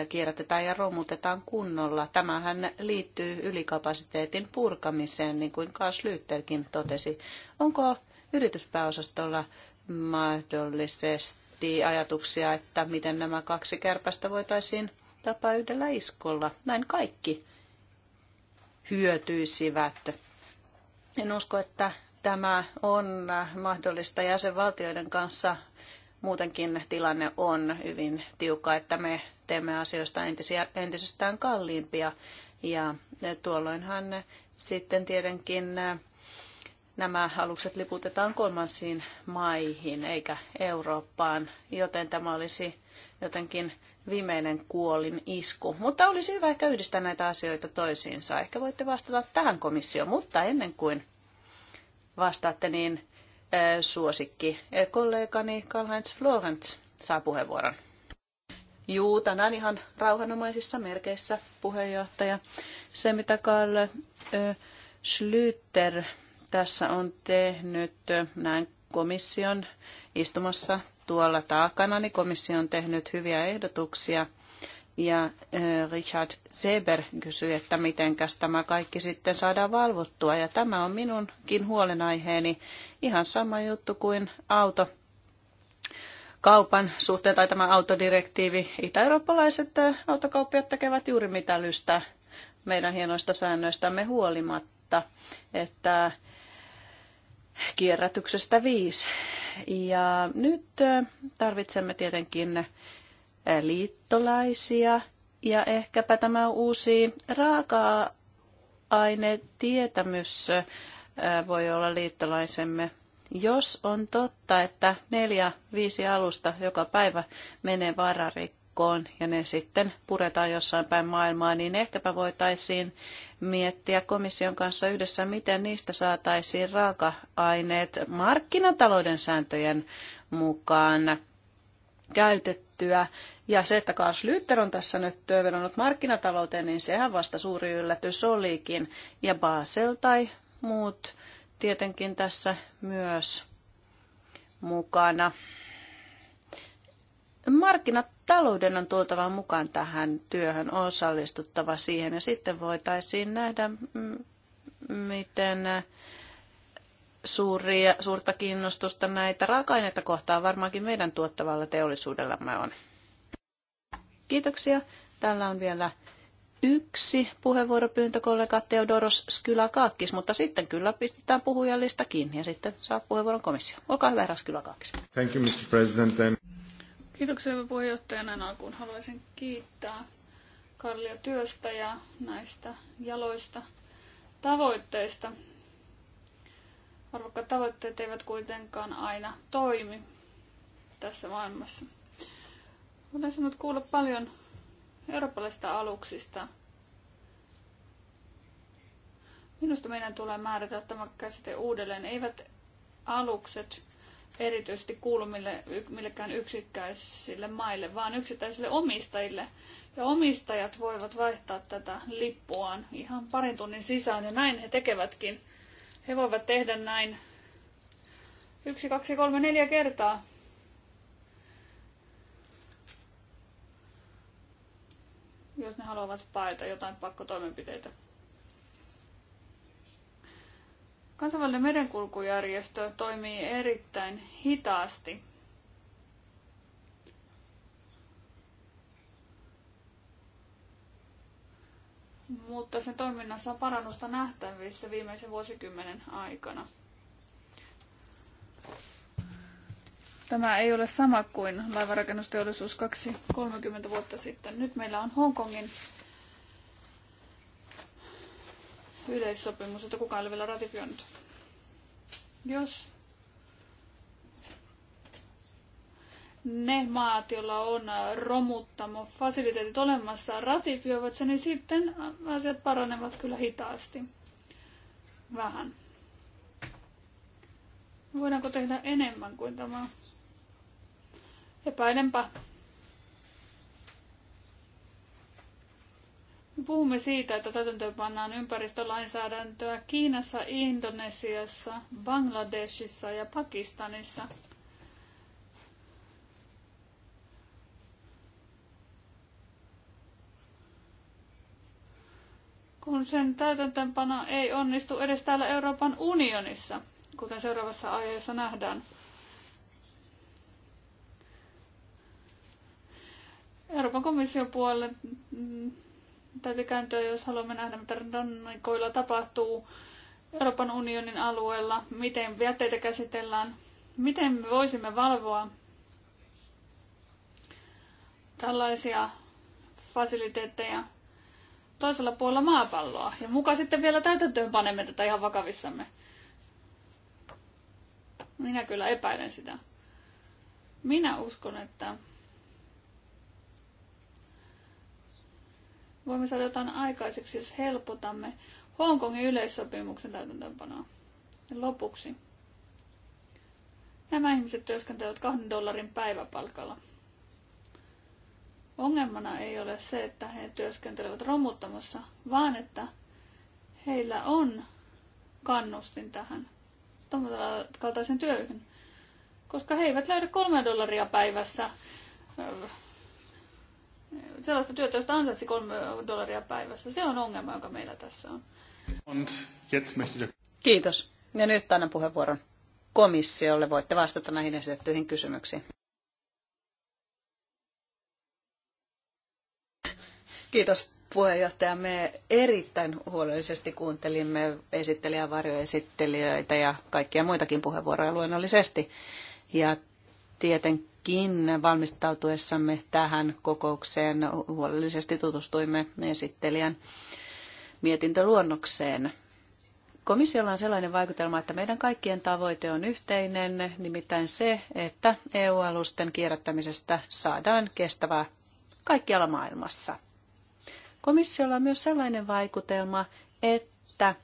kierrätetään ja romutetaan kunnolla. Tämähän liittyy ylikapasiteetin purkamiseen, niin kuin Karl Lyttelkin totesi. Onko yrityspääosastolla mahdollisesti ajatuksia, että miten nämä kaksi kärpästä voitaisiin tapaa yhdellä iskolla? Näin kaikki hyötyisivät. En usko, että tämä on mahdollista jäsenvaltioiden kanssa muutenkin tilanne on hyvin tiukka, että me teemme asioista entisiä, entisestään kalliimpia. Ja tuolloinhan sitten tietenkin nämä alukset liputetaan kolmansiin maihin eikä Eurooppaan, joten tämä olisi jotenkin viimeinen kuolin isku. Mutta olisi hyvä ehkä yhdistää näitä asioita toisiinsa. Ehkä voitte vastata tähän komissioon, mutta ennen kuin vastaatte, niin Äh, suosikki. Äh, kollegani Karl-Heinz Florenz saa puheenvuoron. Juu, tänään ihan rauhanomaisissa merkeissä puheenjohtaja. Se, mitä Karl äh, Schlüter tässä on tehnyt, näin komission istumassa tuolla taakana, niin komissio on tehnyt hyviä ehdotuksia – ja Richard Seber kysyi, että miten tämä kaikki sitten saadaan valvottua. Ja tämä on minunkin huolenaiheeni. Ihan sama juttu kuin auto kaupan suhteen tai tämä autodirektiivi. Itä-eurooppalaiset autokauppiat tekevät juuri mitä lystää meidän hienoista säännöistämme huolimatta, että kierrätyksestä viisi. Ja nyt tarvitsemme tietenkin liittolaisia ja ehkäpä tämä uusi raaka-ainetietämys voi olla liittolaisemme. Jos on totta, että neljä, viisi alusta joka päivä menee vararikkoon ja ne sitten puretaan jossain päin maailmaa, niin ehkäpä voitaisiin miettiä komission kanssa yhdessä, miten niistä saataisiin raaka-aineet markkinatalouden sääntöjen mukaan käytettyä kehittyä. Ja se, että Karl Schlüter on tässä nyt vedonnut markkinatalouteen, niin sehän vasta suuri yllätys olikin. Ja Basel tai muut tietenkin tässä myös mukana. Markkinatalouden on tuotava mukaan tähän työhön, osallistuttava siihen ja sitten voitaisiin nähdä, mm, miten suuria, suurta kiinnostusta näitä raaka-aineita kohtaan varmaankin meidän tuottavalla teollisuudellamme on. Kiitoksia. Täällä on vielä yksi puheenvuoropyyntö kollega Teodoros Skylakakis, mutta sitten kyllä pistetään puhujalista kiinni ja sitten saa puheenvuoron komissio. Olkaa hyvä, herra Skylakakis. Thank you, Mr. President. Kiitoksia, puheenjohtajana alkuun haluaisin kiittää Karlia työstä ja näistä jaloista tavoitteista, Arvokkaat tavoitteet eivät kuitenkaan aina toimi tässä maailmassa. Olen saanut kuulla paljon eurooppalaisista aluksista. Minusta meidän tulee määrätä tämä käsite uudelleen. Eivät alukset erityisesti kuulu mille, millekään yksittäisille maille, vaan yksittäisille omistajille. Ja omistajat voivat vaihtaa tätä lippuaan ihan parin tunnin sisään, ja näin he tekevätkin. He voivat tehdä näin yksi, kaksi, kolme, neljä kertaa. Jos ne haluavat paeta jotain pakkotoimenpiteitä. Kansainvälinen merenkulkujärjestö toimii erittäin hitaasti mutta sen toiminnassa on parannusta nähtävissä viimeisen vuosikymmenen aikana. Tämä ei ole sama kuin laivarakennusteollisuus 2 30 vuotta sitten. Nyt meillä on Hongkongin yleissopimus, että kukaan ei ole vielä ratifioinut. Jos ne maat, joilla on äh, romuttamo fasiliteetit olemassa, ratifioivat sen, niin sitten äh, asiat paranevat kyllä hitaasti. Vähän. Voidaanko tehdä enemmän kuin tämä? Epäilenpä. Puhumme siitä, että täytäntöön pannaan ympäristölainsäädäntöä Kiinassa, Indonesiassa, Bangladeshissa ja Pakistanissa – kun sen täytäntöönpano ei onnistu edes täällä Euroopan unionissa, kuten seuraavassa aiheessa nähdään. Euroopan komission puolelle mm, täytyy kääntyä, jos haluamme nähdä, mitä rannikoilla tapahtuu Euroopan unionin alueella, miten jätteitä käsitellään, miten me voisimme valvoa tällaisia fasiliteetteja toisella puolella maapalloa. Ja muka sitten vielä täytäntöön panemme tätä ihan vakavissamme. Minä kyllä epäilen sitä. Minä uskon, että voimme saada jotain aikaiseksi, jos helpotamme Hongkongin yleissopimuksen täytäntöönpanoa. Ja lopuksi. Nämä ihmiset työskentelevät kahden dollarin päiväpalkalla. Ongelmana ei ole se, että he työskentelevät romuttamassa, vaan että heillä on kannustin tähän kaltaisen työhön, koska he eivät löydä kolme dollaria päivässä sellaista työtä, josta ansaitsi kolme dollaria päivässä. Se on ongelma, joka meillä tässä on. Kiitos. Ja nyt annan puheenvuoron komissiolle. Voitte vastata näihin esitettyihin kysymyksiin. Kiitos puheenjohtaja. Me erittäin huolellisesti kuuntelimme esittelijä, varjoesittelijöitä ja kaikkia muitakin puheenvuoroja luonnollisesti. Ja tietenkin valmistautuessamme tähän kokoukseen huolellisesti tutustuimme esittelijän mietintöluonnokseen. Komissiolla on sellainen vaikutelma, että meidän kaikkien tavoite on yhteinen, nimittäin se, että EU-alusten kierrättämisestä saadaan kestävää kaikkialla maailmassa – Komissiolla on myös sellainen vaikutelma, että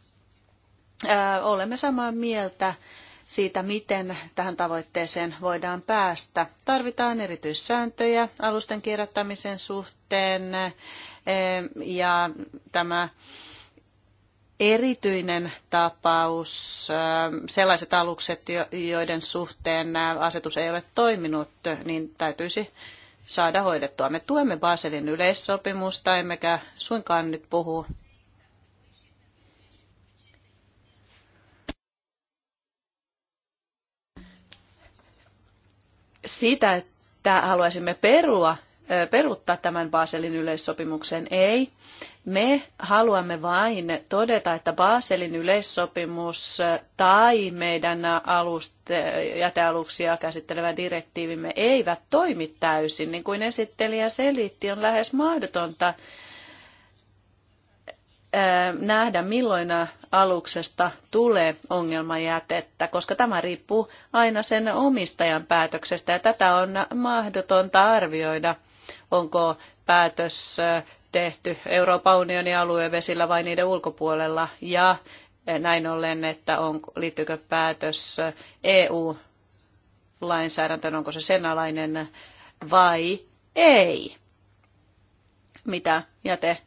olemme samaa mieltä siitä, miten tähän tavoitteeseen voidaan päästä. Tarvitaan erityissääntöjä alusten kierrättämisen suhteen ja tämä erityinen tapaus, sellaiset alukset, joiden suhteen asetus ei ole toiminut, niin täytyisi saada hoidettua. Me tuemme Baselin yleissopimusta, emmekä suinkaan nyt puhu siitä, että haluaisimme perua peruuttaa tämän Baselin yleissopimuksen. Ei. Me haluamme vain todeta, että Baselin yleissopimus tai meidän aluste, jätealuksia käsittelevä direktiivimme eivät toimi täysin. Niin kuin esittelijä selitti, on lähes mahdotonta nähdä, milloin aluksesta tulee ongelmajätettä, koska tämä riippuu aina sen omistajan päätöksestä ja tätä on mahdotonta arvioida onko päätös tehty Euroopan unionin vesillä vai niiden ulkopuolella ja eh, näin ollen, että on, liittyykö päätös EU-lainsäädäntöön, onko se sen alainen vai ei, mitä jäte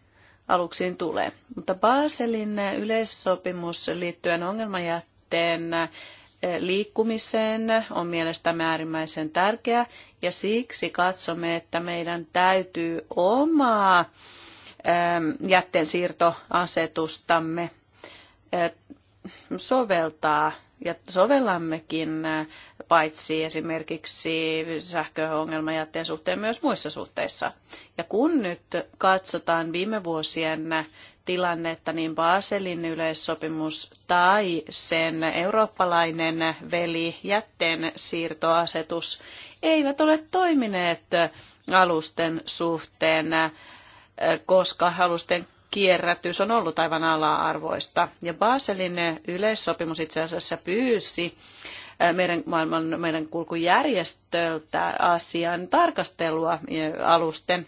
aluksiin tulee. Mutta Baselin yleissopimus liittyen ongelmajätteen liikkumiseen on mielestäni äärimmäisen tärkeä ja siksi katsomme, että meidän täytyy omaa ähm, jätteensiirtoasetustamme äh, soveltaa ja sovellammekin äh, paitsi esimerkiksi sähköongelmajätteen suhteen myös muissa suhteissa. Ja kun nyt katsotaan viime vuosien tilannetta, niin Baselin yleissopimus tai sen eurooppalainen veli jätteen siirtoasetus eivät ole toimineet alusten suhteen, äh, koska alusten kierrätys on ollut aivan ala-arvoista. Ja Baselin yleissopimus itse asiassa pyysi äh, meidän maailman meidän kulkujärjestöltä asian tarkastelua äh, alusten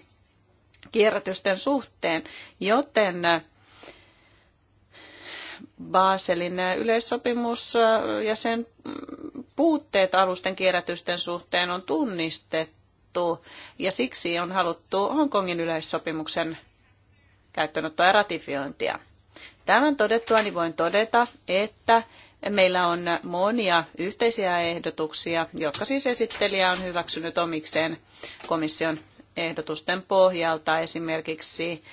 kierrätysten suhteen, joten äh, Baselin äh, yleissopimus äh, ja sen mm, puutteet alusten kierrätysten suhteen on tunnistettu ja siksi on haluttu Hongkongin yleissopimuksen käyttöönottoa ja ratifiointia. Tämän todettua niin voin todeta, että meillä on monia yhteisiä ehdotuksia, jotka siis esittelijä on hyväksynyt omikseen komission ehdotusten pohjalta esimerkiksi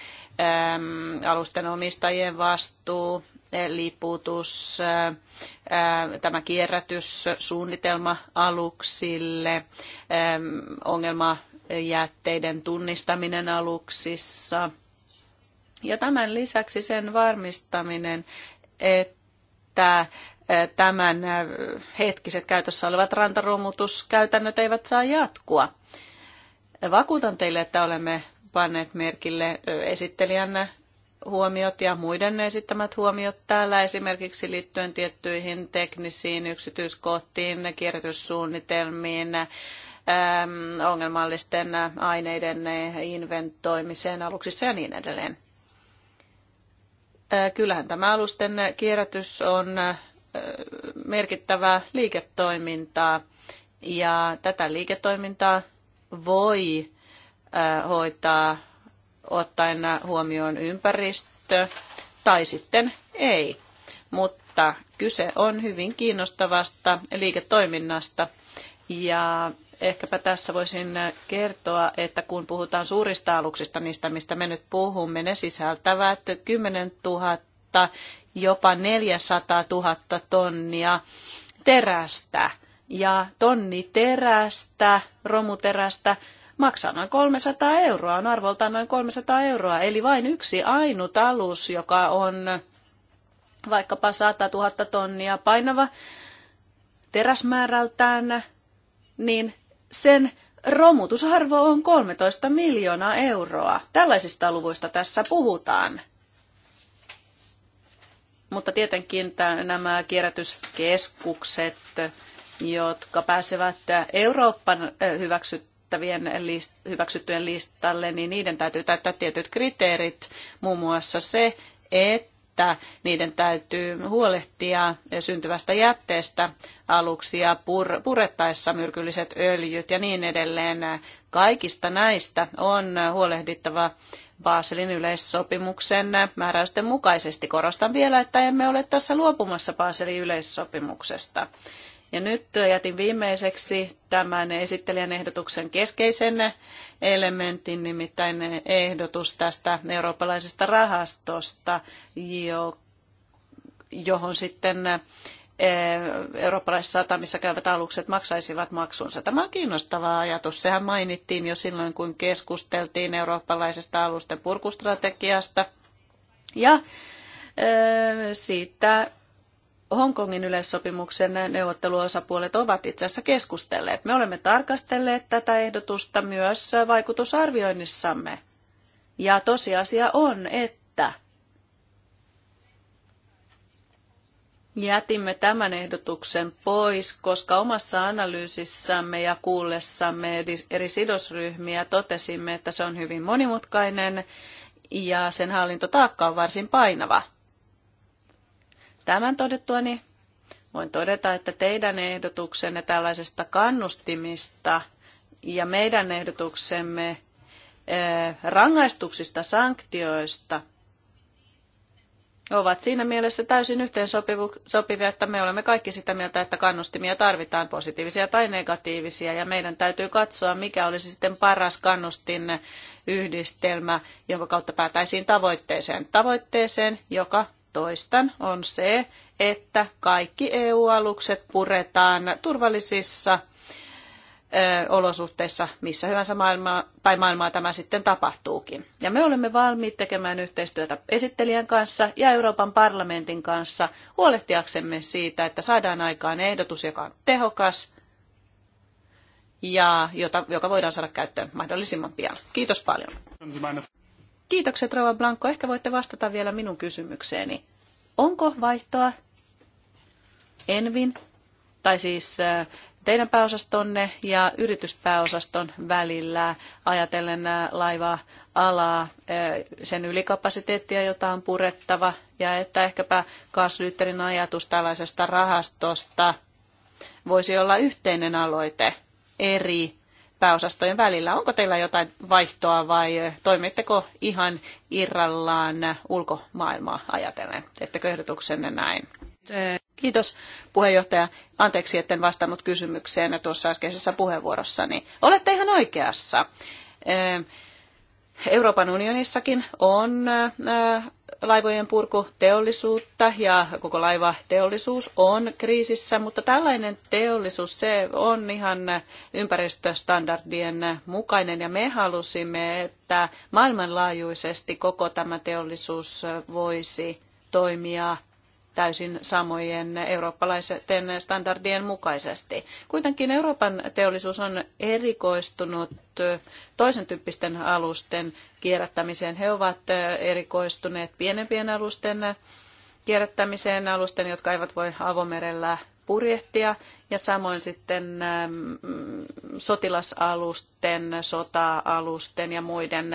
ähm, alusten omistajien vastuu, eh, liputus, äh, äh, tämä kierrätyssuunnitelma aluksille, ähm, ongelmajätteiden tunnistaminen aluksissa ja tämän lisäksi sen varmistaminen, että äh, tämän hetkiset käytössä olevat rantaromutuskäytännöt eivät saa jatkua. Vakuutan teille, että olemme panneet merkille esittelijänne huomiot ja muiden esittämät huomiot täällä esimerkiksi liittyen tiettyihin teknisiin yksityiskohtiin, kierrätyssuunnitelmiin, ongelmallisten aineiden inventoimiseen aluksissa ja niin edelleen. Kyllähän tämä alusten kierrätys on merkittävää liiketoimintaa ja tätä liiketoimintaa voi hoitaa ottaen huomioon ympäristö tai sitten ei. Mutta kyse on hyvin kiinnostavasta liiketoiminnasta ja ehkäpä tässä voisin kertoa, että kun puhutaan suurista aluksista, niistä mistä me nyt puhumme, ne sisältävät 10 000, jopa 400 000 tonnia terästä ja tonni terästä, romuterästä maksaa noin 300 euroa, on arvoltaan noin 300 euroa. Eli vain yksi ainut alus, joka on vaikkapa 100 000 tonnia painava teräsmäärältään, niin sen romutusarvo on 13 miljoonaa euroa. Tällaisista luvuista tässä puhutaan. Mutta tietenkin nämä kierrätyskeskukset jotka pääsevät Euroopan eh, hyväksyttävien hyväksyttyjen listalle, niin niiden täytyy täyttää tietyt kriteerit, muun muassa se, että että niiden täytyy huolehtia syntyvästä jätteestä aluksia pur- purettaessa myrkylliset öljyt ja niin edelleen. Kaikista näistä on huolehdittava Baselin yleissopimuksen määräysten mukaisesti. Korostan vielä, että emme ole tässä luopumassa Baselin yleissopimuksesta. Ja nyt jätin viimeiseksi tämän esittelijän ehdotuksen keskeisen elementin, nimittäin ehdotus tästä eurooppalaisesta rahastosta, johon sitten eh, eurooppalaisissa satamissa käyvät alukset maksaisivat maksunsa. Tämä on kiinnostava ajatus. Sehän mainittiin jo silloin, kun keskusteltiin eurooppalaisesta alusten purkustrategiasta. Ja eh, siitä Hongkongin yleissopimuksen neuvotteluosapuolet ovat itse asiassa keskustelleet. Me olemme tarkastelleet tätä ehdotusta myös vaikutusarvioinnissamme. Ja tosiasia on, että jätimme tämän ehdotuksen pois, koska omassa analyysissämme ja kuullessamme eri sidosryhmiä totesimme, että se on hyvin monimutkainen ja sen hallintotaakka on varsin painava. Tämän todettuani voin todeta, että teidän ehdotuksenne tällaisesta kannustimista ja meidän ehdotuksemme eh, rangaistuksista, sanktioista ovat siinä mielessä täysin yhteensopivia, että me olemme kaikki sitä mieltä, että kannustimia tarvitaan positiivisia tai negatiivisia, ja meidän täytyy katsoa, mikä olisi sitten paras kannustin yhdistelmä, jonka kautta päätäisiin tavoitteeseen. Tavoitteeseen, joka toistan, on se, että kaikki EU-alukset puretaan turvallisissa olosuhteissa, missä hyvänsä maailmaa, päin maailmaa tämä sitten tapahtuukin. Ja me olemme valmiit tekemään yhteistyötä esittelijän kanssa ja Euroopan parlamentin kanssa huolehtiaksemme siitä, että saadaan aikaan ehdotus, joka on tehokas ja jota, joka voidaan saada käyttöön mahdollisimman pian. Kiitos paljon. Kiitokset Rova Blanco. Ehkä voitte vastata vielä minun kysymykseeni. Onko vaihtoa Envin, tai siis teidän pääosastonne ja yrityspääosaston välillä ajatellen laiva-alaa, sen ylikapasiteettia, jota on purettava, ja että ehkäpä Kaaslytterin ajatus tällaisesta rahastosta voisi olla yhteinen aloite eri pääosastojen välillä. Onko teillä jotain vaihtoa vai toimitteko ihan irrallaan ulkomaailmaa ajatellen? Teettekö ehdotuksenne näin? Kiitos puheenjohtaja. Anteeksi, etten vastannut kysymykseen tuossa äskeisessä puheenvuorossani. Olette ihan oikeassa. Ehm, Euroopan unionissakin on äh, laivojen purkuteollisuutta ja koko laivateollisuus on kriisissä, mutta tällainen teollisuus se on ihan ympäristöstandardien mukainen ja me halusimme, että maailmanlaajuisesti koko tämä teollisuus voisi toimia täysin samojen eurooppalaisten standardien mukaisesti. Kuitenkin Euroopan teollisuus on erikoistunut toisen tyyppisten alusten kierrättämiseen. He ovat erikoistuneet pienempien alusten kierrättämiseen, alusten, jotka eivät voi avomerellä purjehtia, ja samoin sitten mm, sotilasalusten, sota-alusten ja muiden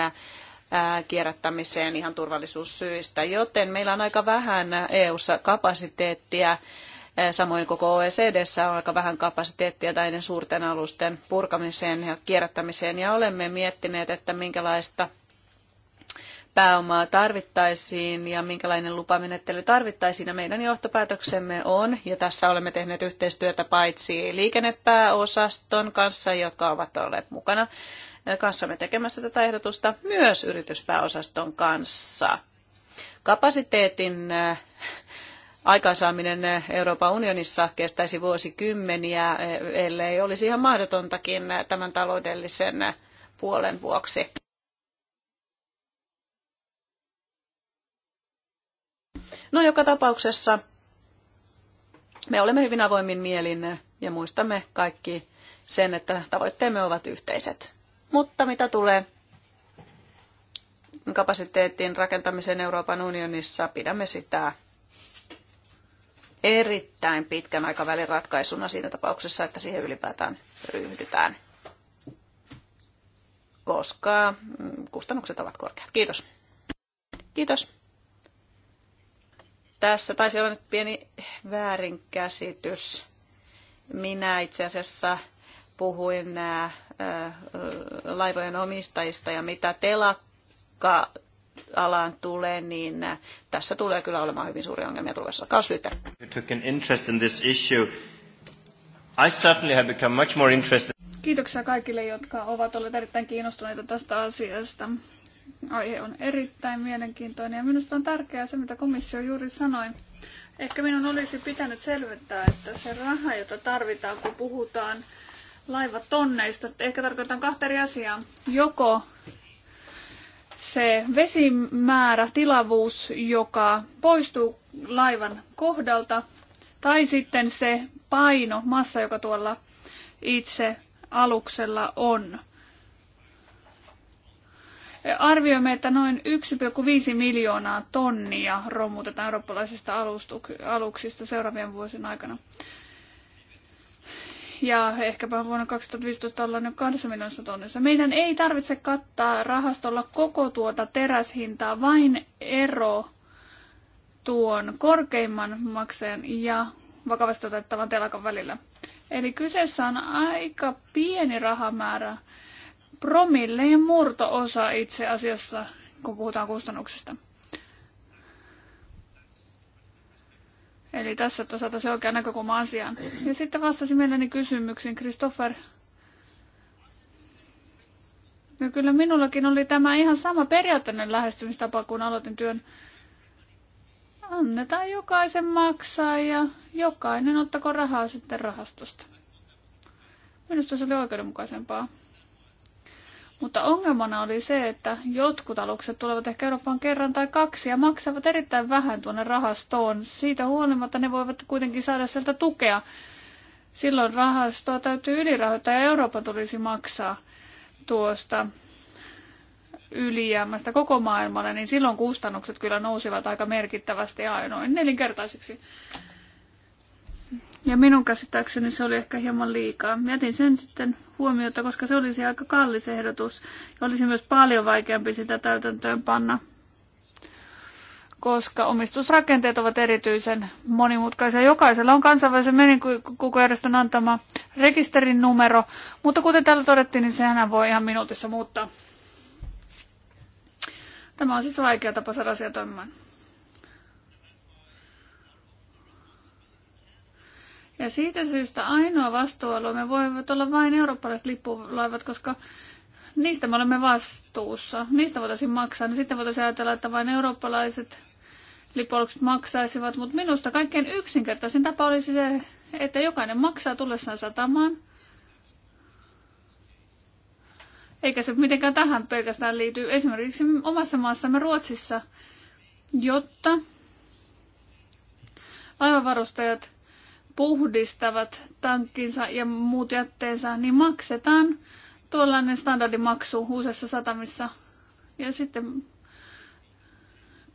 kierrättämiseen ihan turvallisuussyistä, joten meillä on aika vähän EU-ssa kapasiteettia Samoin koko OECDssä on aika vähän kapasiteettia näiden suurten alusten purkamiseen ja kierrättämiseen, ja olemme miettineet, että minkälaista pääomaa tarvittaisiin ja minkälainen lupamenettely tarvittaisiin. Ja meidän johtopäätöksemme on, ja tässä olemme tehneet yhteistyötä paitsi liikennepääosaston kanssa, jotka ovat olleet mukana kanssamme tekemässä tätä ehdotusta, myös yrityspääosaston kanssa. Kapasiteetin äh, aikaansaaminen Euroopan unionissa kestäisi vuosikymmeniä, ellei olisi ihan mahdotontakin tämän taloudellisen puolen vuoksi. No joka tapauksessa me olemme hyvin avoimin mielin ja muistamme kaikki sen, että tavoitteemme ovat yhteiset. Mutta mitä tulee kapasiteettiin rakentamiseen Euroopan unionissa, pidämme sitä erittäin pitkän aikavälin ratkaisuna siinä tapauksessa, että siihen ylipäätään ryhdytään, koska kustannukset ovat korkeat. Kiitos. Kiitos. Tässä taisi olla nyt pieni väärinkäsitys. Minä itse asiassa puhuin ää, äh, äh, laivojen omistajista ja mitä telakka alaan tulee, niin äh, tässä tulee kyllä olemaan hyvin suuria ongelmia tulevassa. Klaus Lyter. Kiitoksia kaikille, jotka ovat olleet erittäin kiinnostuneita tästä asiasta. Aihe on erittäin mielenkiintoinen ja minusta on tärkeää se, mitä komissio juuri sanoi. Ehkä minun olisi pitänyt selvittää, että se raha, jota tarvitaan, kun puhutaan laivatonneista, ehkä tarkoitan kahta eri asiaa. Joko se vesimäärä, tilavuus, joka poistuu laivan kohdalta, tai sitten se paino, massa, joka tuolla itse aluksella on. Arvioimme, että noin 1,5 miljoonaa tonnia romutetaan eurooppalaisista aluksista seuraavien vuosien aikana. Ja ehkäpä vuonna 2015 ollaan jo 2 miljoonassa tonnissa. Meidän ei tarvitse kattaa rahastolla koko tuota teräshintaa, vain ero tuon korkeimman maksajan ja vakavasti otettavan telakan välillä. Eli kyseessä on aika pieni rahamäärä promilleen murto-osa itse asiassa, kun puhutaan kustannuksista. Eli tässä saataisiin se oikea näkökulma asiaan. Ja sitten vastasi mielelläni kysymyksiin Christopher. No kyllä minullakin oli tämä ihan sama periaatteinen lähestymistapa, kun aloitin työn. Annetaan jokaisen maksaa ja jokainen ottako rahaa sitten rahastosta. Minusta se oli oikeudenmukaisempaa. Mutta ongelmana oli se, että jotkut alukset tulevat ehkä Eurooppaan kerran tai kaksi ja maksavat erittäin vähän tuonne rahastoon. Siitä huolimatta ne voivat kuitenkin saada sieltä tukea. Silloin rahastoa täytyy ylirahoittaa ja Euroopan tulisi maksaa tuosta ylijäämästä koko maailmalle, niin silloin kustannukset kyllä nousivat aika merkittävästi ainoin nelinkertaisiksi. Ja minun käsittääkseni se oli ehkä hieman liikaa. Mietin sen sitten huomiota, koska se olisi aika kallis ehdotus. Ja olisi myös paljon vaikeampi sitä täytäntöön panna, koska omistusrakenteet ovat erityisen monimutkaisia. Jokaisella on kansainvälisen menenkukujärjestön antama rekisterin numero, mutta kuten täällä todettiin, niin sehän voi ihan minuutissa muuttaa. Tämä on siis vaikea tapa saada asia toimimaan. Ja siitä syystä ainoa me voivat olla vain eurooppalaiset lippulaivat, koska niistä me olemme vastuussa. Niistä voitaisiin maksaa. Niin sitten voitaisiin ajatella, että vain eurooppalaiset lipolukset maksaisivat. Mutta minusta kaikkein yksinkertaisin tapa olisi se, että jokainen maksaa tullessaan satamaan. Eikä se mitenkään tähän pelkästään liity. Esimerkiksi omassa maassamme Ruotsissa, jotta laivavarustajat puhdistavat tankkinsa ja muut jätteensä, niin maksetaan tuollainen standardimaksu uusissa satamissa. Ja sitten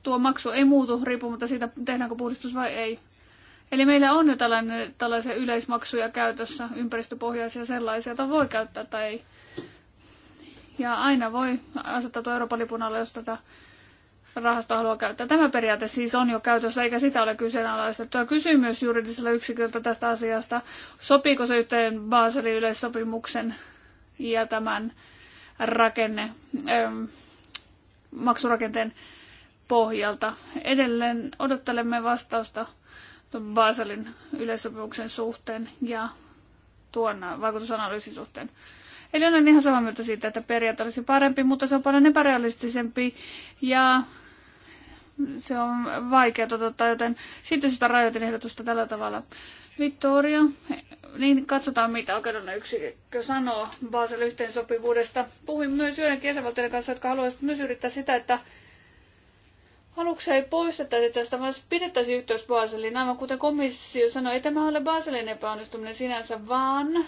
tuo maksu ei muutu riippumatta siitä, tehdäänkö puhdistus vai ei. Eli meillä on jo tällainen, tällaisia yleismaksuja käytössä, ympäristöpohjaisia sellaisia, joita voi käyttää tai ei. Ja aina voi asettaa tuo Euroopan lipun alle, jos tätä rahasto haluaa käyttää. Tämä periaate siis on jo käytössä, eikä sitä ole kyseenalaistettu. kysyin myös juridisella yksiköltä tästä asiasta, sopiiko se yhteen Baselin yleissopimuksen ja tämän rakenne, ähm, maksurakenteen pohjalta. Edelleen odottelemme vastausta Baselin yleissopimuksen suhteen ja tuon vaikutusanalyysin suhteen. Eli olen ihan samaa mieltä siitä, että periaate olisi parempi, mutta se on paljon epärealistisempi ja se on vaikea toteuttaa, joten sitten sitä rajoitin ehdotusta tällä tavalla. Vittoria, niin katsotaan mitä oikeudella yksi sanoo Basel yhteensopivuudesta. Puhuin myös joidenkin jäsenvaltioiden kanssa, jotka haluaisivat myös yrittää sitä, että aluksi ei poistettaisi tästä, vaan pidettäisiin yhteys Baseliin. Aivan kuten komissio sanoi, ei tämä ole Baselin epäonnistuminen sinänsä, vaan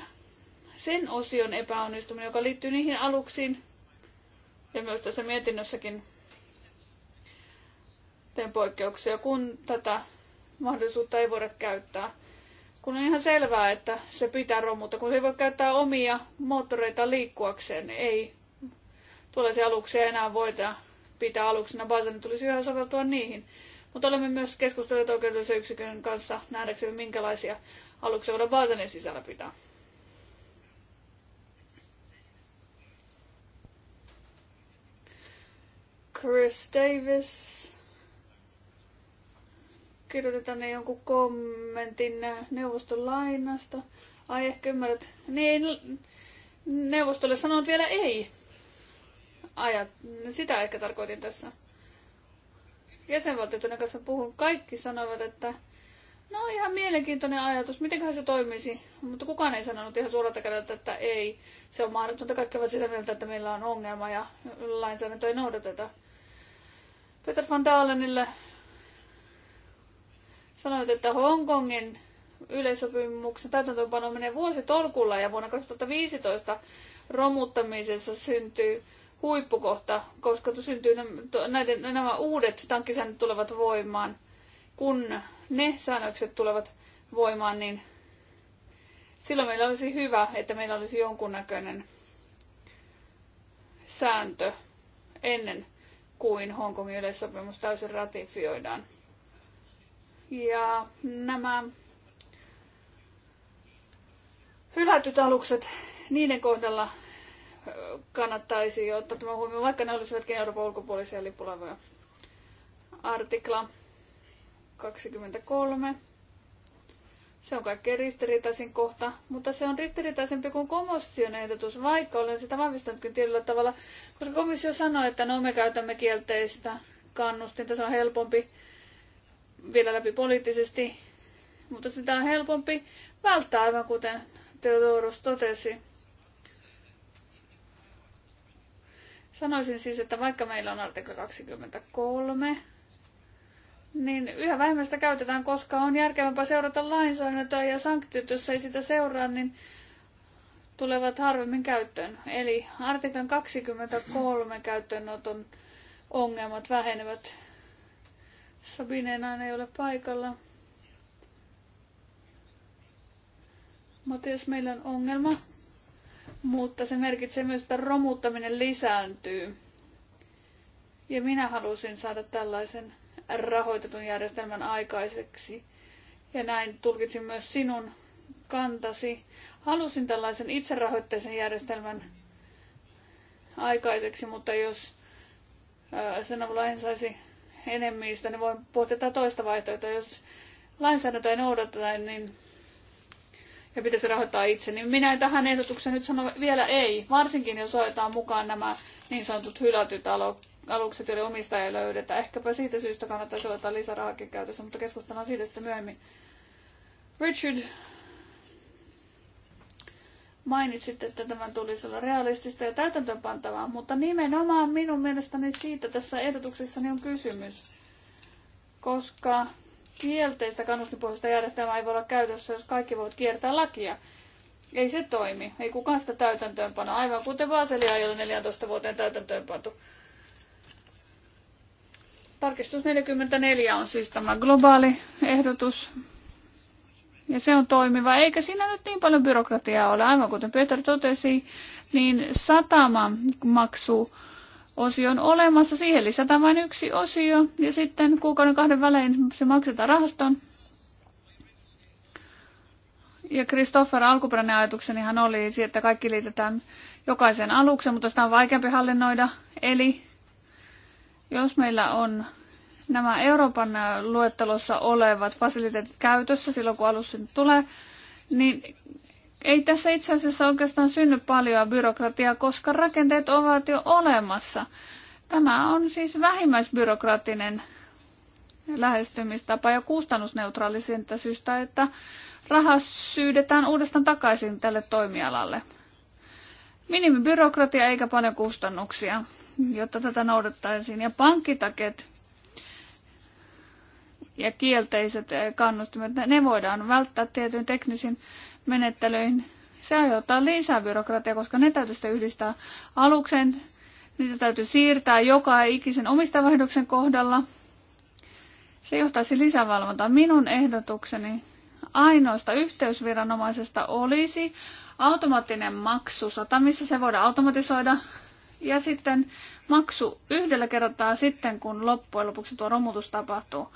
sen osion epäonnistuminen, joka liittyy niihin aluksiin ja myös tässä mietinnössäkin teen poikkeuksia, kun tätä mahdollisuutta ei voida käyttää. Kun on ihan selvää, että se pitää romuttaa, kun se ei voi käyttää omia moottoreita liikkuakseen, niin ei tuollaisia aluksia enää voida pitää aluksena. Baselin tulisi yhä soveltua niihin. Mutta olemme myös keskustelleet oikeudellisen yksikön kanssa nähdäksemme, minkälaisia aluksia voidaan Baselin sisällä pitää. Chris Davis kirjoitetaan ne jonkun kommentin neuvoston lainasta. Ai ehkä ymmärrät. Niin, neuvostolle sanot vielä ei. Ajat, sitä ehkä tarkoitin tässä. Jäsenvaltioiden kanssa puhun. Kaikki sanoivat, että no ihan mielenkiintoinen ajatus, mitenköhän se toimisi. Mutta kukaan ei sanonut ihan suoralta kädeltä, että ei. Se on mahdotonta. Kaikki ovat sitä mieltä, että meillä on ongelma ja lainsäädäntö ei noudateta. Peter van Dalenille sanoit, että Hongkongin yleissopimuksen täytäntöönpano menee vuositolkulla ja vuonna 2015 romuttamisessa syntyy huippukohta, koska syntyy näiden, nämä uudet tankkisäännöt tulevat voimaan. Kun ne säännökset tulevat voimaan, niin silloin meillä olisi hyvä, että meillä olisi jonkunnäköinen sääntö ennen kuin Hongkongin yleissopimus täysin ratifioidaan. Ja nämä hylätyt alukset, niiden kohdalla kannattaisi ottaa tämä huomioon, vaikka ne olisivatkin Euroopan ulkopuolisia lipulaivoja. Artikla 23. Se on kaikkein ristiriitaisin kohta, mutta se on ristiriitaisempi kuin komission ehdotus, vaikka olen sitä vahvistanutkin tietyllä tavalla, koska komissio sanoi, että no me käytämme kielteistä kannustinta, se on helpompi vielä läpi poliittisesti, mutta sitä on helpompi välttää, aivan kuten Teodorus totesi. Sanoisin siis, että vaikka meillä on artikla 23, niin yhä vähemmän sitä käytetään, koska on järkevämpää seurata lainsäädäntöä ja sanktiot, jos ei sitä seuraa, niin tulevat harvemmin käyttöön. Eli artiklan 23 käyttöönoton ongelmat vähenevät Sabine enää ei ole paikalla. Matias, meillä on ongelma, mutta se merkitsee myös, että romuttaminen lisääntyy. Ja minä halusin saada tällaisen rahoitetun järjestelmän aikaiseksi. Ja näin tulkitsin myös sinun kantasi. Halusin tällaisen itserahoitteisen järjestelmän aikaiseksi, mutta jos sen avulla en saisi enemmistö, niin voin pohtia toista vaihtoehtoa. Jos lainsäädäntöä ei noudateta, niin ja pitäisi rahoittaa itse, niin minä en tähän ehdotukseen nyt sano vielä ei, varsinkin jos soitaan mukaan nämä niin sanotut hylätyt alukset, joiden omistaja ei löydetä. Ehkäpä siitä syystä kannattaisi olla lisärahakin käytössä, mutta keskustellaan siitä sitten myöhemmin. Richard mainitsit että tämän tulisi olla realistista ja täytäntöönpantavaa, mutta nimenomaan minun mielestäni siitä tässä ehdotuksessani on kysymys, koska kielteistä kannustinpohjaista järjestelmää ei voi olla käytössä, jos kaikki voivat kiertää lakia. Ei se toimi. Ei kukaan sitä täytäntöönpano. Aivan kuten Vaaselia ei ole 14 vuoteen täytäntöönpantu. Tarkistus 44 on siis tämä globaali ehdotus ja se on toimiva, eikä siinä nyt niin paljon byrokratiaa ole. Aivan kuten Peter totesi, niin satama maksu osio on olemassa, siihen lisätään vain yksi osio ja sitten kuukauden kahden välein se maksetaan rahaston. Ja Kristoffer alkuperäinen ajatuksenihan oli, että kaikki liitetään jokaisen alukseen, mutta sitä on vaikeampi hallinnoida. Eli jos meillä on nämä Euroopan luettelossa olevat fasiliteetit käytössä silloin, kun alus sinne tulee, niin ei tässä itse asiassa oikeastaan synny paljon byrokratiaa, koska rakenteet ovat jo olemassa. Tämä on siis vähimmäisbyrokraattinen lähestymistapa ja kustannusneutraali siitä syystä, että raha syydetään uudestaan takaisin tälle toimialalle. Minimibyrokratia eikä paljon kustannuksia, jotta tätä noudattaisiin. Ja pankkitaket ja kielteiset eh, kannustimet, ne voidaan välttää tietyn teknisin menettelyihin. Se aiheuttaa lisää byrokratiaa, koska ne täytyy sitten yhdistää aluksen, niitä täytyy siirtää joka ikisen omistavaihdoksen kohdalla. Se johtaisi lisävalvontaan. Minun ehdotukseni ainoasta yhteysviranomaisesta olisi automaattinen maksu satamissa. Se voidaan automatisoida ja sitten maksu yhdellä kertaa sitten, kun loppujen lopuksi tuo romutus tapahtuu.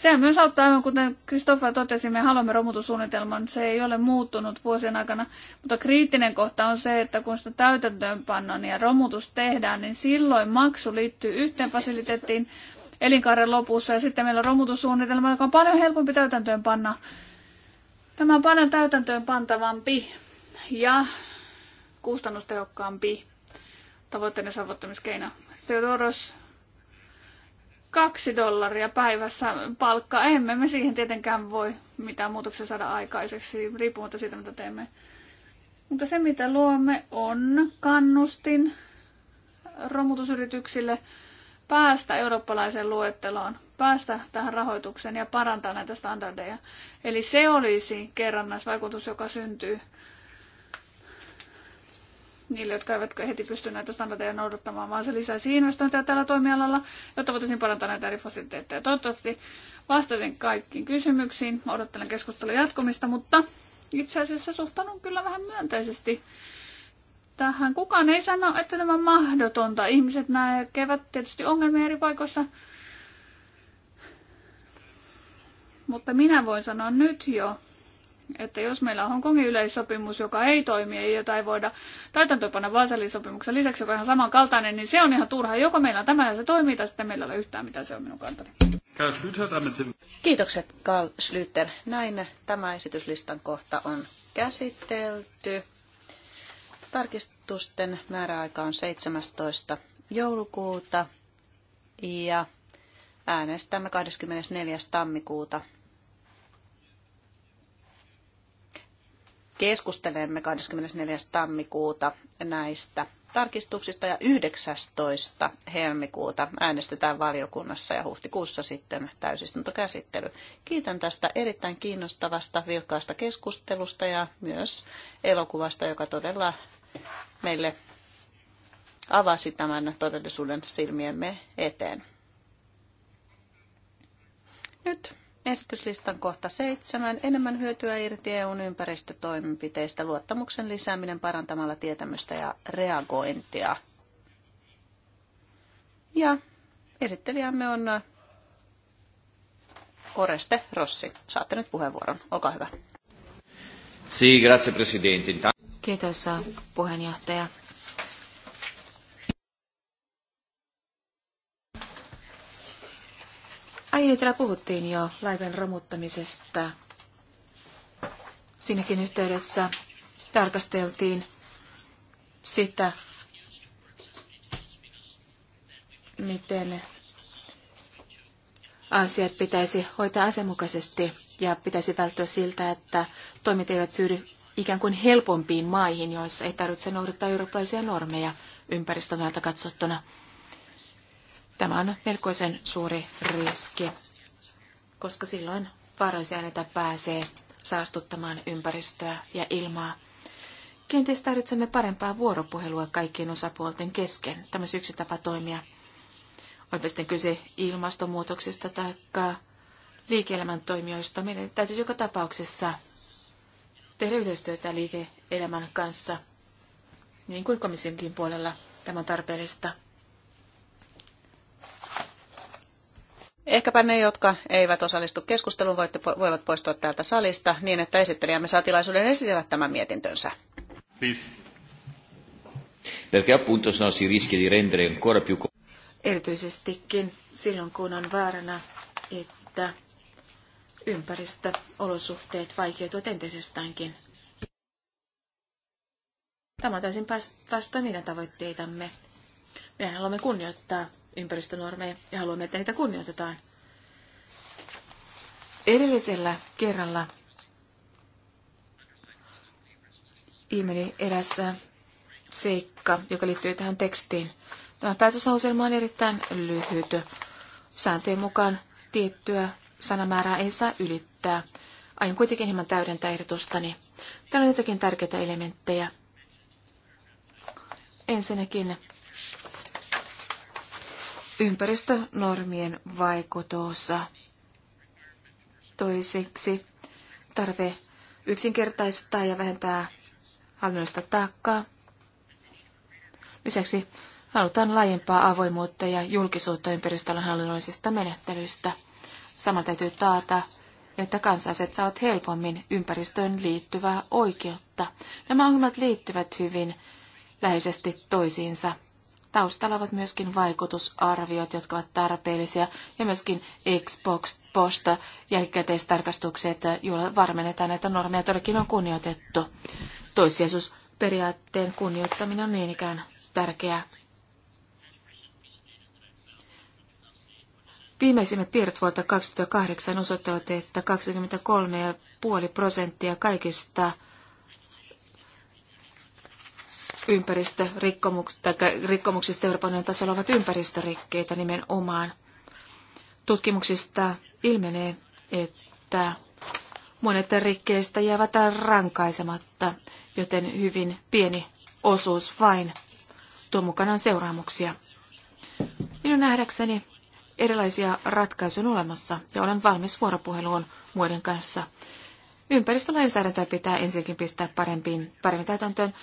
Sehän myös auttaa, aivan kuten Kristoffa totesi, me haluamme romutussuunnitelman, Se ei ole muuttunut vuosien aikana, mutta kriittinen kohta on se, että kun sitä täytäntöönpannon ja romutus tehdään, niin silloin maksu liittyy yhteen fasiliteettiin elinkaaren lopussa ja sitten meillä on romutussuunnitelma, joka on paljon helpompi täytäntöönpanna. Tämä on paljon täytäntöönpantavampi ja kustannustehokkaampi tavoitteiden saavuttamiskeino. Theodoros kaksi dollaria päivässä palkkaa. Emme me siihen tietenkään voi mitään muutoksia saada aikaiseksi, riippumatta siitä, mitä teemme. Mutta se, mitä luomme, on kannustin romutusyrityksille päästä eurooppalaiseen luetteloon, päästä tähän rahoitukseen ja parantaa näitä standardeja. Eli se olisi kerrannaisvaikutus, joka syntyy niille, jotka eivät heti pysty näitä standardeja noudattamaan, vaan se lisäisi investointeja tällä toimialalla, jotta voitaisiin parantaa näitä eri fasiliteetteja. Toivottavasti vastasin kaikkiin kysymyksiin, odottelen keskustelun jatkumista, mutta itse asiassa suhtaudun kyllä vähän myönteisesti tähän. Kukaan ei sano, että tämä on mahdotonta. Ihmiset näkevät tietysti ongelmia eri paikoissa, mutta minä voin sanoa nyt jo, että jos meillä on Hongkongin yleissopimus, joka ei toimi ja jota ei voida täytäntöönpanna Vaasalin sopimuksen lisäksi, joka on ihan samankaltainen, niin se on ihan turha. Joko meillä on tämä ja se toimii, tai sitten meillä ei ole yhtään mitä se on minun kantani. Kiitokset Karl Schlüter. Näin tämä esityslistan kohta on käsitelty. Tarkistusten määräaika on 17. joulukuuta ja äänestämme 24. tammikuuta keskustelemme 24. tammikuuta näistä tarkistuksista ja 19. helmikuuta äänestetään valiokunnassa ja huhtikuussa sitten täysistuntokäsittely. Kiitän tästä erittäin kiinnostavasta, vilkkaasta keskustelusta ja myös elokuvasta, joka todella meille avasi tämän todellisuuden silmiemme eteen. Nyt Esityslistan kohta 7 Enemmän hyötyä irti EUn ympäristötoimenpiteistä. Luottamuksen lisääminen parantamalla tietämystä ja reagointia. Ja esittelijämme on äh, Oreste Rossi. Saatte nyt puheenvuoron. Olkaa hyvä. Sì, grazie Presidente. Kiitos äh, puheenjohtaja. Aiemmin niin, täällä puhuttiin jo laivan romuttamisesta. Siinäkin yhteydessä tarkasteltiin sitä, miten asiat pitäisi hoitaa asianmukaisesti ja pitäisi välttyä siltä, että toimit eivät syydy ikään kuin helpompiin maihin, joissa ei tarvitse noudattaa eurooppalaisia normeja ympäristön katsottuna. Tämä on melkoisen suuri riski, koska silloin vaarallisaineita pääsee saastuttamaan ympäristöä ja ilmaa. Kenties tarvitsemme parempaa vuoropuhelua kaikkien osapuolten kesken. Tämä on yksi tapa toimia. Olipa sitten kyse ilmastonmuutoksesta tai liike-elämän toimijoista. Meidän täytyisi joka tapauksessa tehdä yhteistyötä liike-elämän kanssa, niin kuin komissionkin puolella tämä on tarpeellista. Ehkäpä ne, jotka eivät osallistu keskusteluun, voitte, voivat poistua täältä salista niin, että esittelijämme saa tilaisuuden esitellä tämän mietintönsä. Please. Perché appunto sennò si rischia di rendere ancora più... Erityisestikin silloin, kun on vaarana, että ympäristöolosuhteet vaikeutuvat entisestäänkin. Tämä on täysin vastoin meidän tavoitteitamme. Me haluamme kunnioittaa ympäristönormeja ja haluamme, että niitä kunnioitetaan. Edellisellä kerralla ilmeni eräs seikka, joka liittyy tähän tekstiin. Tämä päätösauselma on erittäin lyhyt. Sääntöjen mukaan tiettyä sanamäärää ei saa ylittää. Aion kuitenkin hieman täydentää ehdotustani. Täällä on jotakin tärkeitä elementtejä. Ensinnäkin ympäristönormien vaikutusta. Toiseksi tarve yksinkertaistaa ja vähentää hallinnollista taakkaa. Lisäksi halutaan laajempaa avoimuutta ja julkisuutta ympäristöllä hallinnollisista menettelyistä. Samalla täytyy taata, että kansalaiset saavat helpommin ympäristöön liittyvää oikeutta. Nämä ongelmat liittyvät hyvin läheisesti toisiinsa Taustalla ovat myöskin vaikutusarviot, jotka ovat tarpeellisia, ja myöskin Xbox Posta jälkikäteistarkastukset, joilla varmennetaan, että normeja todellakin on kunnioitettu. Toissijaisuusperiaatteen kunnioittaminen on niin ikään tärkeää. Viimeisimmät tiedot vuotta 2008 osoittavat, että 23,5 prosenttia kaikista ympäristörikkomuksista, rikkomuksista Euroopan unionin tasolla ovat ympäristörikkeitä nimenomaan. Tutkimuksista ilmenee, että monet rikkeistä jäävät rankaisematta, joten hyvin pieni osuus vain tuo mukanaan seuraamuksia. Minun nähdäkseni erilaisia ratkaisuja on olemassa ja olen valmis vuoropuheluun muiden kanssa. Ympäristölainsäädäntöä pitää ensinnäkin pistää parempiin, paremmin täytäntöön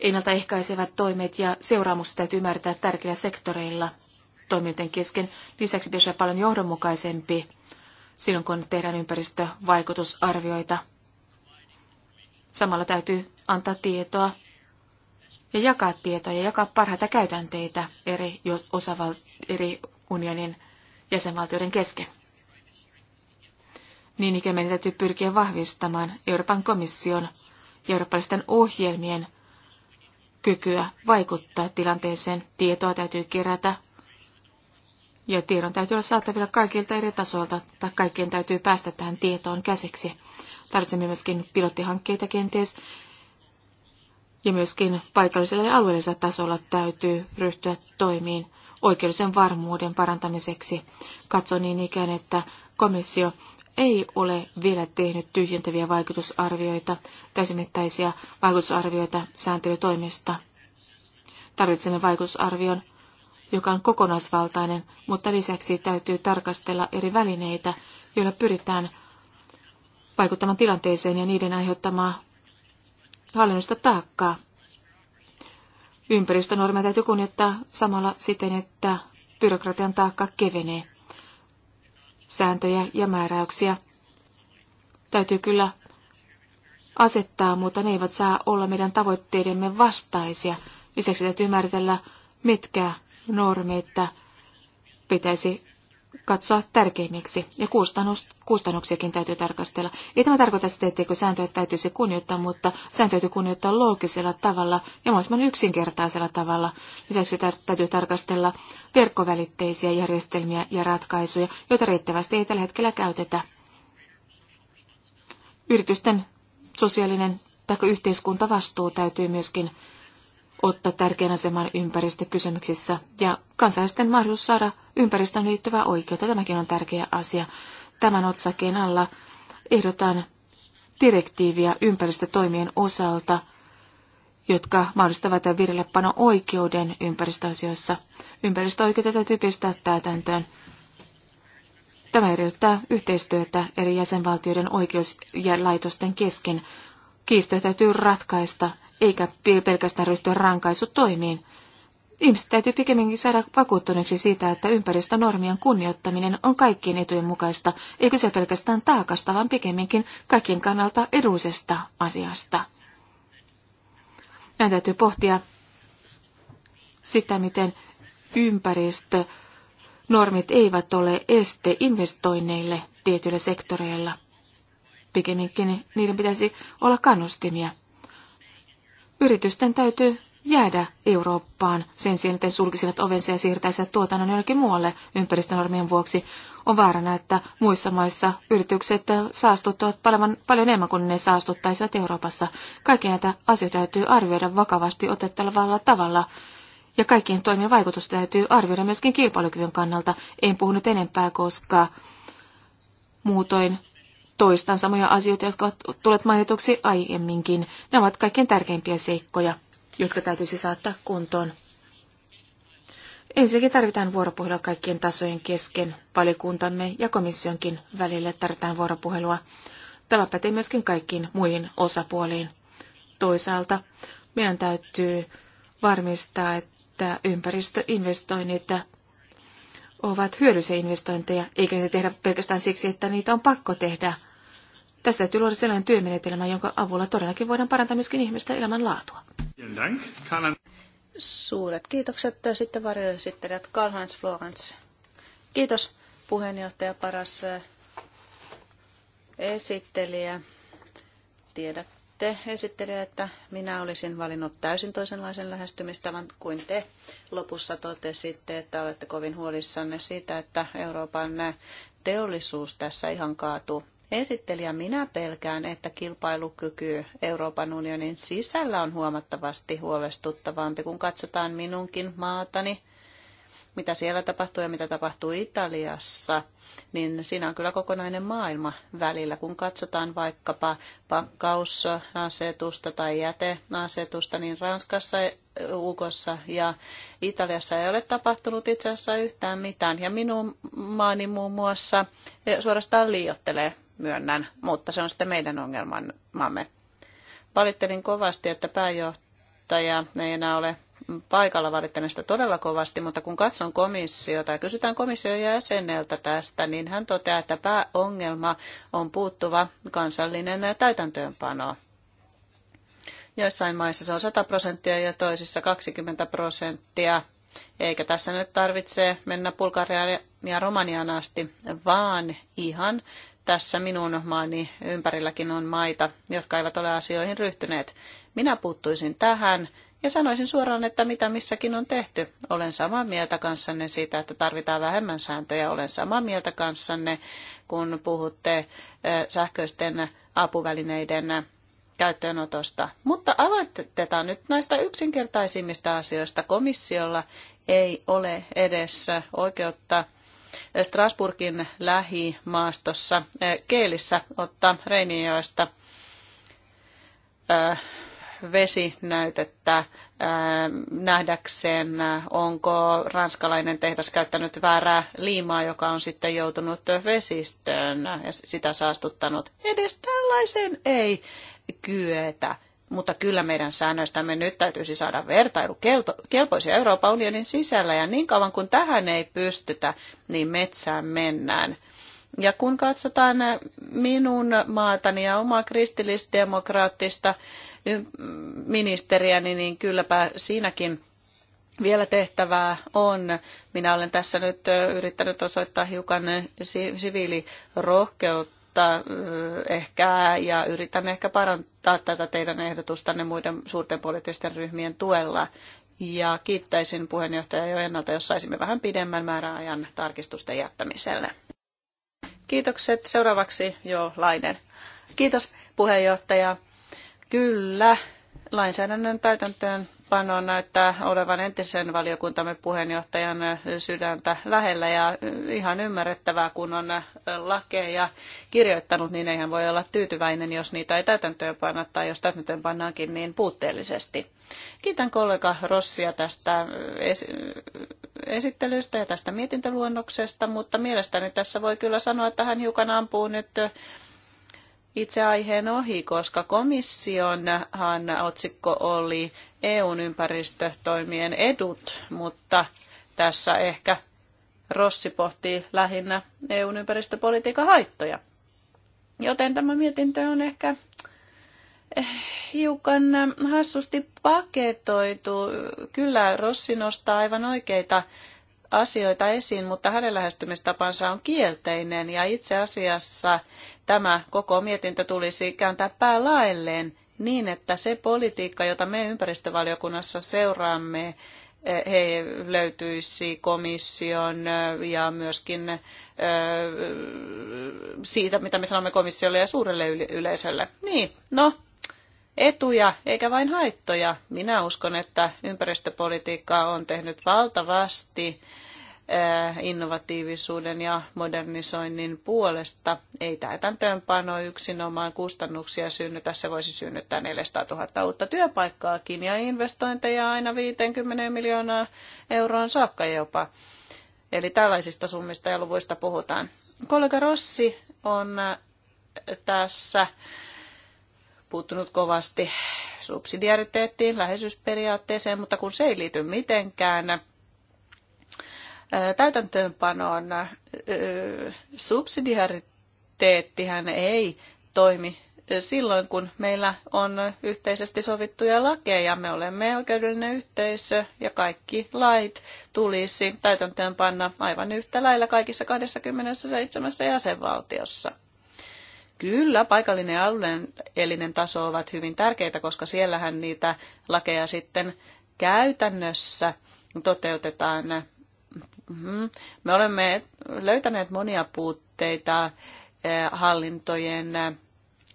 ennaltaehkäisevät toimet ja seuraamukset täytyy ymmärtää tärkeillä sektoreilla toimijoiden kesken. Lisäksi pitäisi olla paljon johdonmukaisempi silloin, kun tehdään ympäristövaikutusarvioita. Samalla täytyy antaa tietoa ja jakaa tietoa ja jakaa parhaita käytänteitä eri, osaval- eri unionin jäsenvaltioiden kesken. Niin ikään meidän täytyy pyrkiä vahvistamaan Euroopan komission ja eurooppalaisten ohjelmien kykyä vaikuttaa tilanteeseen. Tietoa täytyy kerätä ja tiedon täytyy olla saatavilla kaikilta eri tasoilta, tai kaikkien täytyy päästä tähän tietoon käsiksi. Tarvitsemme myöskin pilottihankkeita kenties, ja myöskin paikallisella ja alueellisella tasolla täytyy ryhtyä toimiin oikeudellisen varmuuden parantamiseksi. Katso niin ikään, että komissio ei ole vielä tehnyt tyhjentäviä vaikutusarvioita, täysimittaisia vaikutusarvioita sääntelytoimista. Tarvitsemme vaikutusarvion, joka on kokonaisvaltainen, mutta lisäksi täytyy tarkastella eri välineitä, joilla pyritään vaikuttamaan tilanteeseen ja niiden aiheuttamaa hallinnosta taakkaa. Ympäristönormeja täytyy kunnioittaa samalla siten, että byrokratian taakka kevenee sääntöjä ja määräyksiä täytyy kyllä asettaa, mutta ne eivät saa olla meidän tavoitteidemme vastaisia. Lisäksi täytyy määritellä, mitkä normeita pitäisi katsoa tärkeimmiksi, ja kustannus, kustannuksiakin täytyy tarkastella. Ei tämä tarkoita sitä, etteikö sääntöjä täytyisi kunnioittaa, mutta sääntöjä täytyy kunnioittaa loogisella tavalla ja mahdollisimman yksinkertaisella tavalla. Lisäksi täytyy tarkastella verkkovälitteisiä järjestelmiä ja ratkaisuja, joita riittävästi ei tällä hetkellä käytetä. Yritysten sosiaalinen tai yhteiskuntavastuu täytyy myöskin ottaa tärkeän aseman ympäristökysymyksissä ja kansalaisten mahdollisuus saada ympäristöön liittyvää oikeutta. Tämäkin on tärkeä asia. Tämän otsakkeen alla ehdotan direktiiviä ympäristötoimien osalta, jotka mahdollistavat vireillepano oikeuden ympäristöasioissa. Ympäristöoikeutta täytyy pistää täytäntöön. Tämä edellyttää yhteistyötä eri jäsenvaltioiden oikeus- ja laitosten kesken. Kiistoja täytyy ratkaista eikä pelkästään ryhtyä rankaisutoimiin. Ihmiset täytyy pikemminkin saada vakuuttuneeksi siitä, että ympäristönormien kunnioittaminen on kaikkien etujen mukaista, eikö se pelkästään taakasta, vaan pikemminkin kaikkien kannalta edullisesta asiasta. Näin täytyy pohtia sitä, miten ympäristönormit eivät ole este investoinneille tietyillä sektoreilla. Pikemminkin niiden pitäisi olla kannustimia. Yritysten täytyy jäädä Eurooppaan sen sijaan, että sulkisivat ovensa ja siirtäisivät tuotannon jonnekin muualle ympäristönormien vuoksi. On vaarana, että muissa maissa yritykset saastuttavat paljon, paljon enemmän kuin ne saastuttaisivat Euroopassa. Kaikki näitä asioita täytyy arvioida vakavasti otettavalla tavalla. Ja kaikkien toimien vaikutusta täytyy arvioida myöskin kilpailukyvyn kannalta. En puhu nyt enempää, koska muutoin toistan samoja asioita, jotka ovat tulleet mainituksi aiemminkin. Ne ovat kaikkein tärkeimpiä seikkoja, jotka täytyisi saattaa kuntoon. Ensinnäkin tarvitaan vuoropuhelua kaikkien tasojen kesken, valikuntamme ja komissionkin välille tarvitaan vuoropuhelua. Tämä pätee myöskin kaikkiin muihin osapuoliin. Toisaalta meidän täytyy varmistaa, että ympäristöinvestoinnit ovat hyödyllisiä investointeja, eikä niitä tehdä pelkästään siksi, että niitä on pakko tehdä – tässä täytyy luoda sellainen työmenetelmä, jonka avulla todellakin voidaan parantaa myöskin ihmisten elämänlaatua. Suuret kiitokset sitten varjoesittelijät Karl-Heinz Florenz. Kiitos puheenjohtaja paras eh, esittelijä. Tiedätte esittelijä, että minä olisin valinnut täysin toisenlaisen lähestymistavan kuin te. Lopussa totesitte, että olette kovin huolissanne siitä, että Euroopan teollisuus tässä ihan kaatuu esittelijä, minä pelkään, että kilpailukyky Euroopan unionin sisällä on huomattavasti huolestuttavampi, kun katsotaan minunkin maatani, mitä siellä tapahtuu ja mitä tapahtuu Italiassa, niin siinä on kyllä kokonainen maailma välillä. Kun katsotaan vaikkapa pakkausasetusta tai jäteasetusta, niin Ranskassa, Ukossa ja Italiassa ei ole tapahtunut itse asiassa yhtään mitään. Ja minun maani muun muassa suorastaan liiottelee myönnän, mutta se on sitten meidän ongelmamme. Valittelin kovasti, että pääjohtaja ei enää ole paikalla valittanut sitä todella kovasti, mutta kun katson komissiota ja kysytään komission jäseneltä tästä, niin hän toteaa, että pääongelma on puuttuva kansallinen täytäntöönpano. Joissain maissa se on 100 prosenttia ja toisissa 20 prosenttia. Eikä tässä nyt tarvitse mennä Bulgariaan ja Romaniaan asti, vaan ihan tässä minun maani ympärilläkin on maita, jotka eivät ole asioihin ryhtyneet. Minä puuttuisin tähän ja sanoisin suoraan, että mitä missäkin on tehty. Olen samaa mieltä kanssanne siitä, että tarvitaan vähemmän sääntöjä. Olen samaa mieltä kanssanne, kun puhutte eh, sähköisten apuvälineiden käyttöönotosta. Mutta aloitetaan nyt näistä yksinkertaisimmista asioista. Komissiolla ei ole edessä oikeutta Strasburgin lähimaastossa eh, Keelissä ottaa Reinijoista eh, vesinäytettä eh, nähdäkseen, onko ranskalainen tehdas käyttänyt väärää liimaa, joka on sitten joutunut vesistöön ja sitä saastuttanut. Edes tällaisen ei kyetä mutta kyllä meidän säännöistämme nyt täytyisi saada vertailu kelpoisia Euroopan unionin sisällä, ja niin kauan kuin tähän ei pystytä, niin metsään mennään. Ja kun katsotaan minun maatani ja omaa kristillisdemokraattista ministeriäni, niin, niin kylläpä siinäkin vielä tehtävää on. Minä olen tässä nyt yrittänyt osoittaa hiukan siviilirohkeutta vuotta ehkä ja yritän ehkä parantaa tätä teidän ehdotustanne muiden suurten poliittisten ryhmien tuella. Ja kiittäisin puheenjohtajaa jo ennalta, jos saisimme vähän pidemmän määräajan tarkistusten jättämiselle. Kiitokset. Seuraavaksi jo Lainen. Kiitos puheenjohtaja. Kyllä, lainsäädännön täytäntöön toimeenpano näyttää olevan entisen valiokuntamme puheenjohtajan sydäntä lähellä ja ihan ymmärrettävää, kun on lakeja kirjoittanut, niin eihän voi olla tyytyväinen, jos niitä ei täytäntöön panna tai jos täytäntöön pannaankin niin puutteellisesti. Kiitän kollega Rossia tästä esittelystä ja tästä mietintöluonnoksesta, mutta mielestäni tässä voi kyllä sanoa, että hän hiukan ampuu nyt itse aiheen ohi, koska komissionhan otsikko oli EUn ympäristötoimien edut, mutta tässä ehkä Rossi pohtii lähinnä EUn ympäristöpolitiikan haittoja. Joten tämä mietintö on ehkä eh, hiukan hassusti paketoitu. Kyllä Rossi nostaa aivan oikeita asioita esiin, mutta hänen lähestymistapansa on kielteinen ja itse asiassa tämä koko mietintö tulisi kääntää päälaelleen niin, että se politiikka, jota me ympäristövaliokunnassa seuraamme, eh, he löytyisi komission eh, ja myöskin eh, siitä, mitä me sanomme komissiolle ja suurelle yleisölle. Niin, no, etuja eikä vain haittoja. Minä uskon, että ympäristöpolitiikka on tehnyt valtavasti eh, innovatiivisuuden ja modernisoinnin puolesta. Ei täytäntöönpano yksinomaan kustannuksia synnytä. Se voisi synnyttää 400 000 uutta työpaikkaakin ja investointeja aina 50 miljoonaa euroon saakka jopa. Eli tällaisista summista ja luvuista puhutaan. Kollega Rossi on eh, tässä puuttunut kovasti subsidiariteettiin, läheisyysperiaatteeseen, mutta kun se ei liity mitenkään täytäntöönpanoon, subsidiariteettihän ei toimi silloin, kun meillä on yhteisesti sovittuja lakeja, me olemme oikeudellinen yhteisö ja kaikki lait tulisi täytäntöönpanna aivan yhtä lailla kaikissa 27 jäsenvaltiossa. Kyllä, paikallinen ja alueellinen taso ovat hyvin tärkeitä, koska siellähän niitä lakeja sitten käytännössä toteutetaan. Mm-hmm. Me olemme löytäneet monia puutteita eh, hallintojen eh,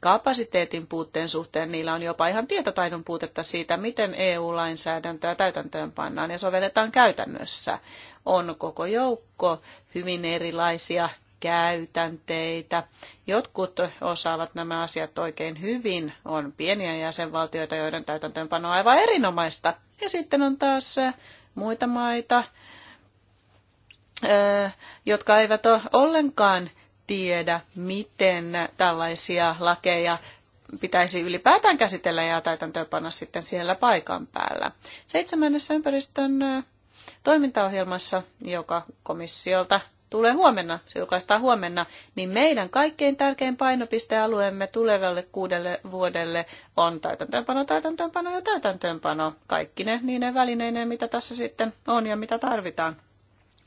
kapasiteetin puutteen suhteen. Niillä on jopa ihan tietotaidon puutetta siitä, miten EU-lainsäädäntöä täytäntöön pannaan ja sovelletaan käytännössä. On koko joukko hyvin erilaisia käytänteitä. Jotkut osaavat nämä asiat oikein hyvin. On pieniä jäsenvaltioita, joiden täytäntöönpano on aivan erinomaista. Ja sitten on taas äh, muita maita, äh, jotka eivät ole ollenkaan tiedä, miten tällaisia lakeja pitäisi ylipäätään käsitellä ja täytäntöönpanna sitten siellä paikan päällä. Seitsemännessä ympäristön äh, toimintaohjelmassa, joka komissiolta tulee huomenna, se julkaistaan huomenna, niin meidän kaikkein tärkein painopistealueemme tulevalle kuudelle vuodelle on täytäntöönpano, täytäntöönpano ja täytäntöönpano. Kaikki ne niiden välineineen, mitä tässä sitten on ja mitä tarvitaan.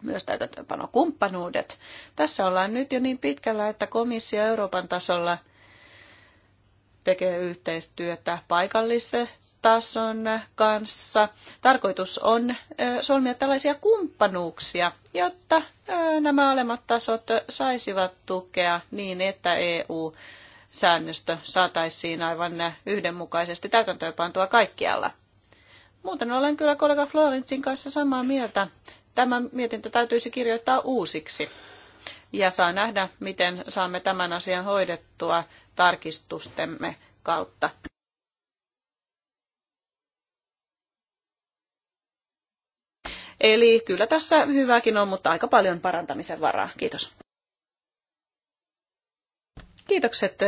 Myös täytäntöönpano kumppanuudet. Tässä ollaan nyt jo niin pitkällä, että komissio Euroopan tasolla tekee yhteistyötä paikallisen tason kanssa. Tarkoitus on solmia tällaisia kumppanuuksia, jotta nämä alemmat tasot saisivat tukea niin, että EU säännöstö saataisiin aivan yhdenmukaisesti täytäntöönpantua kaikkialla. Muuten olen kyllä kollega Florentsin kanssa samaa mieltä. Tämä mietintö täytyisi kirjoittaa uusiksi. Ja saa nähdä, miten saamme tämän asian hoidettua tarkistustemme kautta. Eli kyllä tässä hyvääkin on, mutta aika paljon parantamisen varaa. Kiitos. Kiitokset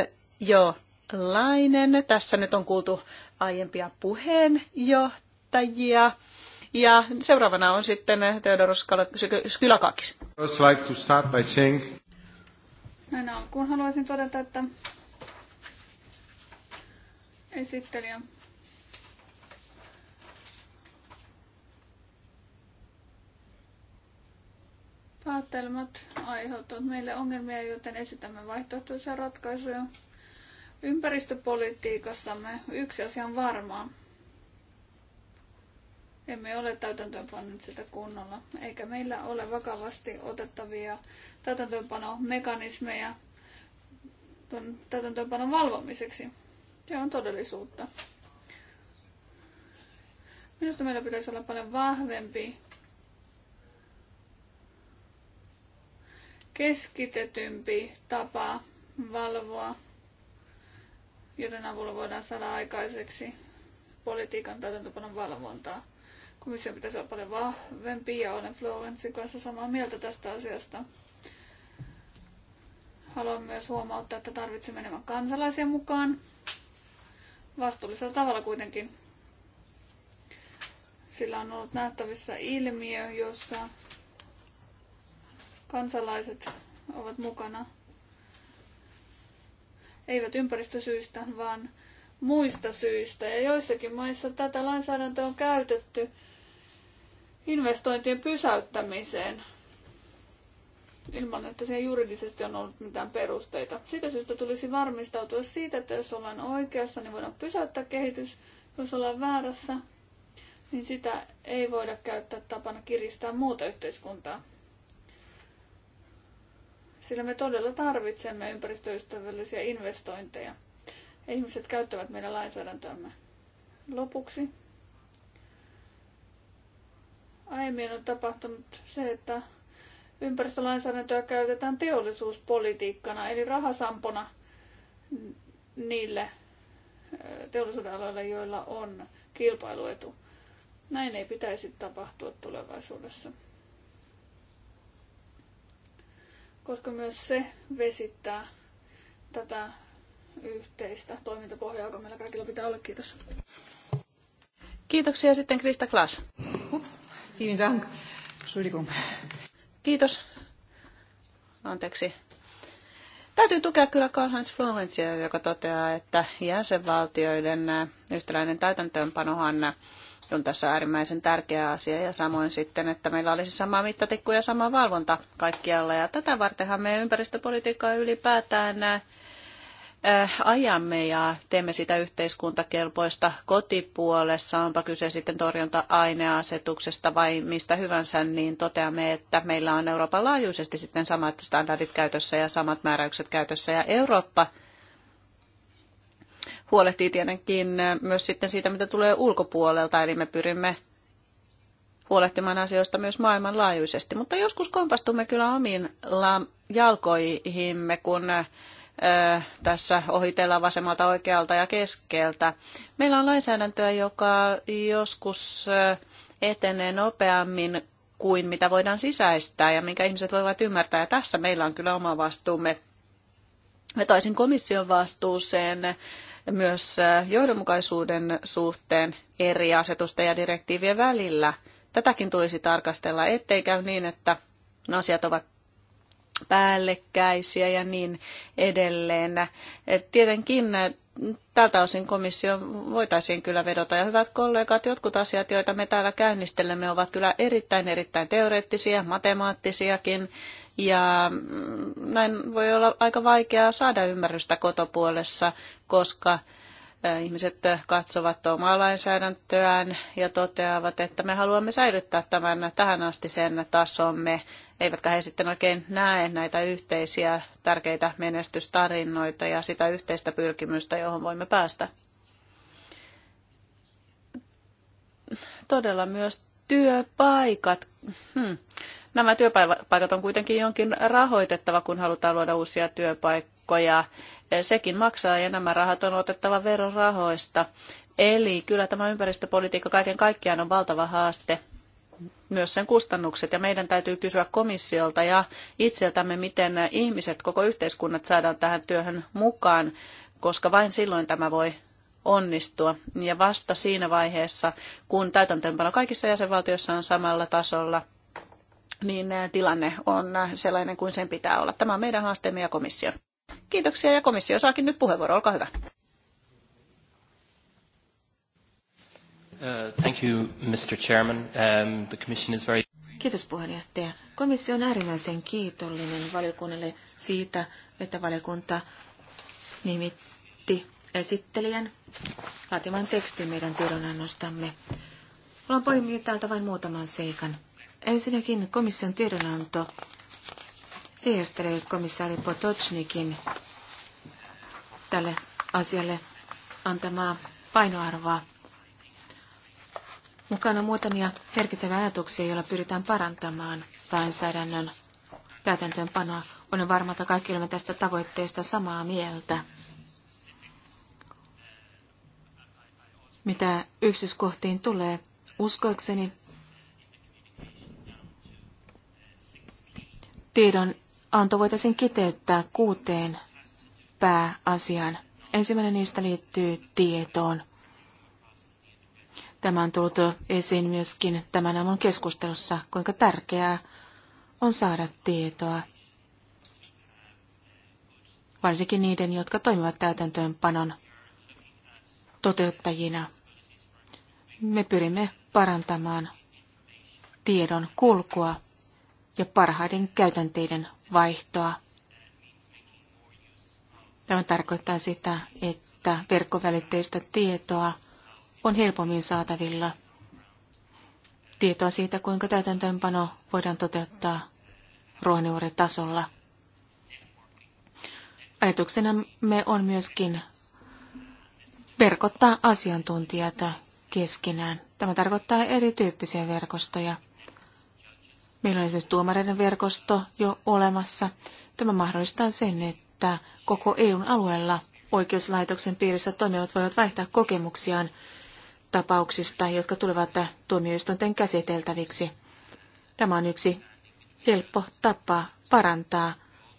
jo Lainen. Tässä nyt on kuultu aiempia puheenjohtajia. Ja seuraavana on sitten Teodoros Skylakakis. Like to start by saying... Näin alkuun haluaisin todeta, että esittelijä Päätelmät aiheuttavat meille ongelmia, joten esitämme vaihtoehtoisia ratkaisuja. Ympäristöpolitiikassamme yksi asia on varmaa. Emme ole täytäntöönpanneet sitä kunnolla, eikä meillä ole vakavasti otettavia täytäntöönpanomekanismeja täytäntöönpanon valvomiseksi. Se on todellisuutta. Minusta meillä pitäisi olla paljon vahvempi keskitetympi tapa valvoa, joiden avulla voidaan saada aikaiseksi politiikan täytäntöpanon valvontaa. Komission pitäisi olla paljon vahvempi ja olen Florencin kanssa samaa mieltä tästä asiasta. Haluan myös huomauttaa, että tarvitsemme enemmän kansalaisia mukaan. Vastuullisella tavalla kuitenkin. Sillä on ollut nähtävissä ilmiö, jossa kansalaiset ovat mukana. Eivät ympäristösyistä, vaan muista syistä. Ja joissakin maissa tätä lainsäädäntöä on käytetty investointien pysäyttämiseen ilman, että siihen juridisesti on ollut mitään perusteita. Siitä syystä tulisi varmistautua siitä, että jos ollaan oikeassa, niin voidaan pysäyttää kehitys. Jos ollaan väärässä, niin sitä ei voida käyttää tapana kiristää muuta yhteiskuntaa sillä me todella tarvitsemme ympäristöystävällisiä investointeja. Ihmiset käyttävät meidän lainsäädäntöämme. Lopuksi aiemmin on tapahtunut se, että ympäristölainsäädäntöä käytetään teollisuuspolitiikkana, eli rahasampona niille teollisuuden aloille, joilla on kilpailuetu. Näin ei pitäisi tapahtua tulevaisuudessa. koska myös se vesittää tätä yhteistä toimintapohjaa, joka meillä kaikilla pitää olla. Kiitos. Kiitoksia sitten Krista Klaas. Ups, vielen dank. Kiitos. Anteeksi. Täytyy tukea kyllä Karl-Heinz Florencia, joka toteaa, että jäsenvaltioiden yhtäläinen täytäntöönpanohan on tässä äärimmäisen tärkeä asia ja samoin sitten, että meillä olisi sama mittatikku ja sama valvonta kaikkialla ja tätä vartenhan meidän ympäristöpolitiikkaa ylipäätään äh, ajamme ja teemme sitä yhteiskuntakelpoista kotipuolessa, onpa kyse sitten torjunta-aineasetuksesta vai mistä hyvänsä, niin toteamme, että meillä on Euroopan laajuisesti sitten samat standardit käytössä ja samat määräykset käytössä ja Eurooppa huolehtii tietenkin myös sitten siitä, mitä tulee ulkopuolelta, eli me pyrimme huolehtimaan asioista myös maailmanlaajuisesti. Mutta joskus kompastumme kyllä omiin jalkoihimme, kun tässä ohitellaan vasemmalta oikealta ja keskeltä. Meillä on lainsäädäntöä, joka joskus etenee nopeammin kuin mitä voidaan sisäistää ja minkä ihmiset voivat ymmärtää. Ja tässä meillä on kyllä oma vastuumme. Vetoisin komission vastuuseen myös johdonmukaisuuden suhteen eri asetusten ja direktiivien välillä. Tätäkin tulisi tarkastella, ettei käy niin, että asiat ovat päällekkäisiä ja niin edelleen. Et tietenkin tältä osin komissio voitaisiin kyllä vedota. Ja hyvät kollegat, jotkut asiat, joita me täällä käynnistelemme, ovat kyllä erittäin, erittäin teoreettisia, matemaattisiakin. Ja mm, näin voi olla aika vaikeaa saada ymmärrystä kotopuolessa, koska Ihmiset katsovat omaa lainsäädäntöään ja toteavat, että me haluamme säilyttää tämän tähän asti sen tasomme, eivätkä he sitten oikein näe näitä yhteisiä tärkeitä menestystarinoita ja sitä yhteistä pyrkimystä, johon voimme päästä. Todella myös työpaikat. Hmm. Nämä työpaikat on kuitenkin jonkin rahoitettava, kun halutaan luoda uusia työpaikkoja joukkoja. Sekin maksaa ja nämä rahat on otettava verorahoista. Eli kyllä tämä ympäristöpolitiikka kaiken kaikkiaan on valtava haaste myös sen kustannukset. Ja meidän täytyy kysyä komissiolta ja itseltämme, miten ihmiset, koko yhteiskunnat saadaan tähän työhön mukaan, koska vain silloin tämä voi onnistua. Ja vasta siinä vaiheessa, kun täytäntöönpano kaikissa jäsenvaltioissa on samalla tasolla, niin tilanne on sellainen kuin sen pitää olla. Tämä on meidän haasteemme ja komission. Kiitoksia ja komissio saakin nyt puheenvuoro. Olkaa hyvä. Uh, thank you, Mr. Chairman. Um, the commission is very... Kiitos puheenjohtaja. Komissio on äärimmäisen kiitollinen valiokunnalle siitä, että valiokunta nimitti esittelijän laatimaan tekstin meidän tiedonannostamme. Haluan poimia täältä vain muutaman seikan. Ensinnäkin komission tiedonanto viesteli komissaari Potocnikin tälle asialle antamaa painoarvoa. Mukana muutamia merkittäviä ajatuksia, joilla pyritään parantamaan lainsäädännön täytäntöönpanoa. Olen varma, että kaikki olemme tästä tavoitteesta samaa mieltä. Mitä yksityiskohtiin tulee, uskoakseni tiedon anto voitaisiin kiteyttää kuuteen pääasian. Ensimmäinen niistä liittyy tietoon. Tämä on tullut esiin myöskin tämän aamun keskustelussa, kuinka tärkeää on saada tietoa. Varsinkin niiden, jotka toimivat täytäntöönpanon toteuttajina. Me pyrimme parantamaan tiedon kulkua ja parhaiden käytänteiden vaihtoa. Tämä tarkoittaa sitä, että verkkovälitteistä tietoa on helpommin saatavilla. Tietoa siitä, kuinka täytäntöönpano voidaan toteuttaa ruohonjuuritasolla. Ajatuksena me on myöskin verkottaa asiantuntijat keskenään. Tämä tarkoittaa erityyppisiä verkostoja – Meillä on esimerkiksi tuomareiden verkosto jo olemassa. Tämä mahdollistaa sen, että koko EUn alueella oikeuslaitoksen piirissä toimivat voivat vaihtaa kokemuksiaan tapauksista, jotka tulevat tuomioistuinten käsiteltäviksi. Tämä on yksi helppo tapa parantaa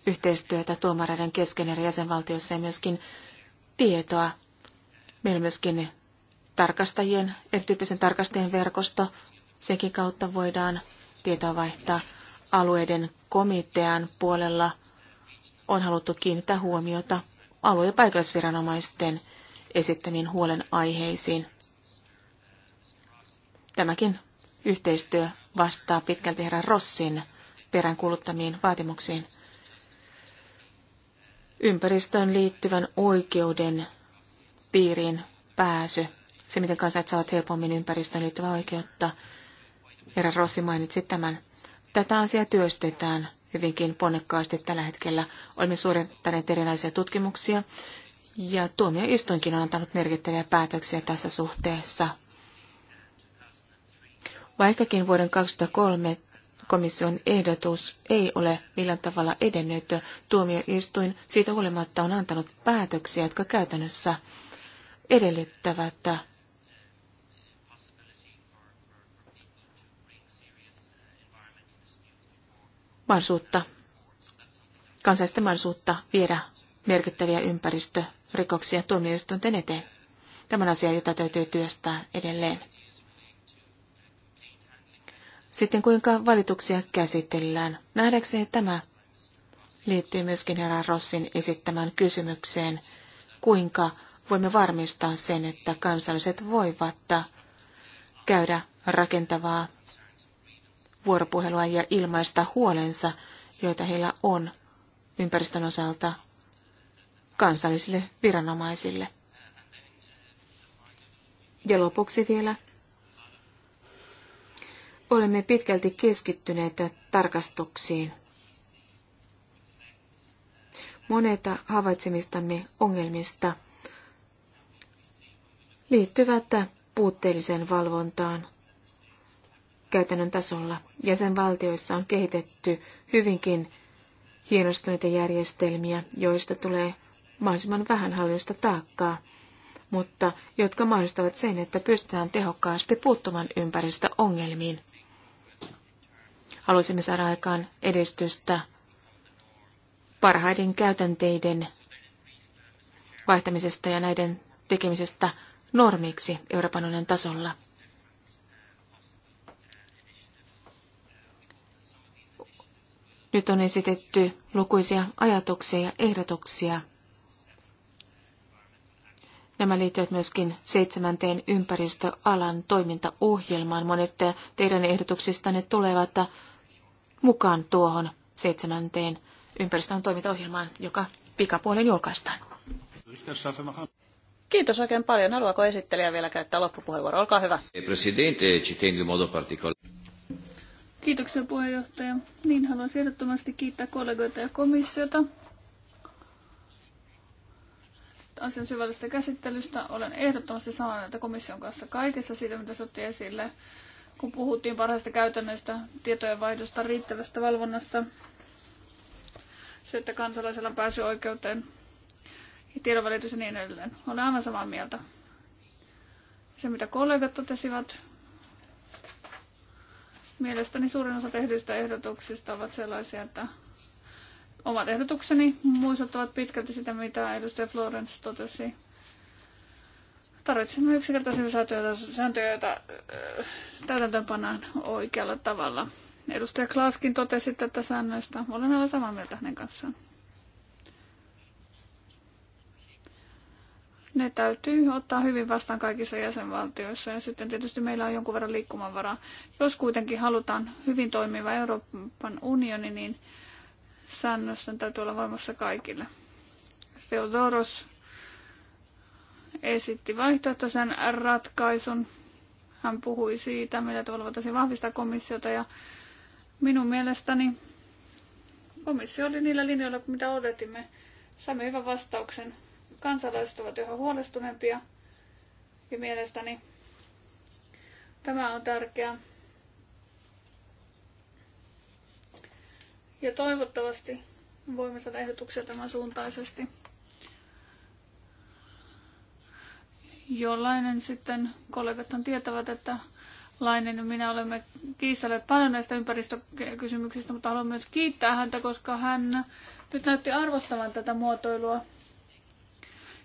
yhteistyötä tuomareiden kesken eri jäsenvaltioissa ja myöskin tietoa. Meillä on myöskin tarkastajien, erityyppisen tarkastajien verkosto. Senkin kautta voidaan tietoa vaihtaa alueiden komitean puolella on haluttu kiinnittää huomiota alue- ja paikallisviranomaisten esittämiin huolenaiheisiin. Tämäkin yhteistyö vastaa pitkälti herran Rossin peräänkuuluttamiin vaatimuksiin. Ympäristöön liittyvän oikeuden piiriin pääsy, se miten kansalaiset saavat helpommin ympäristöön liittyvää oikeutta, Herra Rossi mainitsi tämän. Tätä asiaa työstetään hyvinkin ponnekkaasti tällä hetkellä. Olemme suorittaneet erinäisiä tutkimuksia ja tuomioistuinkin on antanut merkittäviä päätöksiä tässä suhteessa. Vaikkakin vuoden 2003 komission ehdotus ei ole millään tavalla edennyt, tuomioistuin siitä huolimatta on antanut päätöksiä, jotka käytännössä edellyttävät mahdollisuutta, kansallista mahdollisuutta viedä merkittäviä ympäristörikoksia tuomioistuinten eteen. Tämä on asia, jota täytyy työstää edelleen. Sitten kuinka valituksia käsitellään. Nähdäkseni tämä liittyy myöskin herra Rossin esittämään kysymykseen, kuinka voimme varmistaa sen, että kansalaiset voivat käydä rakentavaa vuoropuhelua ja ilmaista huolensa, joita heillä on ympäristön osalta kansallisille viranomaisille. Ja lopuksi vielä olemme pitkälti keskittyneet tarkastuksiin. Monet havaitsemistamme ongelmista liittyvät puutteelliseen valvontaan käytännön tasolla. Jäsenvaltioissa on kehitetty hyvinkin hienostuneita järjestelmiä, joista tulee mahdollisimman vähän hallinnosta taakkaa, mutta jotka mahdollistavat sen, että pystytään tehokkaasti puuttumaan ympäristöongelmiin. Haluaisimme saada aikaan edistystä parhaiden käytänteiden vaihtamisesta ja näiden tekemisestä normiksi Euroopan unionin tasolla. Nyt on esitetty lukuisia ajatuksia ja ehdotuksia. Nämä liittyvät myöskin seitsemänteen ympäristöalan toimintaohjelmaan. Monet teidän ehdotuksistanne tulevat mukaan tuohon seitsemänteen ympäristöalan toimintaohjelmaan, joka pikapuolen julkaistaan. Kiitos oikein paljon. Haluaako esittelijä vielä käyttää loppupuheenvuoro? Olkaa hyvä. Kiitoksia puheenjohtaja. Niin haluan ehdottomasti kiittää kollegoita ja komissiota asian syvällisestä käsittelystä. Olen ehdottomasti samaa mieltä komission kanssa kaikessa siitä, mitä se otti esille, kun puhuttiin parhaista käytännöistä, tietojenvaihdosta, riittävästä valvonnasta, se, että kansalaisella on pääsy oikeuteen, ja tiedonvälitys ja niin edelleen. Olen aivan samaa mieltä. Se, mitä kollegat totesivat, Mielestäni suurin osa tehdyistä ehdotuksista ovat sellaisia, että omat ehdotukseni muistuttavat pitkälti sitä, mitä edustaja Florence totesi. Tarvitsemme yksinkertaisia sääntöjä, joita täytäntöön pannaan oikealla tavalla. Edustaja Klaaskin totesi tätä säännöistä. Olen aivan samaa mieltä hänen kanssaan. Ne täytyy ottaa hyvin vastaan kaikissa jäsenvaltioissa ja sitten tietysti meillä on jonkun verran liikkumavaraa. Jos kuitenkin halutaan hyvin toimiva Euroopan unioni, niin säännösten täytyy olla voimassa kaikille. Theodoros esitti vaihtoehtoisen ratkaisun. Hän puhui siitä, millä tavalla voitaisiin vahvistaa komissiota ja minun mielestäni komissio oli niillä linjoilla, mitä odotimme. Saimme hyvän vastauksen Kansalaiset ovat yhä huolestuneempia ja mielestäni tämä on tärkeää. Ja toivottavasti voimme saada ehdotuksia tämän suuntaisesti. Jollainen sitten, kollegathan tietävät, että Lainen ja minä olemme kiistelleet paljon näistä ympäristökysymyksistä, mutta haluan myös kiittää häntä, koska hän nyt näytti arvostavan tätä muotoilua.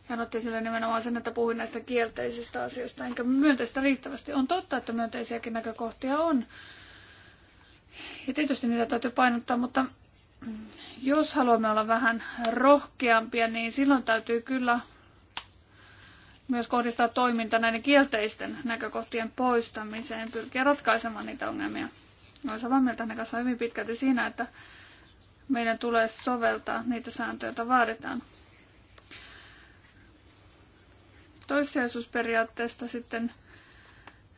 Hän otti sille nimenomaan sen, että puhuin näistä kielteisistä asioista, enkä myönteistä riittävästi. On totta, että myönteisiäkin näkökohtia on. Ja tietysti niitä täytyy painottaa, mutta jos haluamme olla vähän rohkeampia, niin silloin täytyy kyllä myös kohdistaa toiminta näiden kielteisten näkökohtien poistamiseen, pyrkiä ratkaisemaan niitä ongelmia. Olen samaa mieltä hänen kanssaan hyvin pitkälti siinä, että meidän tulee soveltaa niitä sääntöjä, joita vaaditaan. toissijaisuusperiaatteesta sitten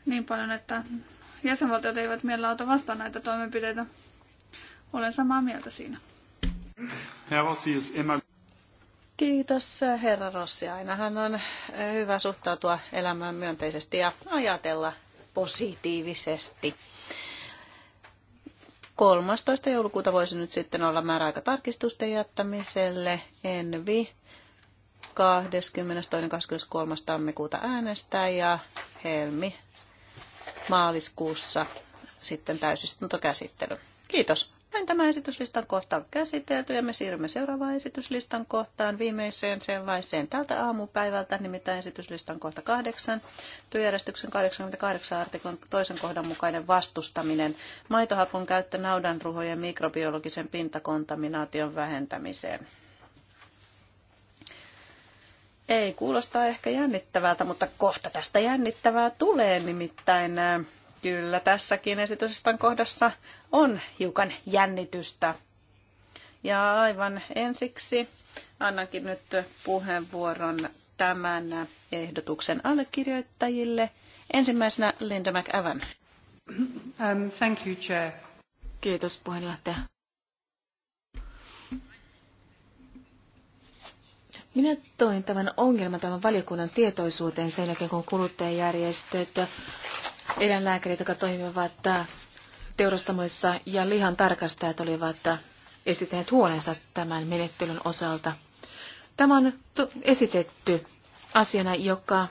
niin paljon, että jäsenvaltiot eivät mielellä ota vastaan näitä toimenpiteitä. Olen samaa mieltä siinä. Kiitos herra Rossi. Ainahan on hyvä suhtautua elämään myönteisesti ja ajatella positiivisesti. 13. joulukuuta voisi nyt sitten olla määräaika tarkistusten jättämiselle. Envi 22.–23. tammikuuta äänestää ja helmi maaliskuussa sitten täysistuntokäsittely. Kiitos. Näin tämä esityslistan kohta on käsitelty ja me siirrymme seuraavaan esityslistan kohtaan viimeiseen sellaiseen tältä aamupäivältä, nimittäin esityslistan kohta kahdeksan, työjärjestyksen 88 artiklan toisen kohdan mukainen vastustaminen, maitohapun käyttö naudanruhojen mikrobiologisen pintakontaminaation vähentämiseen. Ei kuulosta ehkä jännittävältä, mutta kohta tästä jännittävää tulee nimittäin. Kyllä tässäkin esitysistan kohdassa on hiukan jännitystä. Ja aivan ensiksi annankin nyt puheenvuoron tämän ehdotuksen allekirjoittajille. Ensimmäisenä Linda McAvan. Um, thank you, Chair. Kiitos puheenjohtaja. Minä toin tämän ongelman tämän valiokunnan tietoisuuteen sen jälkeen, kun kuluttajajärjestöt, eläinlääkärit, jotka toimivat teurastamoissa ja lihan tarkastajat olivat esittäneet huolensa tämän menettelyn osalta. Tämä on esitetty asiana, joka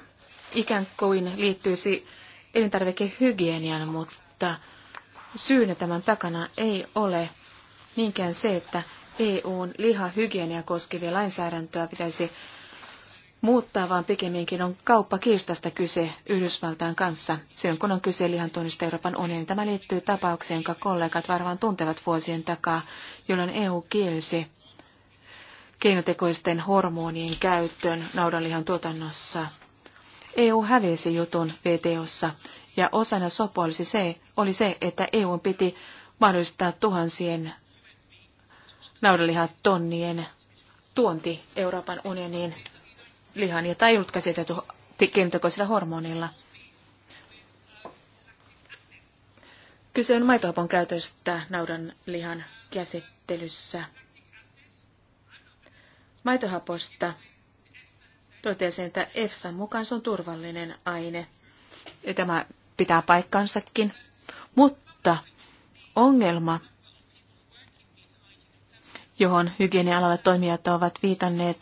ikään kuin liittyisi elintarvikehygienian, mutta syynä tämän takana ei ole niinkään se, että EUn lihahygienia koskevia lainsäädäntöä pitäisi muuttaa, vaan pikemminkin on kauppakiistasta kyse Yhdysvaltain kanssa. Silloin kun on kyse lihantuonnista Euroopan unionin, tämä liittyy tapaukseen, jonka kollegat varmaan tuntevat vuosien takaa, jolloin EU kielsi keinotekoisten hormonien käyttöön naudanlihan tuotannossa. EU hävisi jutun VTOssa ja osana sopua oli se, oli se, että EU piti mahdollistaa tuhansien tonnien tuonti Euroopan unioniin lihan, jota ei ollut käsitelty kentokoisilla hormonilla. Kyse on maitohapon käytöstä naudanlihan käsittelyssä. Maitohaposta totesin, että EFSA mukaan se on turvallinen aine. Ja tämä pitää paikkansakin. Mutta ongelma johon hygienialalle toimijat ovat viitanneet,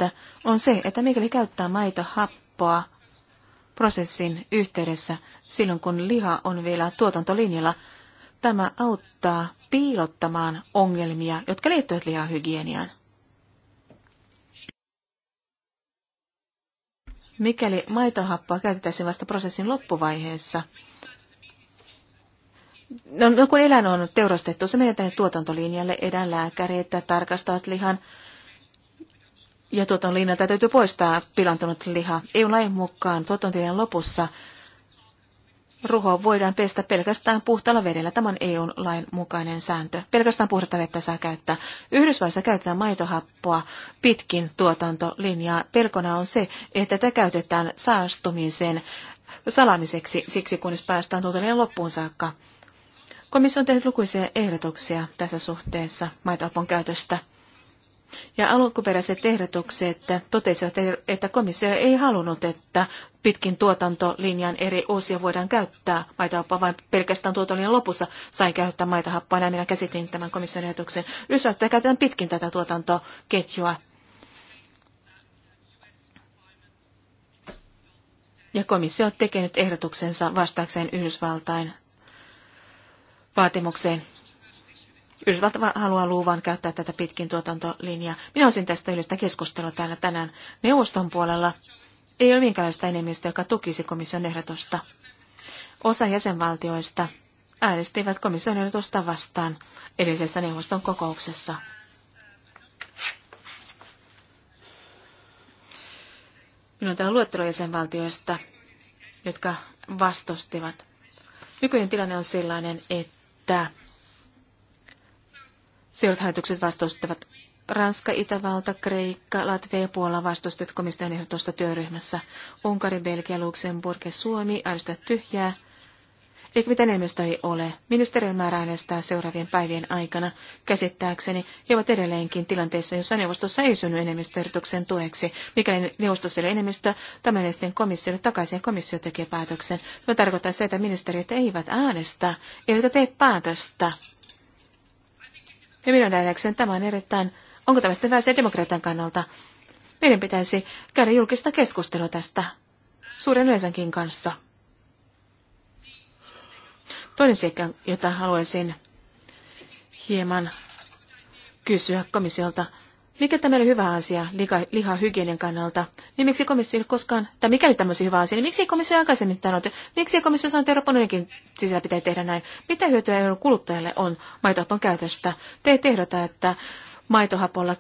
on se, että mikäli käyttää maitohappoa prosessin yhteydessä silloin, kun liha on vielä tuotantolinjalla, tämä auttaa piilottamaan ongelmia, jotka liittyvät lihahygieniaan. Mikäli maitohappoa käytettäisiin vasta prosessin loppuvaiheessa, No, no kun eläin on teurastettu, se menee tänne tuotantolinjalle, eläinlääkärit tarkastavat lihan ja tuotantolinjalta täytyy poistaa pilantunut liha. EU-lain mukaan tuotantolinjan lopussa ruho voidaan pestä pelkästään puhtaalla vedellä. Tämä on eu lain mukainen sääntö. Pelkästään puhdasta vettä saa käyttää. Yhdysvalloissa käytetään maitohappoa pitkin tuotantolinjaa. Pelkona on se, että tätä käytetään saastumisen salamiseksi, siksi kunnes päästään tuotantolinjan loppuun saakka. Komissio on tehnyt lukuisia ehdotuksia tässä suhteessa maitoapun käytöstä. Ja alkuperäiset ehdotukset totesivat, että komissio ei halunnut, että pitkin tuotantolinjan eri osia voidaan käyttää maitohappoa, vaan pelkästään tuotantolinjan lopussa sai käyttää maitohappoa. Näin minä käsitin tämän komission ehdotuksen. Yhdysvalloista käytetään pitkin tätä tuotantoketjua. Ja komissio on tekenyt ehdotuksensa vastaakseen Yhdysvaltain vaatimukseen. Yhdysvalta haluaa luvan käyttää tätä pitkin tuotantolinjaa. Minä olisin tästä yleistä keskustelua täällä tänään neuvoston puolella. Ei ole minkäänlaista enemmistöä, joka tukisi komission ehdotusta. Osa jäsenvaltioista äänestivät komission ehdotusta vastaan edellisessä neuvoston kokouksessa. Minun on luettelo jäsenvaltioista, jotka vastustivat. Nykyinen tilanne on sellainen, että että seuraavat hallitukset vastustavat Ranska, Itävalta, Kreikka, Latvia ja Puola vastustivat komission ehdotusta työryhmässä. Unkari, Belgia, Luxemburg ja Suomi äänestävät tyhjää eikä mitään enemmistö ei ole. Ministeriön määrä äänestää seuraavien päivien aikana käsittääkseni ja ovat edelleenkin tilanteessa, jossa neuvostossa ei synny enemmistöehdotuksen tueksi. Mikäli neuvostossa ei enemmistö, tämä sitten komissiolle takaisin komissio tekee päätöksen. Tämä tarkoittaa sitä, että ministeriöt eivät äänestä, eivätkä tee päätöstä. Ja minun nähdäkseni tämä on erittäin, onko tämä sitten väesön demokratian kannalta? Meidän pitäisi käydä julkista keskustelua tästä suuren yleisönkin kanssa. Toinen seikka, jota haluaisin hieman kysyä komissiolta, mikä tämä oli hyvä asia liha, hygienian kannalta, niin miksi komissio ei koskaan, tai mikäli tämmöisiä hyvä asia, niin miksi ei komissio aikaisemmin sanonut, miksi ei komissio sanoi, että Euroopan unionin sisällä pitää tehdä näin? Mitä hyötyä euron kuluttajalle on maitohapon käytöstä? Te ei tehdota, että maitohapolla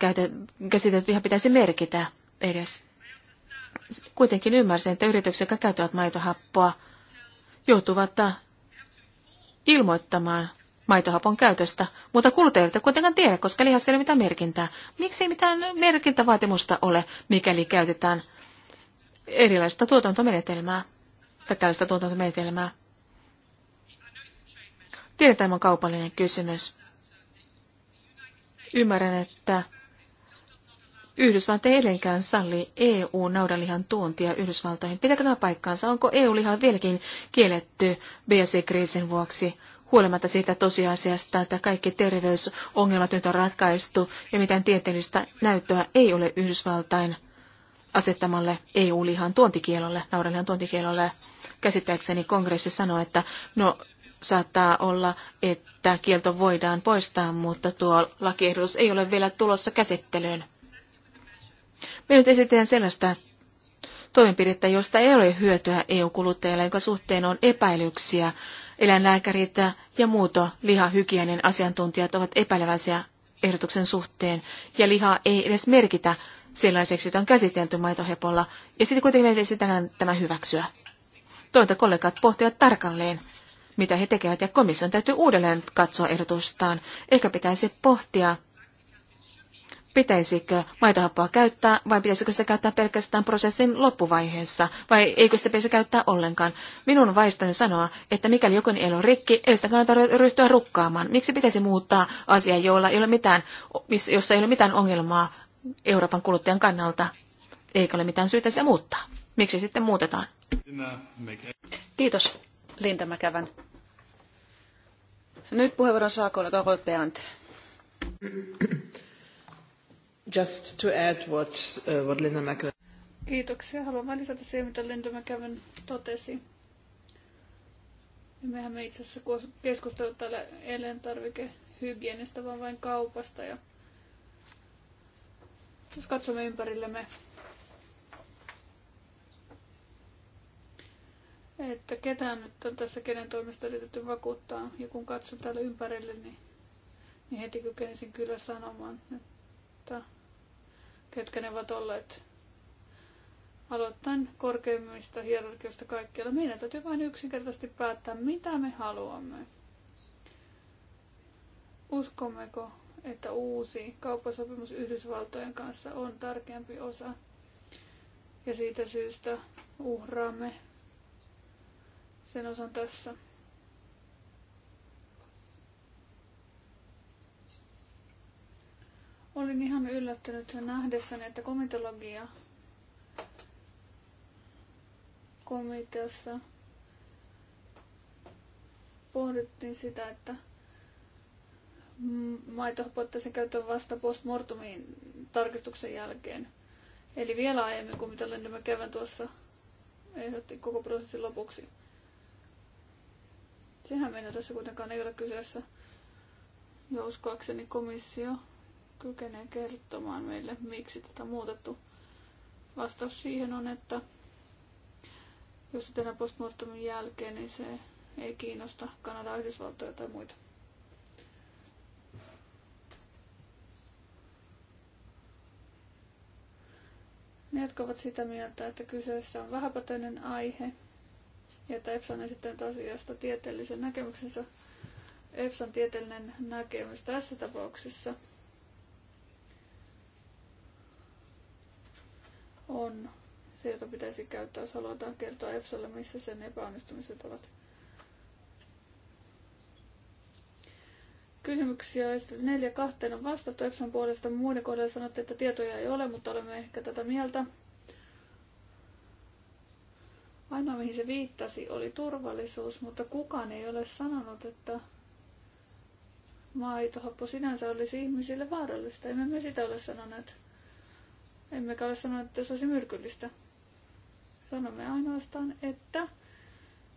käsitelty liha pitäisi merkitä edes. Kuitenkin ymmärsin, että yritykset, jotka käyttävät maitohappoa, joutuvat ilmoittamaan maitohapon käytöstä, mutta kuluttajilta kuitenkaan tiedä, koska lihassa ei ole mitään merkintää. Miksi ei mitään merkintävaatimusta ole, mikäli käytetään erilaista tuotantomenetelmää tai tällaista tuotantomenetelmää? Tiedetään, tämä on kaupallinen kysymys. Ymmärrän, että Yhdysvallat ei edelleenkään salli EU-naudanlihan tuontia Yhdysvaltoihin. Pitääkö tämä paikkaansa? Onko EU-liha vieläkin kielletty BSE-kriisin vuoksi? Huolimatta siitä tosiasiasta, että kaikki terveysongelmat nyt on ratkaistu ja mitään tieteellistä näyttöä ei ole Yhdysvaltain asettamalle EU-lihan tuontikielolle, naudanlihan tuontikielolle. Käsittääkseni kongressi sanoi, että no saattaa olla, että kielto voidaan poistaa, mutta tuo lakiehdotus ei ole vielä tulossa käsittelyyn. Me nyt esitetään sellaista toimenpidettä, josta ei ole hyötyä EU-kuluttajille, jonka suhteen on epäilyksiä. Eläinlääkärit ja muuto lihahygienen asiantuntijat ovat epäileväisiä ehdotuksen suhteen, ja liha ei edes merkitä sellaiseksi, että on käsitelty maitohepolla, ja sitten kuitenkin meidän esitellään tämä hyväksyä. Toivon, kollegat pohtivat tarkalleen, mitä he tekevät, ja komission täytyy uudelleen katsoa ehdotustaan. Ehkä pitäisi pohtia pitäisikö maitohappoa käyttää vai pitäisikö sitä käyttää pelkästään prosessin loppuvaiheessa vai eikö sitä pitäisi käyttää ollenkaan. Minun vaistoni sanoa, että mikäli jokin ei ole rikki, ei sitä kannata ryhtyä rukkaamaan. Miksi pitäisi muuttaa asiaa, jolla ei ole mitään, jossa ei ole mitään ongelmaa Euroopan kuluttajan kannalta, eikä ole mitään syytä sitä muuttaa? Miksi sitten muutetaan? Kiitos, Linda Mäkävän. Nyt puheenvuoron saa kollega Rotbeant. Just to add what, uh, what Linda McEwen... Kiitoksia. Haluan vain lisätä siihen, mitä Linda McEwen totesi. Ja mehän me itse asiassa keskustellut täällä elintarvikehygienistä, vaan vain kaupasta. Ja jos katsomme ympärillemme, että ketään nyt on tässä kenen toimesta yritetty vakuuttaa. Ja kun katson täällä ympärille, niin, niin heti kykenisin kyllä sanomaan, että ketkä ne ovat olleet aloittain korkeimmista hierarkioista kaikkialla. Meidän täytyy vain yksinkertaisesti päättää, mitä me haluamme. Uskommeko, että uusi kauppasopimus Yhdysvaltojen kanssa on tärkeämpi osa ja siitä syystä uhraamme sen osan tässä. Olin ihan yllättynyt nähdessäni, että komitologia komiteassa pohdittiin sitä, että maitohapotteisen käytön vasta postmortumiin tarkistuksen jälkeen. Eli vielä aiemmin kuin mitä Lendemä kevään tuossa ehdotti koko prosessin lopuksi. Sehän meillä tässä kuitenkaan ei ole kyseessä. Ja uskoakseni komissio kykenee kertomaan meille, miksi tätä on muutettu. Vastaus siihen on, että jos se tehdään postmortemin jälkeen, niin se ei kiinnosta Kanadaa, Yhdysvaltoja tai muita. Ne, jotka ovat sitä mieltä, että kyseessä on vähäpätöinen aihe, ja että EFSA on esittänyt asiasta tieteellisen näkemyksensä, EFSAn tieteellinen näkemys tässä tapauksessa – on se, jota pitäisi käyttää, jos halutaan kertoa EFSAlle, missä sen epäonnistumiset ovat. Kysymyksiä esitys neljä kahteen on vastattu EFSAn puolesta. Muiden kohdalla sanotte, että tietoja ei ole, mutta olemme ehkä tätä mieltä. Ainoa mihin se viittasi oli turvallisuus, mutta kukaan ei ole sanonut, että maitohappo sinänsä olisi ihmisille vaarallista. Emme me sitä ole sanoneet. Emmekä ole sanoneet, että se olisi myrkyllistä. Sanomme ainoastaan, että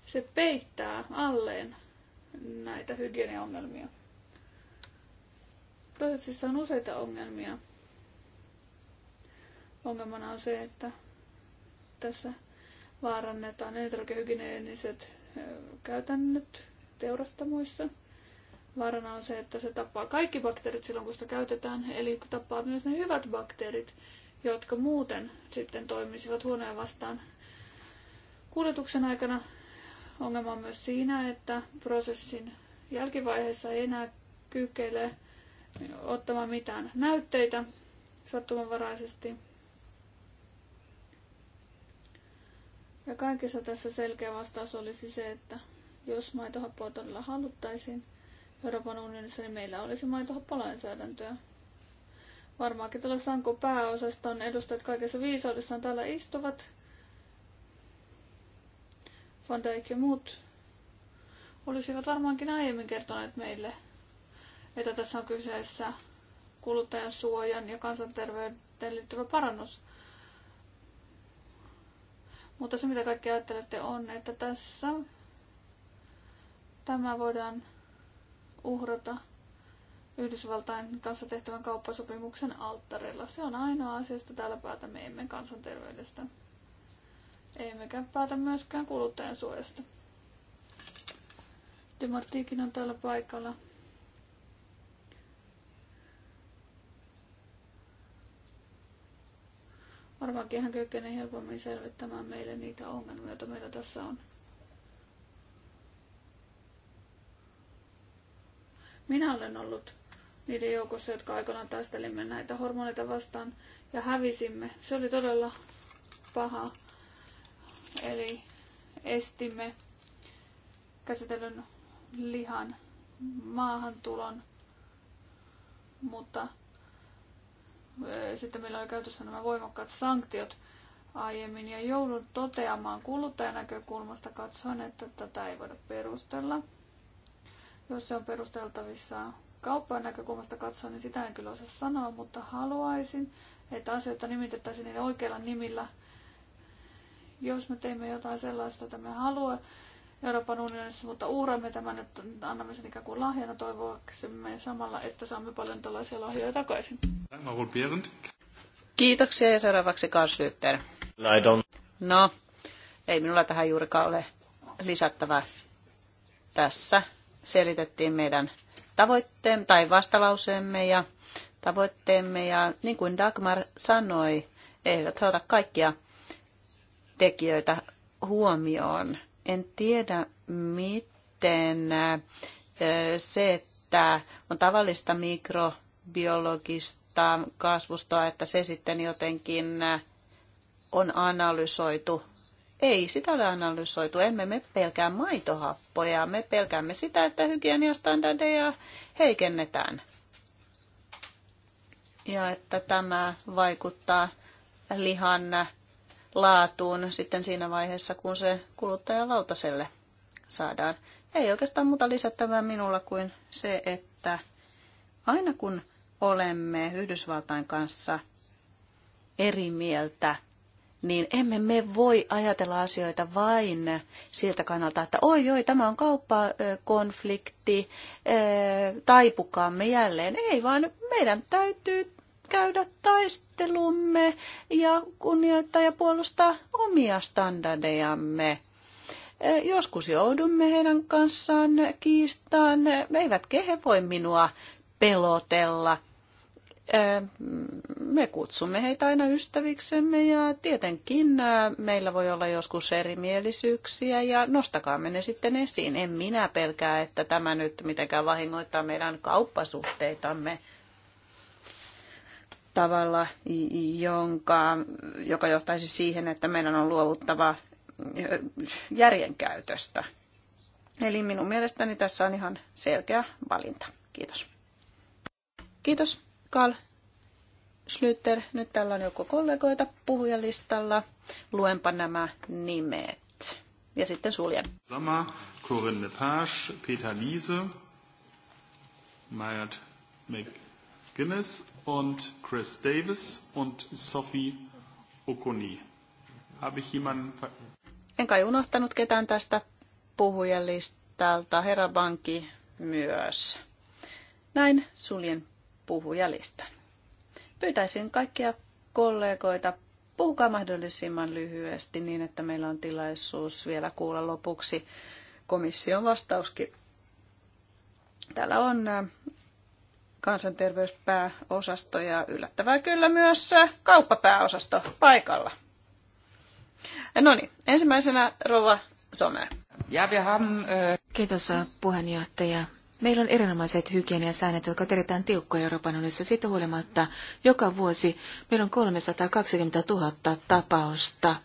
se peittää alleen näitä hygieniaongelmia. Prosessissa on useita ongelmia. Ongelmana on se, että tässä vaarannetaan elintarvikehygieniset käytännöt teurastamoissa. Vaarana on se, että se tappaa kaikki bakteerit silloin, kun sitä käytetään, eli tappaa myös ne hyvät bakteerit, jotka muuten sitten toimisivat huoneen vastaan kuljetuksen aikana. Ongelma on myös siinä, että prosessin jälkivaiheessa ei enää kykene ottamaan mitään näytteitä sattumanvaraisesti. Ja kaikessa tässä selkeä vastaus olisi se, että jos maitohappoa todella haluttaisiin Euroopan unionissa, niin meillä olisi maitohappolainsäädäntöä. Varmaankin tuolla Sanko pääosaston edustajat kaikessa viisaudessaan täällä istuvat. Van Dijk ja muut olisivat varmaankin aiemmin kertoneet meille, että tässä on kyseessä kuluttajan suojan ja kansanterveyteen liittyvä parannus. Mutta se, mitä kaikki ajattelette, on, että tässä tämä voidaan uhrata Yhdysvaltain kanssa tehtävän kauppasopimuksen alttarilla. Se on ainoa asia, josta täällä päätämme emme kansanterveydestä. Emmekä päätä myöskään kuluttajan suojasta. Demartiikin on täällä paikalla. Varmaankin hän kykenee helpommin selvittämään meille niitä ongelmia, joita meillä tässä on. Minä olen ollut niiden joukossa, jotka aikanaan taistelimme näitä hormoneita vastaan ja hävisimme. Se oli todella paha. Eli estimme käsitellyn lihan maahantulon, mutta eh, sitten meillä oli käytössä nämä voimakkaat sanktiot aiemmin ja joudun toteamaan kuluttajan näkökulmasta katsoen, että tätä ei voida perustella. Jos se on perusteltavissa kauppojen näkökulmasta katsoa, niin sitä en kyllä osaa sanoa, mutta haluaisin, että asioita nimitettäisiin niiden oikeilla nimillä. Jos me teemme jotain sellaista, että me haluamme Euroopan unionissa, mutta uuramme tämän, nyt annamme sen ikään kuin lahjana toivoaksemme samalla, että saamme paljon tällaisia lahjoja takaisin. Kiitoksia ja seuraavaksi Karl Schlüter. No, no, ei minulla tähän juurikaan ole lisättävää. Tässä selitettiin meidän tavoitteemme tai vastalauseemme ja tavoitteemme. Ja niin kuin Dagmar sanoi, eivät he ota kaikkia tekijöitä huomioon. En tiedä, miten se, että on tavallista mikrobiologista kasvustoa, että se sitten jotenkin on analysoitu ei sitä ole analysoitu. Emme me pelkää maitohappoja. Me pelkäämme sitä, että hygieniastandardeja heikennetään. Ja että tämä vaikuttaa lihan laatuun sitten siinä vaiheessa, kun se lautaselle saadaan. Ei oikeastaan muuta lisättävää minulla kuin se, että aina kun olemme Yhdysvaltain kanssa eri mieltä – niin emme me voi ajatella asioita vain siltä kannalta, että oi oi, tämä on kauppakonflikti, taipukaamme jälleen. Ei, vaan meidän täytyy käydä taistelumme ja kunnioittaa ja puolustaa omia standardejamme. Joskus joudumme heidän kanssaan kiistaan, eivät kehe voi minua pelotella – me kutsumme heitä aina ystäviksemme ja tietenkin meillä voi olla joskus erimielisyyksiä ja nostakaamme ne sitten esiin. En minä pelkää, että tämä nyt mitenkään vahingoittaa meidän kauppasuhteitamme tavalla, jonka, joka johtaisi siihen, että meidän on luovuttava järjenkäytöstä. Eli minun mielestäni tässä on ihan selkeä valinta. Kiitos. Kiitos. Karl Slyter, nyt täällä on joku kollegoita puhujalistalla. Luenpa nämä nimet. Ja sitten suljen. Sama, Corinne Lepage, Peter Liese, Mayat McGuinness und Chris Davis und Sophie Okoni. Habe ich jemanden... En kai unohtanut ketään tästä puhujalistalta. Herra Banki myös. Näin suljen puhujalistan. Pyytäisin kaikkia kollegoita puhukaa mahdollisimman lyhyesti niin, että meillä on tilaisuus vielä kuulla lopuksi komission vastauskin. Täällä on äh, kansanterveyspääosasto ja yllättävää kyllä myös äh, kauppapääosasto paikalla. Äh, no niin, ensimmäisenä Rova Somer. Ja, wir haben, äh... Kiitos puheenjohtaja. Meillä on erinomaiset hygieniasäännöt, jotka ovat erittäin tiukkoja Euroopan unionissa. Siitä huolimatta joka vuosi meillä on 320 000 tapausta,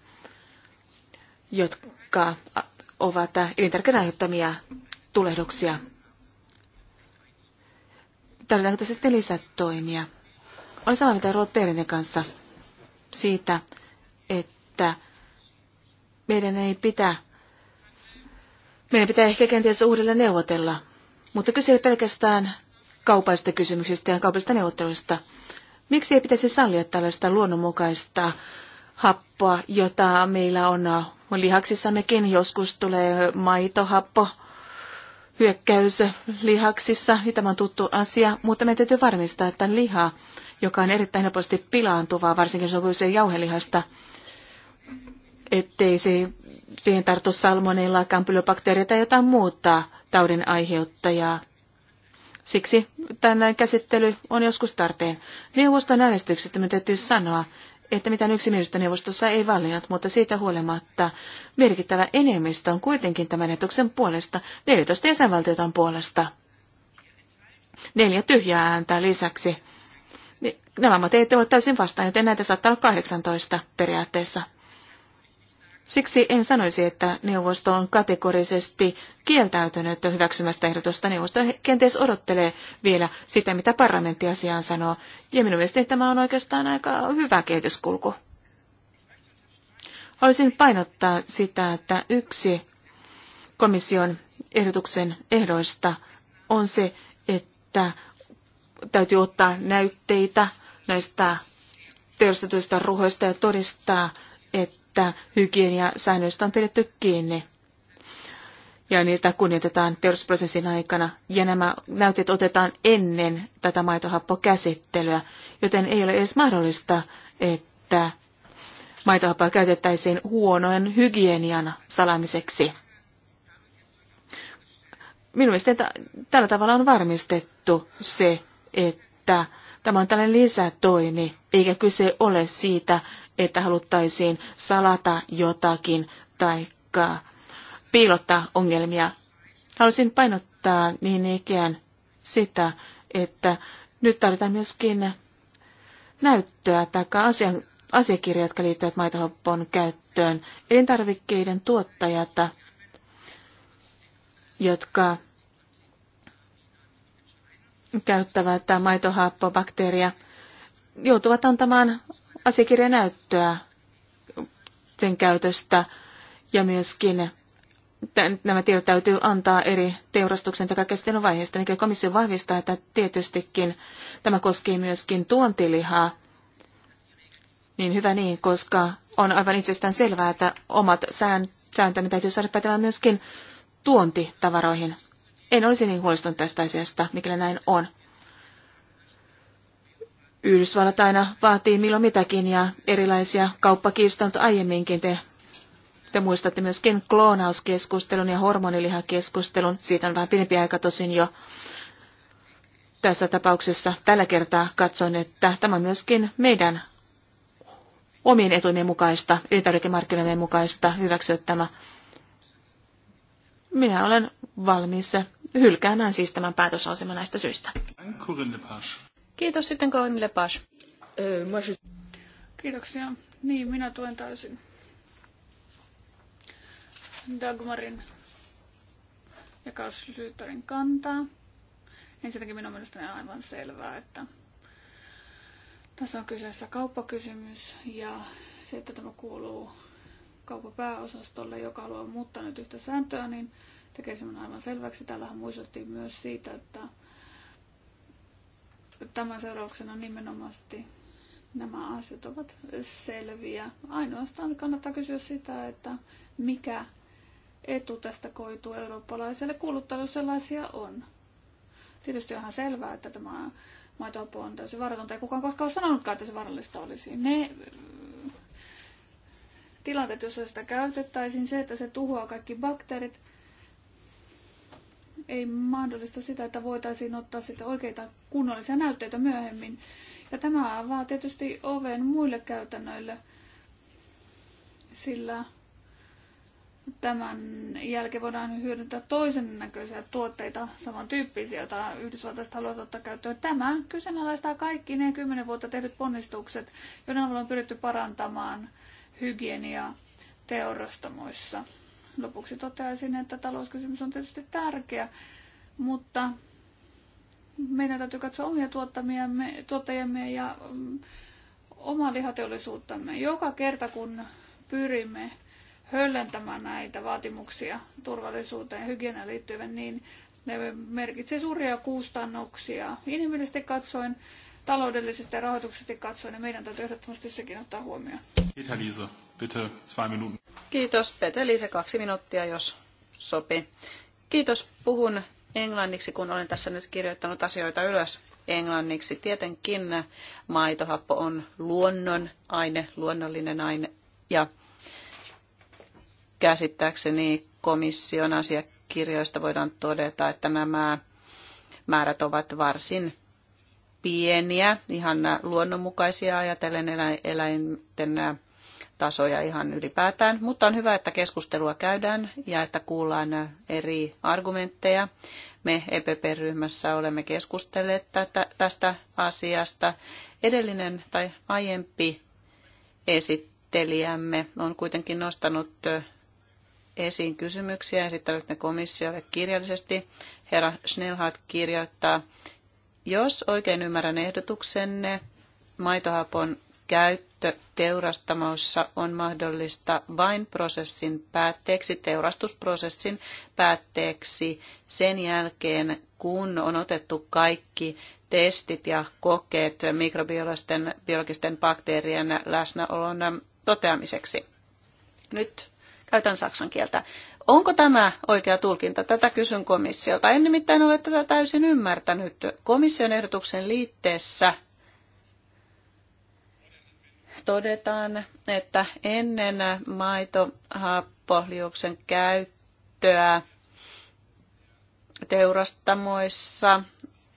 jotka ovat elintärkeän aiheuttamia tulehduksia. Tarvitaanko tässä sitten lisätoimia? Olen samaa mitä Ruot Perinen kanssa siitä, että meidän ei pitää, meidän pitää ehkä kenties uudelleen neuvotella mutta kyse ei pelkästään kaupallisista kysymyksistä ja kaupallisista neuvotteluista. Miksi ei pitäisi sallia tällaista luonnonmukaista happoa, jota meillä on lihaksissammekin? Joskus tulee maitohappo, hyökkäys lihaksissa, ja niin tämä on tuttu asia, mutta meidän täytyy varmistaa, että liha, joka on erittäin helposti pilaantuvaa, varsinkin jos on kyse jauhelihasta, ettei se, siihen tarttu salmonella, kampylobakteeria tai jotain muuta taudin aiheuttajaa. Siksi tänään käsittely on joskus tarpeen. Neuvoston äänestyksestä me täytyy sanoa, että mitään yksimielistä neuvostossa ei valinnut, mutta siitä huolimatta merkittävä enemmistö on kuitenkin tämän etuksen puolesta, 14 jäsenvaltiota puolesta. Neljä tyhjää ääntä lisäksi. Niin, nämä maat eivät ole täysin vastaan, joten näitä saattaa olla 18 periaatteessa. Siksi en sanoisi, että neuvosto on kategorisesti kieltäytynyt hyväksymästä ehdotusta. Neuvosto kenties odottelee vielä sitä, mitä parlamentti asiaan sanoo. Ja minun mielestäni tämä on oikeastaan aika hyvä kehityskulku. Haluaisin painottaa sitä, että yksi komission ehdotuksen ehdoista on se, että täytyy ottaa näytteitä näistä teostetuista ruhoista ja todistaa että hygieniasäännöistä on pidetty kiinni ja niitä kunnioitetaan teollisuusprosessin aikana. Ja nämä näytet otetaan ennen tätä maitohappokäsittelyä, joten ei ole edes mahdollista, että maitohappoa käytettäisiin huonoin hygienian salamiseksi. Minun mielestäni tällä tavalla on varmistettu se, että tämä on tällainen lisätoimi, eikä kyse ole siitä, että haluttaisiin salata jotakin tai piilottaa ongelmia. Haluaisin painottaa niin ikään sitä, että nyt tarvitaan myöskin näyttöä tai asian, asiakirjoja, jotka liittyvät maitohoppon käyttöön. Elintarvikkeiden tuottajat, jotka käyttävät maitohappobakteeria, joutuvat antamaan asiakirjanäyttöä sen käytöstä ja myöskin nämä tiedot täytyy antaa eri teurastuksen tai käsittelyn vaiheista. Mikäli komissio vahvistaa, että tietystikin tämä koskee myöskin tuontilihaa, niin hyvä niin, koska on aivan itsestään selvää, että omat sääntömme täytyy saada pätevän myöskin tuontitavaroihin. En olisi niin huolestunut tästä asiasta, mikäli näin on. Yhdysvallat aina vaatii milloin mitäkin ja erilaisia kauppakiistoja aiemminkin te te muistatte myöskin kloonauskeskustelun ja hormonilihakeskustelun. Siitä on vähän pidempi aika tosin jo tässä tapauksessa. Tällä kertaa katson, että tämä on myöskin meidän omien etuimme mukaista, elintarvikemarkkinoiden mukaista hyväksyä tämä. Minä olen valmis hylkäämään siis tämän päätösaseman näistä syistä. Kiitos sitten Corinne Lepas. Kiitoksia. Niin, minä tuen täysin Dagmarin ja Karlslyterin kantaa. Ensinnäkin minun mielestäni on aivan selvää, että tässä on kyseessä kauppakysymys ja se, että tämä kuuluu kauppapääosastolle, joka haluaa muuttaa nyt yhtä sääntöä, niin tekee sen aivan selväksi. Täällähän muistuttiin myös siitä, että tämän seurauksena nimenomaan nämä asiat ovat selviä. Ainoastaan kannattaa kysyä sitä, että mikä etu tästä koituu eurooppalaiselle kuluttajalle sellaisia on. Tietysti on ihan selvää, että tämä maitoapu on täysin varatonta. Ei kukaan koskaan ole sanonutkaan, että se varallista olisi. Ne mm, tilanteet, joissa sitä käytettäisiin, se, että se tuhoaa kaikki bakteerit – ei mahdollista sitä, että voitaisiin ottaa sitten oikeita kunnollisia näytteitä myöhemmin. Ja tämä avaa tietysti oven muille käytännöille, sillä tämän jälkeen voidaan hyödyntää toisen näköisiä tuotteita, samantyyppisiä, joita Yhdysvaltaiset haluavat ottaa käyttöön. Tämä kyseenalaistaa kaikki ne kymmenen vuotta tehdyt ponnistukset, joiden avulla on pyritty parantamaan hygieniaa teurastamoissa. Lopuksi toteaisin, että talouskysymys on tietysti tärkeä, mutta meidän täytyy katsoa omia tuottajiamme, ja mm, omaa lihateollisuuttamme. Joka kerta kun pyrimme höllentämään näitä vaatimuksia turvallisuuteen ja hygieniaan liittyvän, niin ne merkitsee suuria kustannuksia. Inhimillisesti katsoen, taloudellisesti ja rahoituksesti katsoen, ja niin meidän täytyy ehdottomasti sekin ottaa huomioon. Peter bitte zwei Minuten. Kiitos. Pete se kaksi minuuttia, jos sopii. Kiitos. Puhun englanniksi, kun olen tässä nyt kirjoittanut asioita ylös englanniksi. Tietenkin maitohappo on luonnon aine, luonnollinen aine ja käsittääkseni komission asiakirjoista voidaan todeta, että nämä määrät ovat varsin pieniä, ihan luonnonmukaisia ajatellen eläinten tasoja ihan ylipäätään, mutta on hyvä, että keskustelua käydään ja että kuullaan eri argumentteja. Me EPP-ryhmässä olemme keskustelleet tästä asiasta. Edellinen tai aiempi esittelijämme on kuitenkin nostanut esiin kysymyksiä ja esittänyt ne komissiolle kirjallisesti. Herra Schnellhardt kirjoittaa, jos oikein ymmärrän ehdotuksenne, maitohapon käyttö teurastamoissa on mahdollista vain prosessin päätteeksi, teurastusprosessin päätteeksi sen jälkeen, kun on otettu kaikki testit ja kokeet mikrobiologisten biologisten bakteerien läsnäolon toteamiseksi. Nyt käytän saksan kieltä. Onko tämä oikea tulkinta? Tätä kysyn komissiolta. En nimittäin ole tätä täysin ymmärtänyt. Komission ehdotuksen liitteessä todetaan, että ennen maitohappoliuksen käyttöä teurastamoissa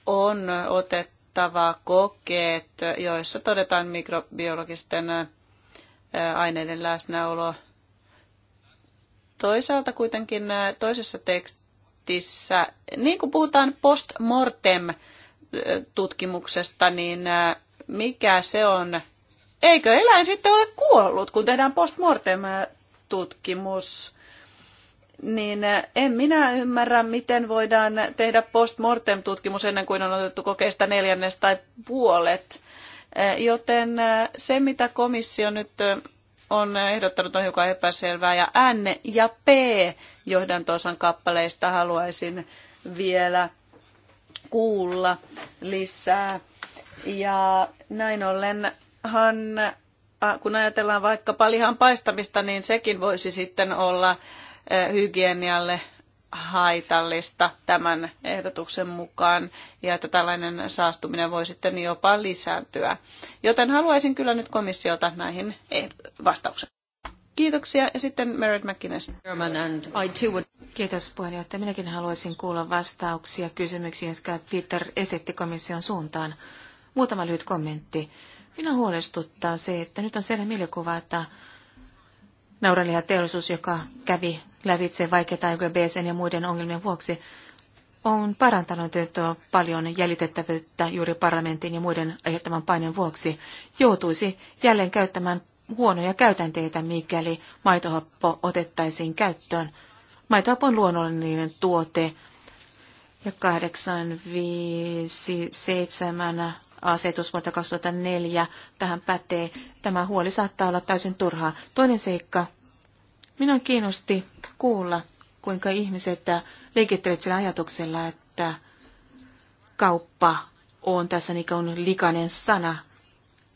on otettava kokeet, joissa todetaan mikrobiologisten aineiden läsnäolo. Toisaalta kuitenkin toisessa tekstissä, niin kuin puhutaan postmortem tutkimuksesta, niin mikä se on eikö eläin sitten ole kuollut, kun tehdään postmortem-tutkimus? Niin eh, en minä ymmärrä, miten voidaan tehdä postmortem-tutkimus ennen kuin on otettu kokeista neljännes tai puolet. Eh, joten eh, se, mitä komissio nyt on ehdottanut, on hiukan epäselvää. Ja N ja P johdantosan kappaleista haluaisin vielä kuulla lisää. Ja näin ollen kun ajatellaan vaikkapa lihan paistamista, niin sekin voisi sitten olla hygienialle haitallista tämän ehdotuksen mukaan ja että tällainen saastuminen voi sitten jopa lisääntyä. Joten haluaisin kyllä nyt komissiolta näihin e, vastauksen. Kiitoksia ja sitten Merit McInnes. Kiitos puheenjohtaja. Minäkin haluaisin kuulla vastauksia kysymyksiin, jotka Peter esitti komission suuntaan. Muutama lyhyt kommentti. Minä huolestuttaa se, että nyt on sellainen mielikuva, että teollisuus, joka kävi lävitse vaikeita aikoja BSN ja muiden ongelmien vuoksi, on parantanut paljon jäljitettävyyttä juuri parlamentin ja muiden aiheuttaman paineen vuoksi, joutuisi jälleen käyttämään huonoja käytänteitä, mikäli maitohappo otettaisiin käyttöön. Maitohappo on luonnollinen tuote ja 8, 5, 7 asetus vuodelta 2004 tähän pätee. Tämä huoli saattaa olla täysin turhaa. Toinen seikka. Minua kiinnosti kuulla, kuinka ihmiset liikittelevät sillä ajatuksella, että kauppa on tässä niin kuin likainen sana.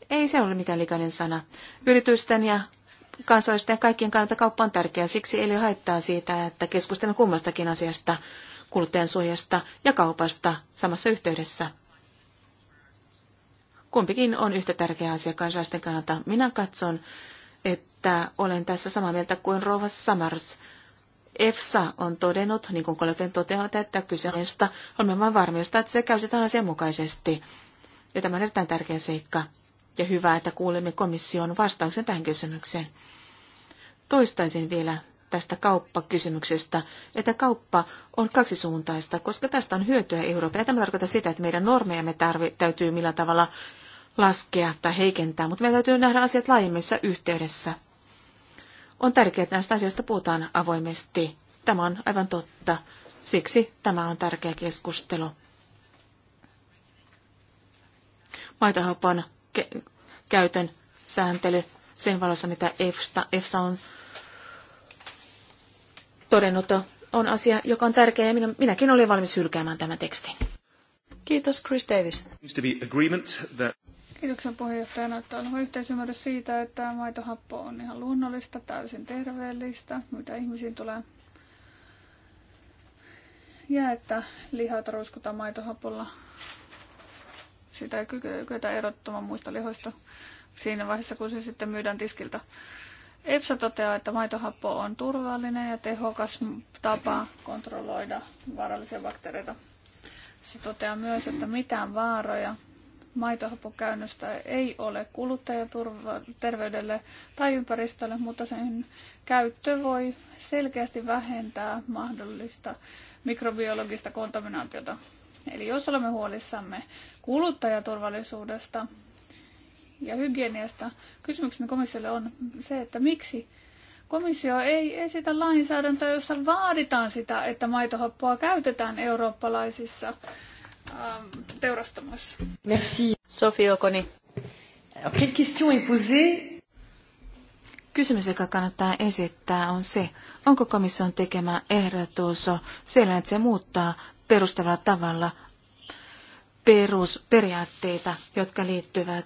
Ei se ole mikään likainen sana. Yritysten ja kansalaisten ja kaikkien kannalta kauppa on tärkeä. Siksi ei ole haittaa siitä, että keskustelemme kummastakin asiasta, kuluttajansuojasta ja kaupasta samassa yhteydessä. Kumpikin on yhtä tärkeä asia kansalaisten kannalta. Minä katson, että olen tässä samaa mieltä kuin Rova Samars. EFSA on todennut, niin kuin kollegien toteavat, että kyseistä on vain varmistaa, että se käytetään asianmukaisesti. Ja tämä on erittäin tärkeä seikka. Ja hyvä, että kuulemme komission vastauksen tähän kysymykseen. Toistaisin vielä tästä kauppakysymyksestä, että kauppa on kaksisuuntaista, koska tästä on hyötyä Euroopalle. Tämä tarkoittaa sitä, että meidän normejamme tarvi, täytyy millä tavalla laskea tai heikentää, mutta meidän täytyy nähdä asiat laajemmissa yhteydessä. On tärkeää, että näistä asioista puhutaan avoimesti. Tämä on aivan totta. Siksi tämä on tärkeä keskustelu. Maitohapon ke- käytön sääntely sen valossa, mitä EFSA, EFSA on todennut, on asia, joka on tärkeä ja minäkin olin valmis hylkäämään tämän tekstin. Kiitos, Chris Davis. Kiitoksen puheenjohtajana, että on yhteisymmärrys siitä, että maitohappo on ihan luonnollista, täysin terveellistä, mitä ihmisiin tulee. Ja että lihat ruiskutaan maitohapolla. Sitä ei kyetä erottamaan muista lihoista siinä vaiheessa, kun se sitten myydään tiskiltä. EFSA toteaa, että maitohappo on turvallinen ja tehokas tapa kontrolloida vaarallisia bakteereita. Se toteaa myös, että mitään vaaroja maitohapokäynnöstä ei ole kuluttajaterveydelle tai ympäristölle, mutta sen käyttö voi selkeästi vähentää mahdollista mikrobiologista kontaminaatiota. Eli jos olemme huolissamme kuluttajaturvallisuudesta ja hygieniasta, kysymykseni komissiolle on se, että miksi komissio ei esitä lainsäädäntöä, jossa vaaditaan sitä, että maitohappoa käytetään eurooppalaisissa Ähm, teurastamoissa. Merci. Sofi Okoni. Quelle question est posée? Kysymys, joka kannattaa esittää, on se, onko komission tekemä ehdotus sellainen, että se muuttaa perustavalla tavalla perusperiaatteita, jotka liittyvät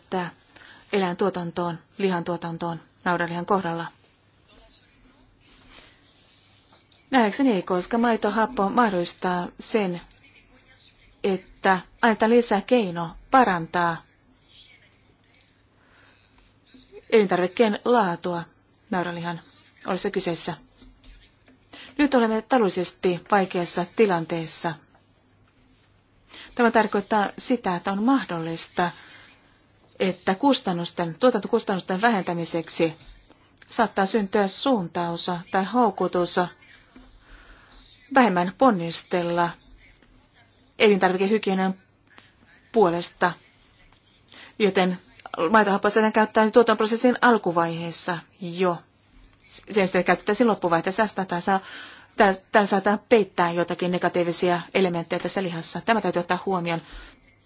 eläintuotantoon, lihantuotantoon, naudanlihan kohdalla. Nähdäkseni ei, koska maitohappo mahdollistaa sen, että annetaan lisää keino parantaa elintarvikkeen laatua naudanlihan olisi kyseessä. Nyt olemme taloudellisesti vaikeassa tilanteessa. Tämä tarkoittaa sitä, että on mahdollista, että kustannusten, tuotantokustannusten vähentämiseksi saattaa syntyä suuntaus tai houkutus vähemmän ponnistella elintarvikehygienian puolesta, joten maitohappoja käyttää tuotantoprosessin alkuvaiheessa jo. Sen sitten käytetään loppuvaiheessa, tästä tai saa Tämä saattaa peittää jotakin negatiivisia elementtejä tässä lihassa. Tämä täytyy ottaa huomioon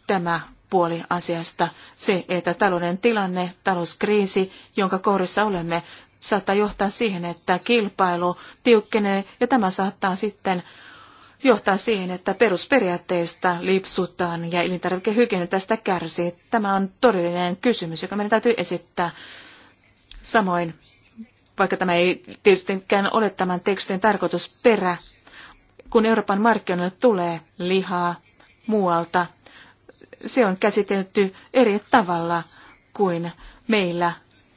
tämä puoli asiasta. Se, että talouden tilanne, talouskriisi, jonka kohdassa olemme, saattaa johtaa siihen, että kilpailu tiukkenee ja tämä saattaa sitten johtaa siihen, että perusperiaatteista lipsutaan ja elintarvikehygiene tästä kärsii. Tämä on todellinen kysymys, joka meidän täytyy esittää. Samoin, vaikka tämä ei tietystikään ole tämän tekstin tarkoitusperä, kun Euroopan markkinoille tulee lihaa muualta, se on käsitelty eri tavalla kuin meillä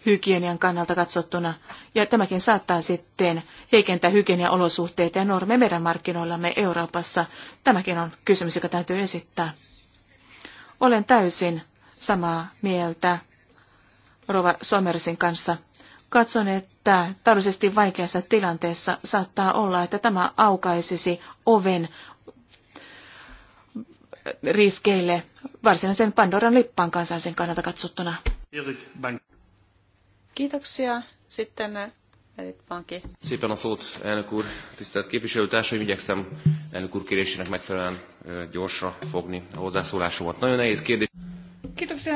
hygienian kannalta katsottuna, ja tämäkin saattaa sitten heikentää hygieniaolosuhteita ja normeja meidän markkinoillamme Euroopassa. Tämäkin on kysymys, joka täytyy esittää. Olen täysin samaa mieltä Rova Somersin kanssa. Katson, että taloudellisesti vaikeassa tilanteessa saattaa olla, että tämä aukaisisi oven riskeille varsinaisen Pandoran lippaan kansallisen kannalta katsottuna. Erik Bank. Kiitoksia. Sitten äh, Elit Panki. Szépen a szót, elnök úr, tisztelt képviselőtársaim, igyekszem elnök úr kérésének megfelelően gyorsra fogni a hozzászólásomat. Nagyon nehéz kérdés. Kiitoksia.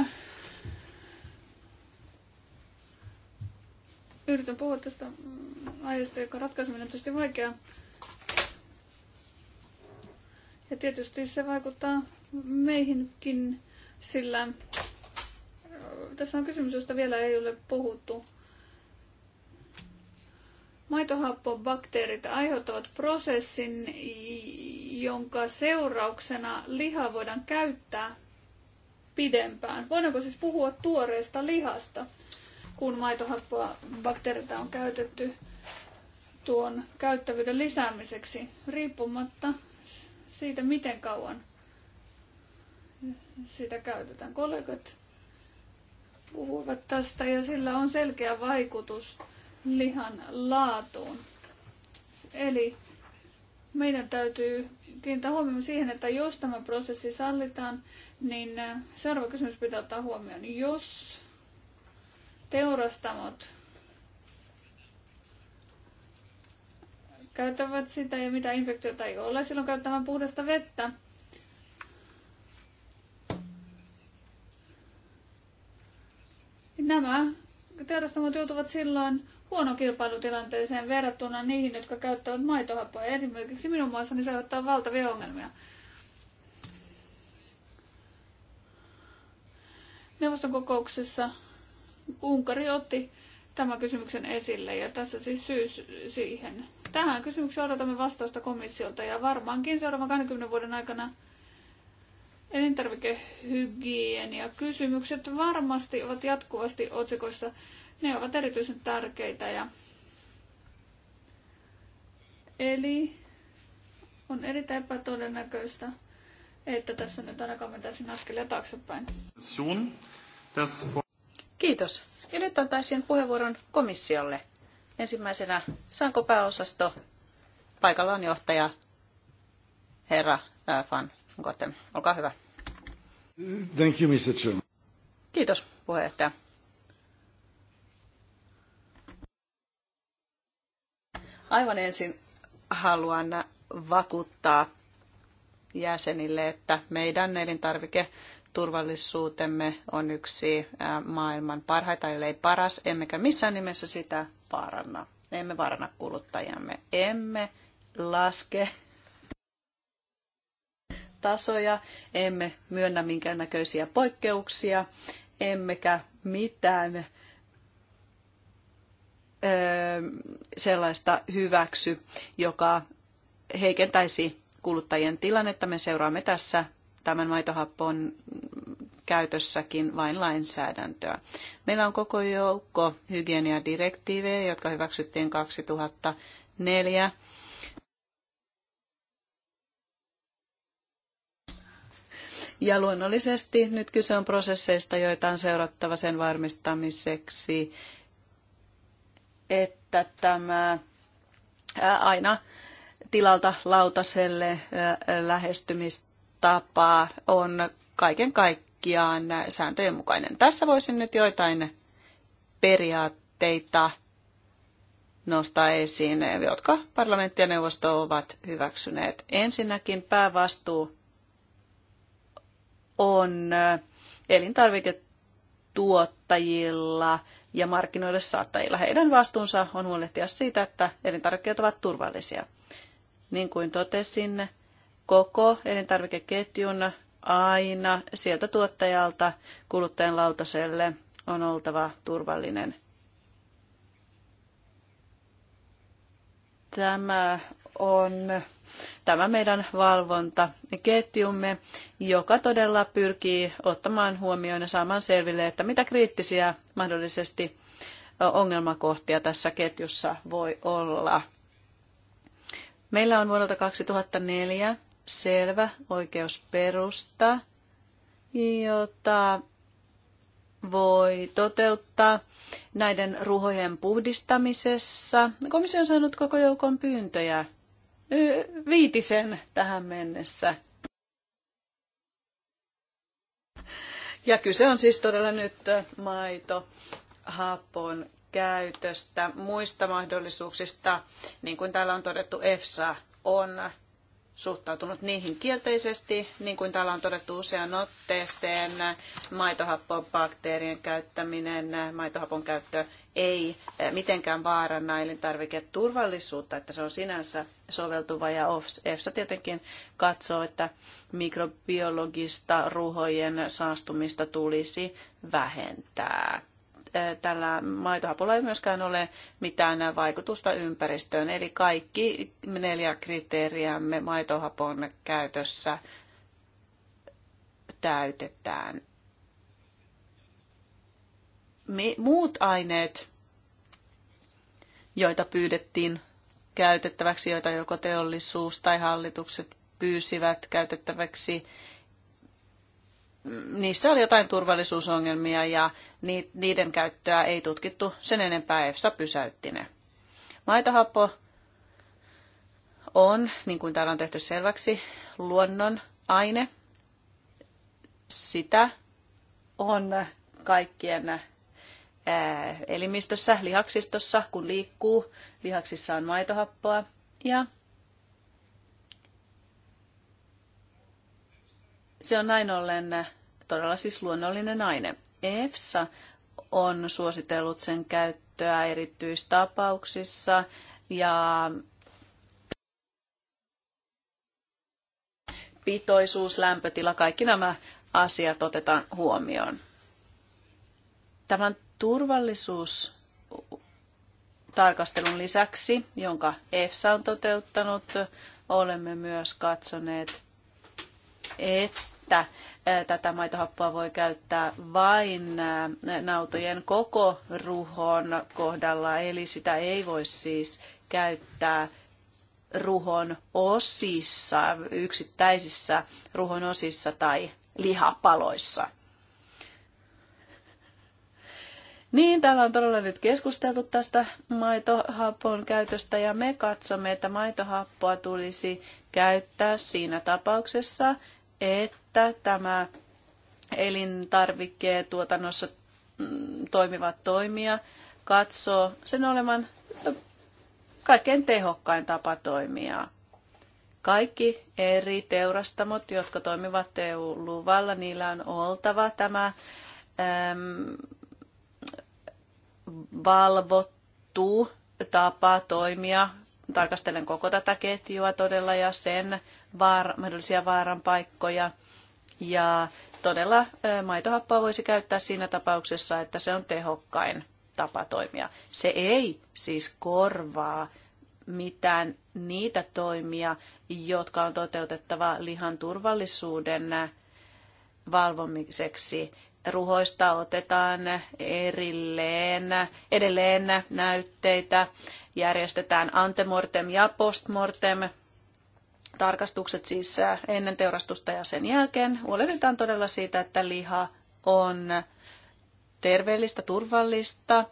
Yritän puhua tästä mm, aiheesta, joka ratkaiseminen on tietysti vaikea. Ja tietysti se vaikuttaa meihinkin, sillä tässä on kysymys, josta vielä ei ole puhuttu. Maitohappobakteerit aiheuttavat prosessin, jonka seurauksena liha voidaan käyttää pidempään. Voidaanko siis puhua tuoreesta lihasta, kun maitohappoa bakteereita on käytetty tuon käyttävyyden lisäämiseksi, riippumatta siitä, miten kauan sitä käytetään. Kollegat puhuvat tästä ja sillä on selkeä vaikutus lihan laatuun. Eli meidän täytyy kiinnittää huomioon siihen, että jos tämä prosessi sallitaan, niin äh, seuraava kysymys pitää ottaa huomioon. Jos teurastamot käyttävät sitä ja mitä infektiota ei ole, silloin käyttämään puhdasta vettä, Nämä teurastamot joutuvat silloin huono kilpailutilanteeseen verrattuna niihin, jotka käyttävät maitohappoja. Esimerkiksi minun maassani se aiheuttaa valtavia ongelmia. Neuvoston kokouksessa Unkari otti tämän kysymyksen esille ja tässä siis syys siihen. Tähän kysymykseen odotamme vastausta komissiolta ja varmaankin seuraavan 20 vuoden aikana Elintarvikehygienia kysymykset varmasti ovat jatkuvasti otsikoissa. Ne ovat erityisen tärkeitä ja Eli on erittäin epätodennäköistä, että tässä nyt ainakaan mentäisiin askelia taaksepäin. Kiitos. Ja nyt antaisin puheenvuoron komissiolle. Ensimmäisenä, saanko pääosasto paikallaan johtaja herra Äh, Van Gotten. Olkaa hyvä. Thank you, Mr. Chairman. Kiitos puheenjohtaja. Aivan ensin haluan vakuuttaa jäsenille, että meidän elintarviketurvallisuutemme on yksi äh, maailman parhaita, ellei paras, emmekä missään nimessä sitä vaaranna. Emme vaaranna kuluttajamme, emme laske tasoja, emme myönnä minkäännäköisiä poikkeuksia, emmekä mitään sellaista hyväksy, joka heikentäisi kuluttajien tilannetta. Me seuraamme tässä tämän maitohappon käytössäkin vain lainsäädäntöä. Meillä on koko joukko hygieniadirektiivejä, jotka hyväksyttiin 2004 Ja luonnollisesti nyt kyse on prosesseista, joita on seurattava sen varmistamiseksi, että tämä aina tilalta lautaselle lähestymistapa on kaiken kaikkiaan sääntöjen mukainen. Tässä voisin nyt joitain periaatteita nostaa esiin, jotka parlamentti ja neuvosto ovat hyväksyneet. Ensinnäkin päävastuu on elintarviketuottajilla ja markkinoille saattajilla. Heidän vastuunsa on huolehtia siitä, että elintarvikkeet ovat turvallisia. Niin kuin totesin, koko elintarvikeketjun aina sieltä tuottajalta kuluttajan lautaselle on oltava turvallinen. Tämä on tämä meidän valvontaketjumme, joka todella pyrkii ottamaan huomioon ja saamaan selville, että mitä kriittisiä mahdollisesti ongelmakohtia tässä ketjussa voi olla. Meillä on vuodelta 2004 selvä oikeusperusta, jota voi toteuttaa näiden ruhojen puhdistamisessa. Komissio on saanut koko joukon pyyntöjä viitisen tähän mennessä. Ja kyse on siis todella nyt maitohapon käytöstä, muista mahdollisuuksista, niin kuin täällä on todettu, EFSA on suhtautunut niihin kielteisesti, niin kuin täällä on todettu usean otteeseen, maitohappon bakteerien käyttäminen, maitohapon käyttö ei eh, mitenkään vaaranna elintarviketurvallisuutta, että se on sinänsä soveltuva ja EFSA tietenkin katsoo, että mikrobiologista ruhojen saastumista tulisi vähentää. Eh, tällä maitohapulla ei myöskään ole mitään vaikutusta ympäristöön, eli kaikki neljä kriteeriämme maitohapon käytössä täytetään muut aineet, joita pyydettiin käytettäväksi, joita joko teollisuus tai hallitukset pyysivät käytettäväksi, niissä oli jotain turvallisuusongelmia ja niiden käyttöä ei tutkittu sen enempää, EFSA pysäytti ne. Maitohappo on, niin kuin täällä on tehty selväksi, luonnon aine. Sitä on kaikkien elimistössä, lihaksistossa, kun liikkuu. Lihaksissa on maitohappoa ja se on näin ollen todella siis luonnollinen aine. EFSA on suositellut sen käyttöä erityistapauksissa ja pitoisuus, lämpötila, kaikki nämä asiat otetaan huomioon. Tämä on turvallisuus tarkastelun lisäksi, jonka EFSA on toteuttanut, olemme myös katsoneet, että tätä maitohappoa voi käyttää vain nautojen koko ruhon kohdalla, eli sitä ei voi siis käyttää ruhon osissa, yksittäisissä ruhon osissa tai lihapaloissa. Niin, täällä on todella nyt keskusteltu tästä maitohapon käytöstä ja me katsomme, että maitohappoa tulisi käyttää siinä tapauksessa, että tämä elintarvikkeen tuotannossa mm, toimivat toimija katsoo sen olevan kaikkein tehokkain tapa toimia. Kaikki eri teurastamot, jotka toimivat EU-luvalla, niillä on oltava tämä äm, valvottu tapa toimia. Tarkastelen koko tätä ketjua todella ja sen vaara, mahdollisia vaaran paikkoja. Ja todella maitohappoa voisi käyttää siinä tapauksessa, että se on tehokkain tapa toimia. Se ei siis korvaa mitään niitä toimia, jotka on toteutettava lihan turvallisuuden valvomiseksi ruhoista otetaan erilleen, edelleen näytteitä, järjestetään antemortem ja postmortem tarkastukset siis ennen teurastusta ja sen jälkeen. Huolehditaan todella siitä, että liha on terveellistä, turvallista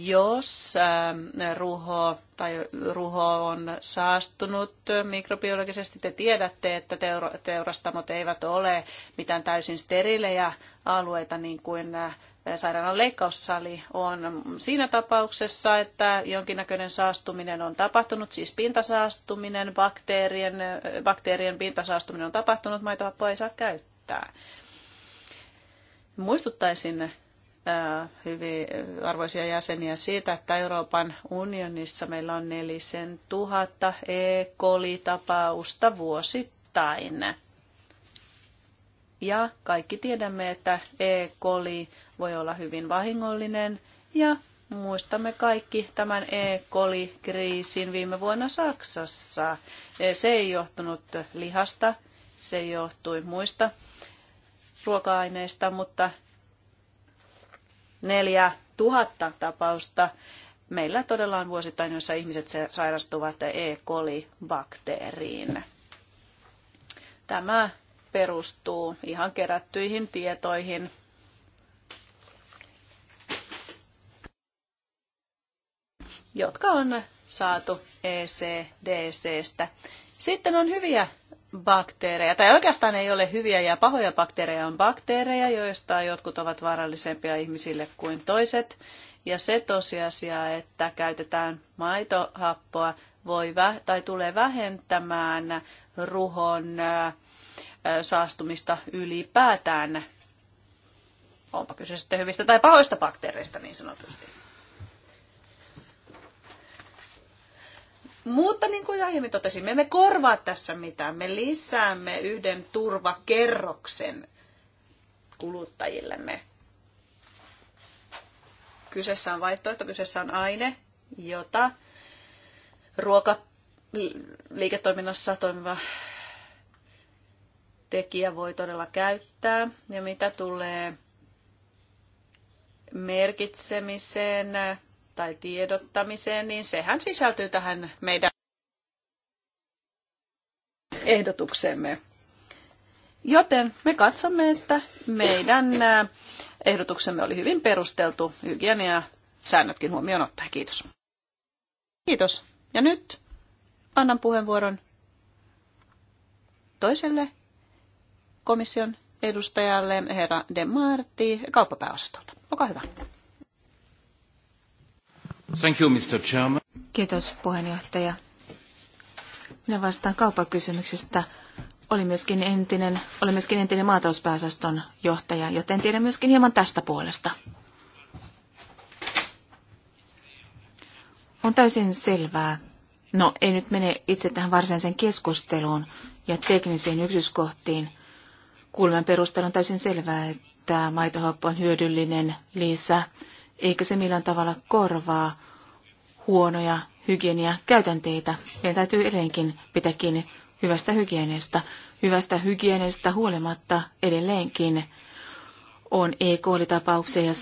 jos ähm, ruho, tai ruho on saastunut mikrobiologisesti, te tiedätte, että teurastamot eivät ole mitään täysin sterilejä alueita, niin kuin äh, sairaalan leikkaussali on siinä tapauksessa, että jonkinnäköinen saastuminen on tapahtunut, siis pintasaastuminen, bakteerien, äh, bakteerien pintasaastuminen on tapahtunut, maitohappoa ei saa käyttää. Muistuttaisin hyvin arvoisia jäseniä siitä, että Euroopan unionissa meillä on nelisen tuhatta e tapausta vuosittain. Ja kaikki tiedämme, että e-koli voi olla hyvin vahingollinen ja muistamme kaikki tämän e-koli-kriisin viime vuonna Saksassa. Se ei johtunut lihasta, se johtui muista ruoka-aineista, mutta neljä tuhatta tapausta. Meillä todella on vuosittain, jossa ihmiset sairastuvat E. coli-bakteeriin. Tämä perustuu ihan kerättyihin tietoihin. jotka on saatu ECDCstä. Sitten on hyviä bakteereja, tai oikeastaan ei ole hyviä ja pahoja bakteereja, on bakteereja, joista jotkut ovat vaarallisempia ihmisille kuin toiset. Ja se tosiasia, että käytetään maitohappoa, voi vä- tai tulee vähentämään ruhon saastumista ylipäätään. Onpa kyse sitten hyvistä tai pahoista bakteereista niin sanotusti. Mutta niin kuin aiemmin totesin, me emme korvaa tässä mitään. Me lisäämme yhden turvakerroksen kuluttajillemme. Kyseessä on vaihtoehto, kyseessä on aine, jota ruokaliiketoiminnassa toimiva tekijä voi todella käyttää. Ja mitä tulee merkitsemiseen, tai tiedottamiseen, niin sehän sisältyy tähän meidän ehdotuksemme. Joten me katsomme, että meidän ehdotuksemme oli hyvin perusteltu hygienia säännötkin huomioon ottaen. Kiitos. Kiitos. Ja nyt annan puheenvuoron toiselle komission edustajalle, herra De Marti, kauppapääosastolta. Olkaa hyvä. Thank you, Mr. Chairman. Kiitos puheenjohtaja. Minä vastaan kauppakysymyksestä. Olin myöskin entinen, olin myöskin entinen maatalouspääsaston johtaja, joten tiedän myöskin hieman tästä puolesta. On täysin selvää. No, ei nyt mene itse tähän varsinaiseen keskusteluun ja teknisiin yksityiskohtiin. Kulman perusteella on täysin selvää, että maitohappo on hyödyllinen lisä, eikä se millään tavalla korvaa huonoja hygieniakäytänteitä. Meidän täytyy edelleenkin pitää kiinni hyvästä hygieniasta. Hyvästä hygieniasta huolimatta edelleenkin on E. tapauksia ja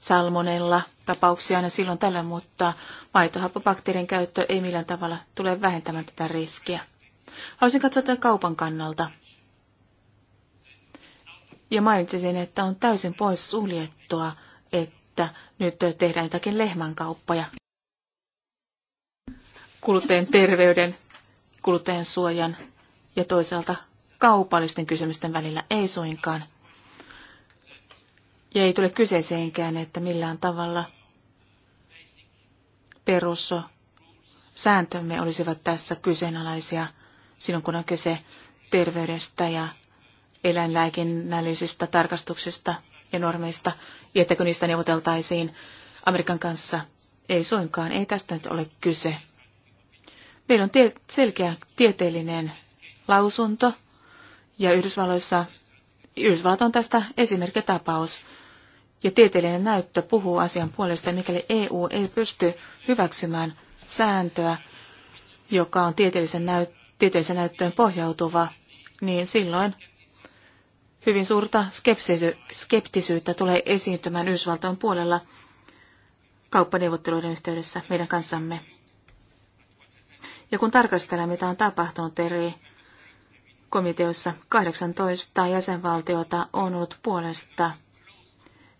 salmonella tapauksia aina silloin tällä, mutta maitohappobakteerin käyttö ei millään tavalla tule vähentämään tätä riskiä. Haluaisin katsoa tämän kaupan kannalta. Ja mainitsisin, että on täysin pois suljettua, että nyt tehdään jotakin lehmänkauppoja kuluttajien terveyden, kuluttajien suojan ja toisaalta kaupallisten kysymysten välillä ei suinkaan. Ja ei tule kyseeseenkään, että millään tavalla perusso sääntömme olisivat tässä kyseenalaisia silloin, kun on kyse terveydestä ja eläinlääkinnällisistä tarkastuksista ja normeista, ja kun niistä neuvoteltaisiin Amerikan kanssa. Ei suinkaan, ei tästä nyt ole kyse. Meillä on tie- selkeä tieteellinen lausunto ja Yhdysvalloissa, Yhdysvallat on tästä esimerkkitapaus. Ja tieteellinen näyttö puhuu asian puolesta, mikäli EU ei pysty hyväksymään sääntöä, joka on tieteellisen, näyt- tieteellisen näyttöön pohjautuva, niin silloin hyvin suurta skeptisy- skeptisyyttä tulee esiintymään Yhdysvaltojen puolella kauppaneuvotteluiden yhteydessä meidän kanssamme. Ja kun tarkastellaan, mitä on tapahtunut eri komiteoissa, 18 jäsenvaltiota on ollut puolesta.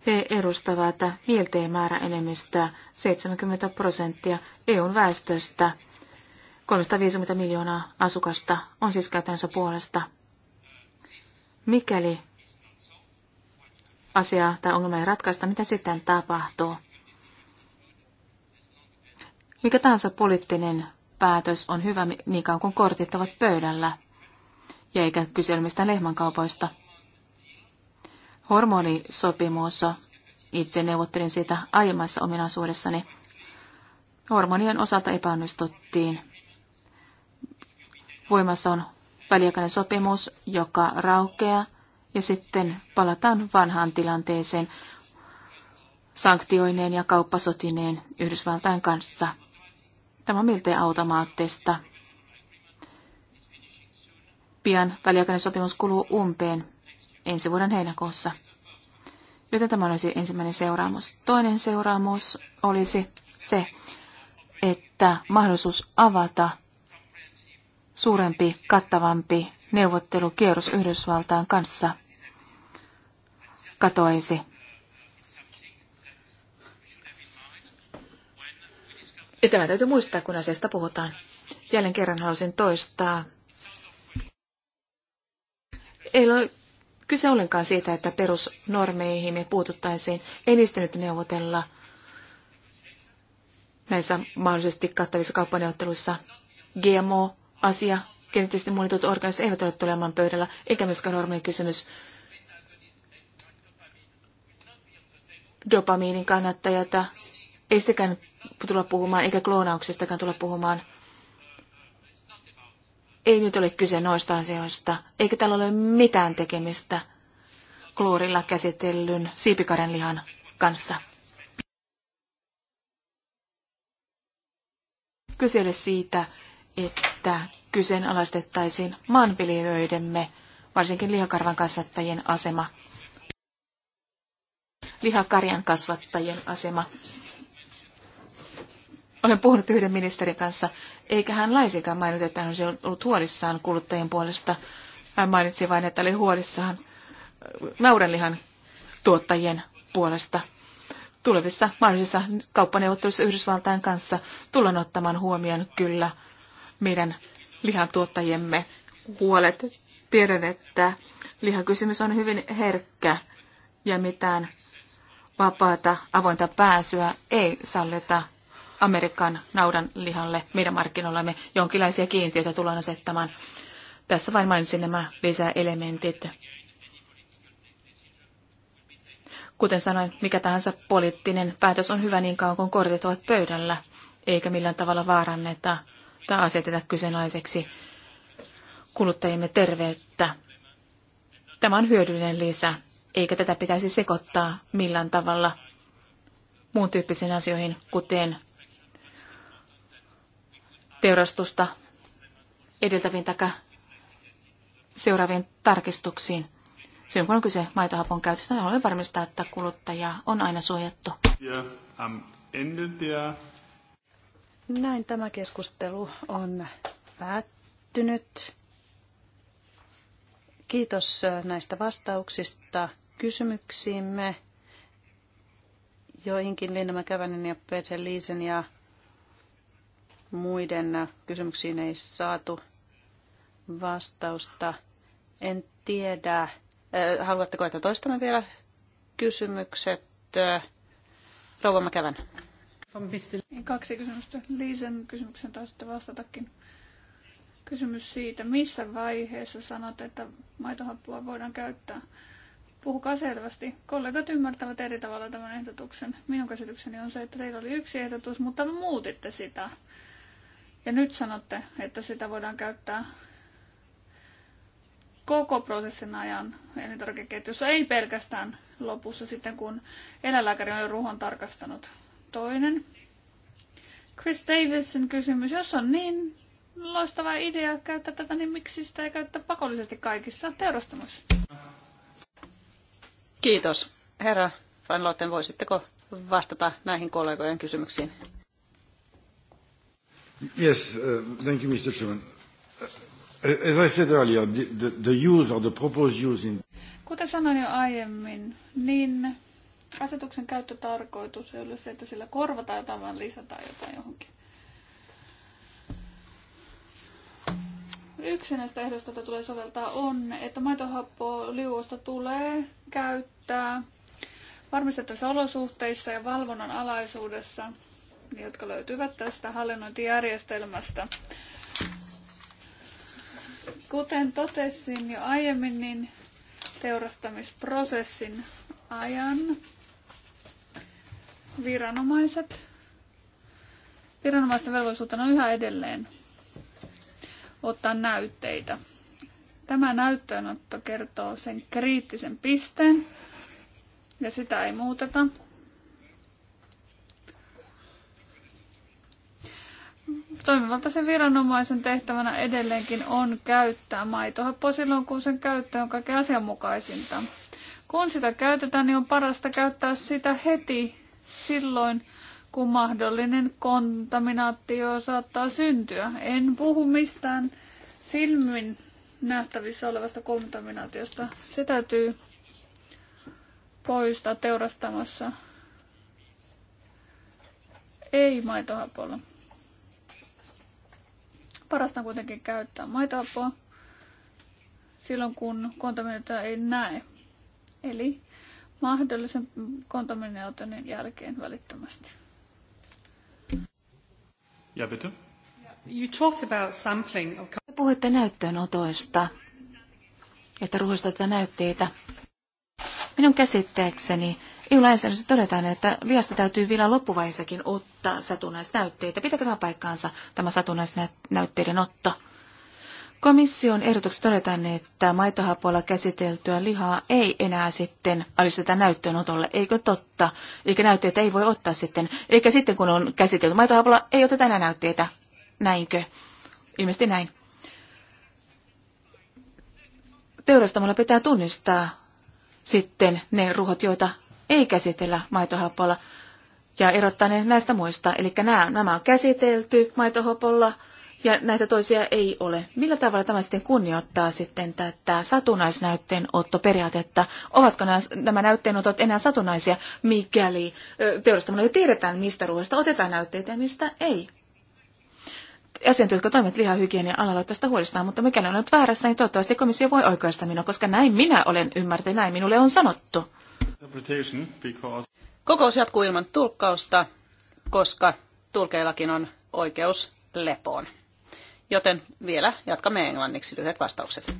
He edustavat miltei määrä enemmistöä, 70 prosenttia EUn väestöstä. 350 miljoonaa asukasta on siis käytännössä puolesta. Mikäli asia tai ongelma ei ratkaista, mitä sitten tapahtuu? Mikä tahansa poliittinen päätös on hyvä niin kauan kuin kortit ovat pöydällä, ja eikä kyselmistä lehmänkaupoista. Hormonisopimus, itse neuvottelin siitä aiemmassa ominaisuudessani, hormonien osalta epäonnistuttiin. Voimassa on väliaikainen sopimus, joka raukeaa, ja sitten palataan vanhaan tilanteeseen sanktioineen ja kauppasotineen Yhdysvaltain kanssa – Tämä on miltei automaattista. Pian väliaikainen sopimus kuluu umpeen ensi vuoden heinäkuussa. Joten tämä olisi ensimmäinen seuraamus. Toinen seuraamus olisi se, että mahdollisuus avata suurempi, kattavampi neuvottelukierros Yhdysvaltain kanssa katoaisi. Ja tämä täytyy muistaa, kun asiasta puhutaan. Jälleen kerran haluaisin toistaa. Ei ole kyse ollenkaan siitä, että perusnormeihin me puututtaisiin. Ei niistä nyt neuvotella näissä mahdollisesti kattavissa kauppaneuvotteluissa. GMO-asia, geneettisesti muunitut organismit eivät ole tulemaan pöydällä, eikä myöskään normien kysymys. Dopamiinin kannattajata ei sitäkään tulla puhumaan, eikä kloonauksestakaan tulla puhumaan. Ei nyt ole kyse noista asioista, eikä täällä ole mitään tekemistä kloorilla käsitellyn siipikaren lihan kanssa. Kyse oli siitä, että kyseenalaistettaisiin maanviljelijöidemme, varsinkin lihakarvan kasvattajien asema. Lihakarjan kasvattajien asema. Olen puhunut yhden ministerin kanssa, eikä hän laisinkaan maininnut, että hän olisi ollut huolissaan kuluttajien puolesta. Hän mainitsi vain, että oli huolissaan äh, naudanlihan tuottajien puolesta. Tulevissa mahdollisissa kauppaneuvotteluissa Yhdysvaltain kanssa tullaan ottamaan huomioon kyllä meidän lihantuottajiemme huolet. Tiedän, että lihakysymys on hyvin herkkä ja mitään vapaata avointa pääsyä ei sallita Amerikan naudan lihalle meidän markkinoillamme jonkinlaisia kiintiöitä tullaan asettamaan. Tässä vain mainitsin nämä lisäelementit. Kuten sanoin, mikä tahansa poliittinen päätös on hyvä niin kauan kuin kortit ovat pöydällä, eikä millään tavalla vaaranneta tai aseteta kyseenalaiseksi kuluttajimme terveyttä. Tämä on hyödyllinen lisä, eikä tätä pitäisi sekoittaa millään tavalla muun tyyppisiin asioihin, kuten teurastusta edeltäviin tai seuraaviin tarkistuksiin. Silloin kun on kyse maitohapon käytöstä, haluan varmistaa, että kuluttaja on aina suojattu. Näin tämä keskustelu on päättynyt. Kiitos näistä vastauksista kysymyksiimme, joihinkin Linnama Kävänen ja Peter Liisen ja muiden kysymyksiin ei saatu vastausta. En tiedä, äh, haluatteko, että toistamme vielä kysymykset? Äh, Rouva Mäkävän. Kaksi kysymystä. Liisen kysymyksen taisitte vastatakin. Kysymys siitä, missä vaiheessa sanot, että maitohappua voidaan käyttää. Puhukaa selvästi. Kollegat ymmärtävät eri tavalla tämän ehdotuksen. Minun käsitykseni on se, että teillä oli yksi ehdotus, mutta muutitte sitä. Ja nyt sanotte, että sitä voidaan käyttää koko prosessin ajan elintarvikeketjussa, ei pelkästään lopussa sitten, kun eläinlääkäri on jo ruhon tarkastanut. Toinen. Chris Davisin kysymys. Jos on niin loistava idea käyttää tätä, niin miksi sitä ei käyttää pakollisesti kaikissa teurastamoissa? Kiitos. Herra Van Lotten, voisitteko vastata näihin kollegojen kysymyksiin? Yes, uh, thank you, Mr. Chairman. Uh, as I said earlier, the, the, the use or the proposed use in... Kuten sanoin jo aiemmin, niin asetuksen käyttötarkoitus ei ole se, että sillä korvataan jotain, vaan lisätään jotain johonkin. Yksi näistä ehdoista, jota tulee soveltaa, on, että maitohappoa liuosta tulee käyttää varmistettavissa olosuhteissa ja valvonnan alaisuudessa – jotka löytyvät tästä hallinnointijärjestelmästä. Kuten totesin jo aiemmin, niin teurastamisprosessin ajan viranomaiset, viranomaisten velvollisuutena on yhä edelleen ottaa näytteitä. Tämä näyttöönotto kertoo sen kriittisen pisteen ja sitä ei muuteta. Toimivaltaisen viranomaisen tehtävänä edelleenkin on käyttää maitohappoa silloin, kun sen käyttö on kaikkein asianmukaisinta. Kun sitä käytetään, niin on parasta käyttää sitä heti silloin, kun mahdollinen kontaminaatio saattaa syntyä. En puhu mistään silmin nähtävissä olevasta kontaminaatiosta. Se täytyy poistaa teurastamassa. Ei maitohapolla. Parasta on kuitenkin käyttää maitoapua silloin, kun kontaminaatiota ei näe. Eli mahdollisen kontaminaation jälkeen välittömästi. Ja bitte. You talked about sampling of... Puhuitte näyttöönotoista, että ruoistetaan näytteitä. Minun käsitteekseni. EU-lainsäädännössä todetaan, että viasta täytyy vielä loppuvaiheessakin ottaa satunnaisnäytteitä. Pitäkö tämä paikkaansa, tämä satunnaisnäytteiden otto? Komission ehdotuksessa todetaan, että maitohapoilla käsiteltyä lihaa ei enää sitten alisteta näyttöönotolle, eikö totta? Eikä näytteitä ei voi ottaa sitten, eikä sitten kun on käsitelty maitohapoilla, ei oteta enää näytteitä, näinkö? Ilmeisesti näin. Teurastamalla pitää tunnistaa sitten ne ruhot, joita ei käsitellä maitohapolla ja erottaa ne näistä muista. Eli nämä, nämä on käsitelty maitohapolla ja näitä toisia ei ole. Millä tavalla tämä sitten kunnioittaa sitten tätä satunnaisnäytteen ottoperiaatetta? Ovatko nämä, nämä näytteenotot enää satunnaisia, mikäli teurastamalla jo tiedetään, mistä ruoasta otetaan näytteitä ja mistä ei? jäsentyy, jotka toimivat lihahygienian alalla tästä huolestaan, mutta mikä on nyt väärässä, niin toivottavasti komissio voi oikaista minua, koska näin minä olen ymmärtänyt, näin minulle on sanottu. Kokous jatkuu ilman tulkkausta, koska tulkeillakin on oikeus lepoon. Joten vielä jatkamme englanniksi lyhyet vastaukset.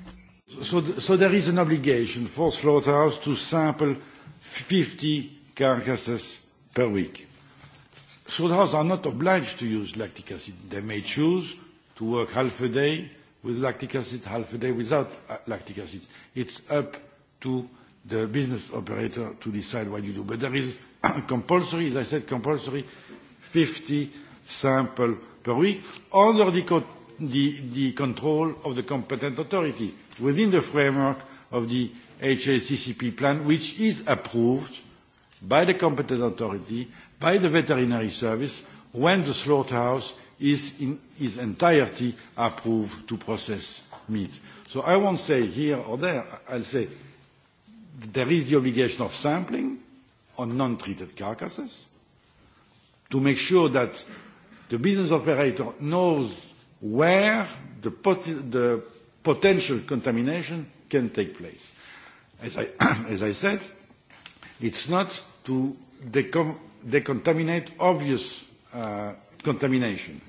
So, so there is an obligation for slaughterhouse to sample 50 carcasses per week. Slaughterhouses are not obliged to use lactic acid. They may choose to work half a day with lactic acid, half a day without uh, lactic acid. It's up to the business operator to decide what you do. But there is compulsory, as I said, compulsory 50 sample per week under the, the, the control of the competent authority within the framework of the HACCP plan, which is approved by the competent authority, by the veterinary service, when the slaughterhouse is in its entirety approved to process meat. So I won't say here or there, I'll say there is the obligation of sampling on non-treated carcasses to make sure that the business operator knows where the, pot- the potential contamination can take place. As I, as I said, it's not to decom- decontaminate obvious uh, contamination.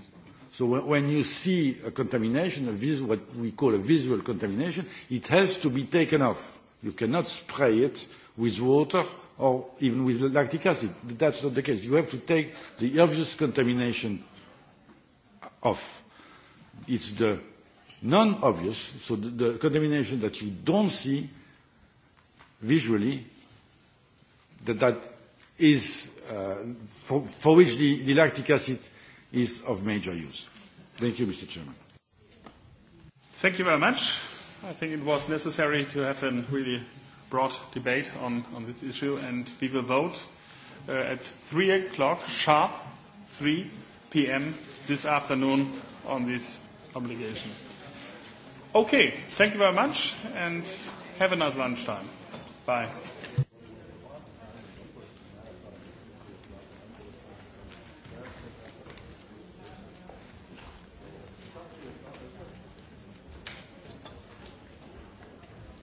So when you see a contamination, a vis- what we call a visual contamination, it has to be taken off You cannot spray it with water or even with lactic acid. That's not the case. You have to take the obvious contamination off. It's the non-obvious, so the, the contamination that you don't see visually, that, that is uh, for, for which the, the lactic acid is of major use. Thank you, Mr. Chairman. Thank you very much. I think it was necessary to have a really broad debate on, on this issue, and we will vote uh, at 3 o'clock sharp, 3 p.m. this afternoon on this obligation. Okay, thank you very much, and have a nice lunchtime. Bye.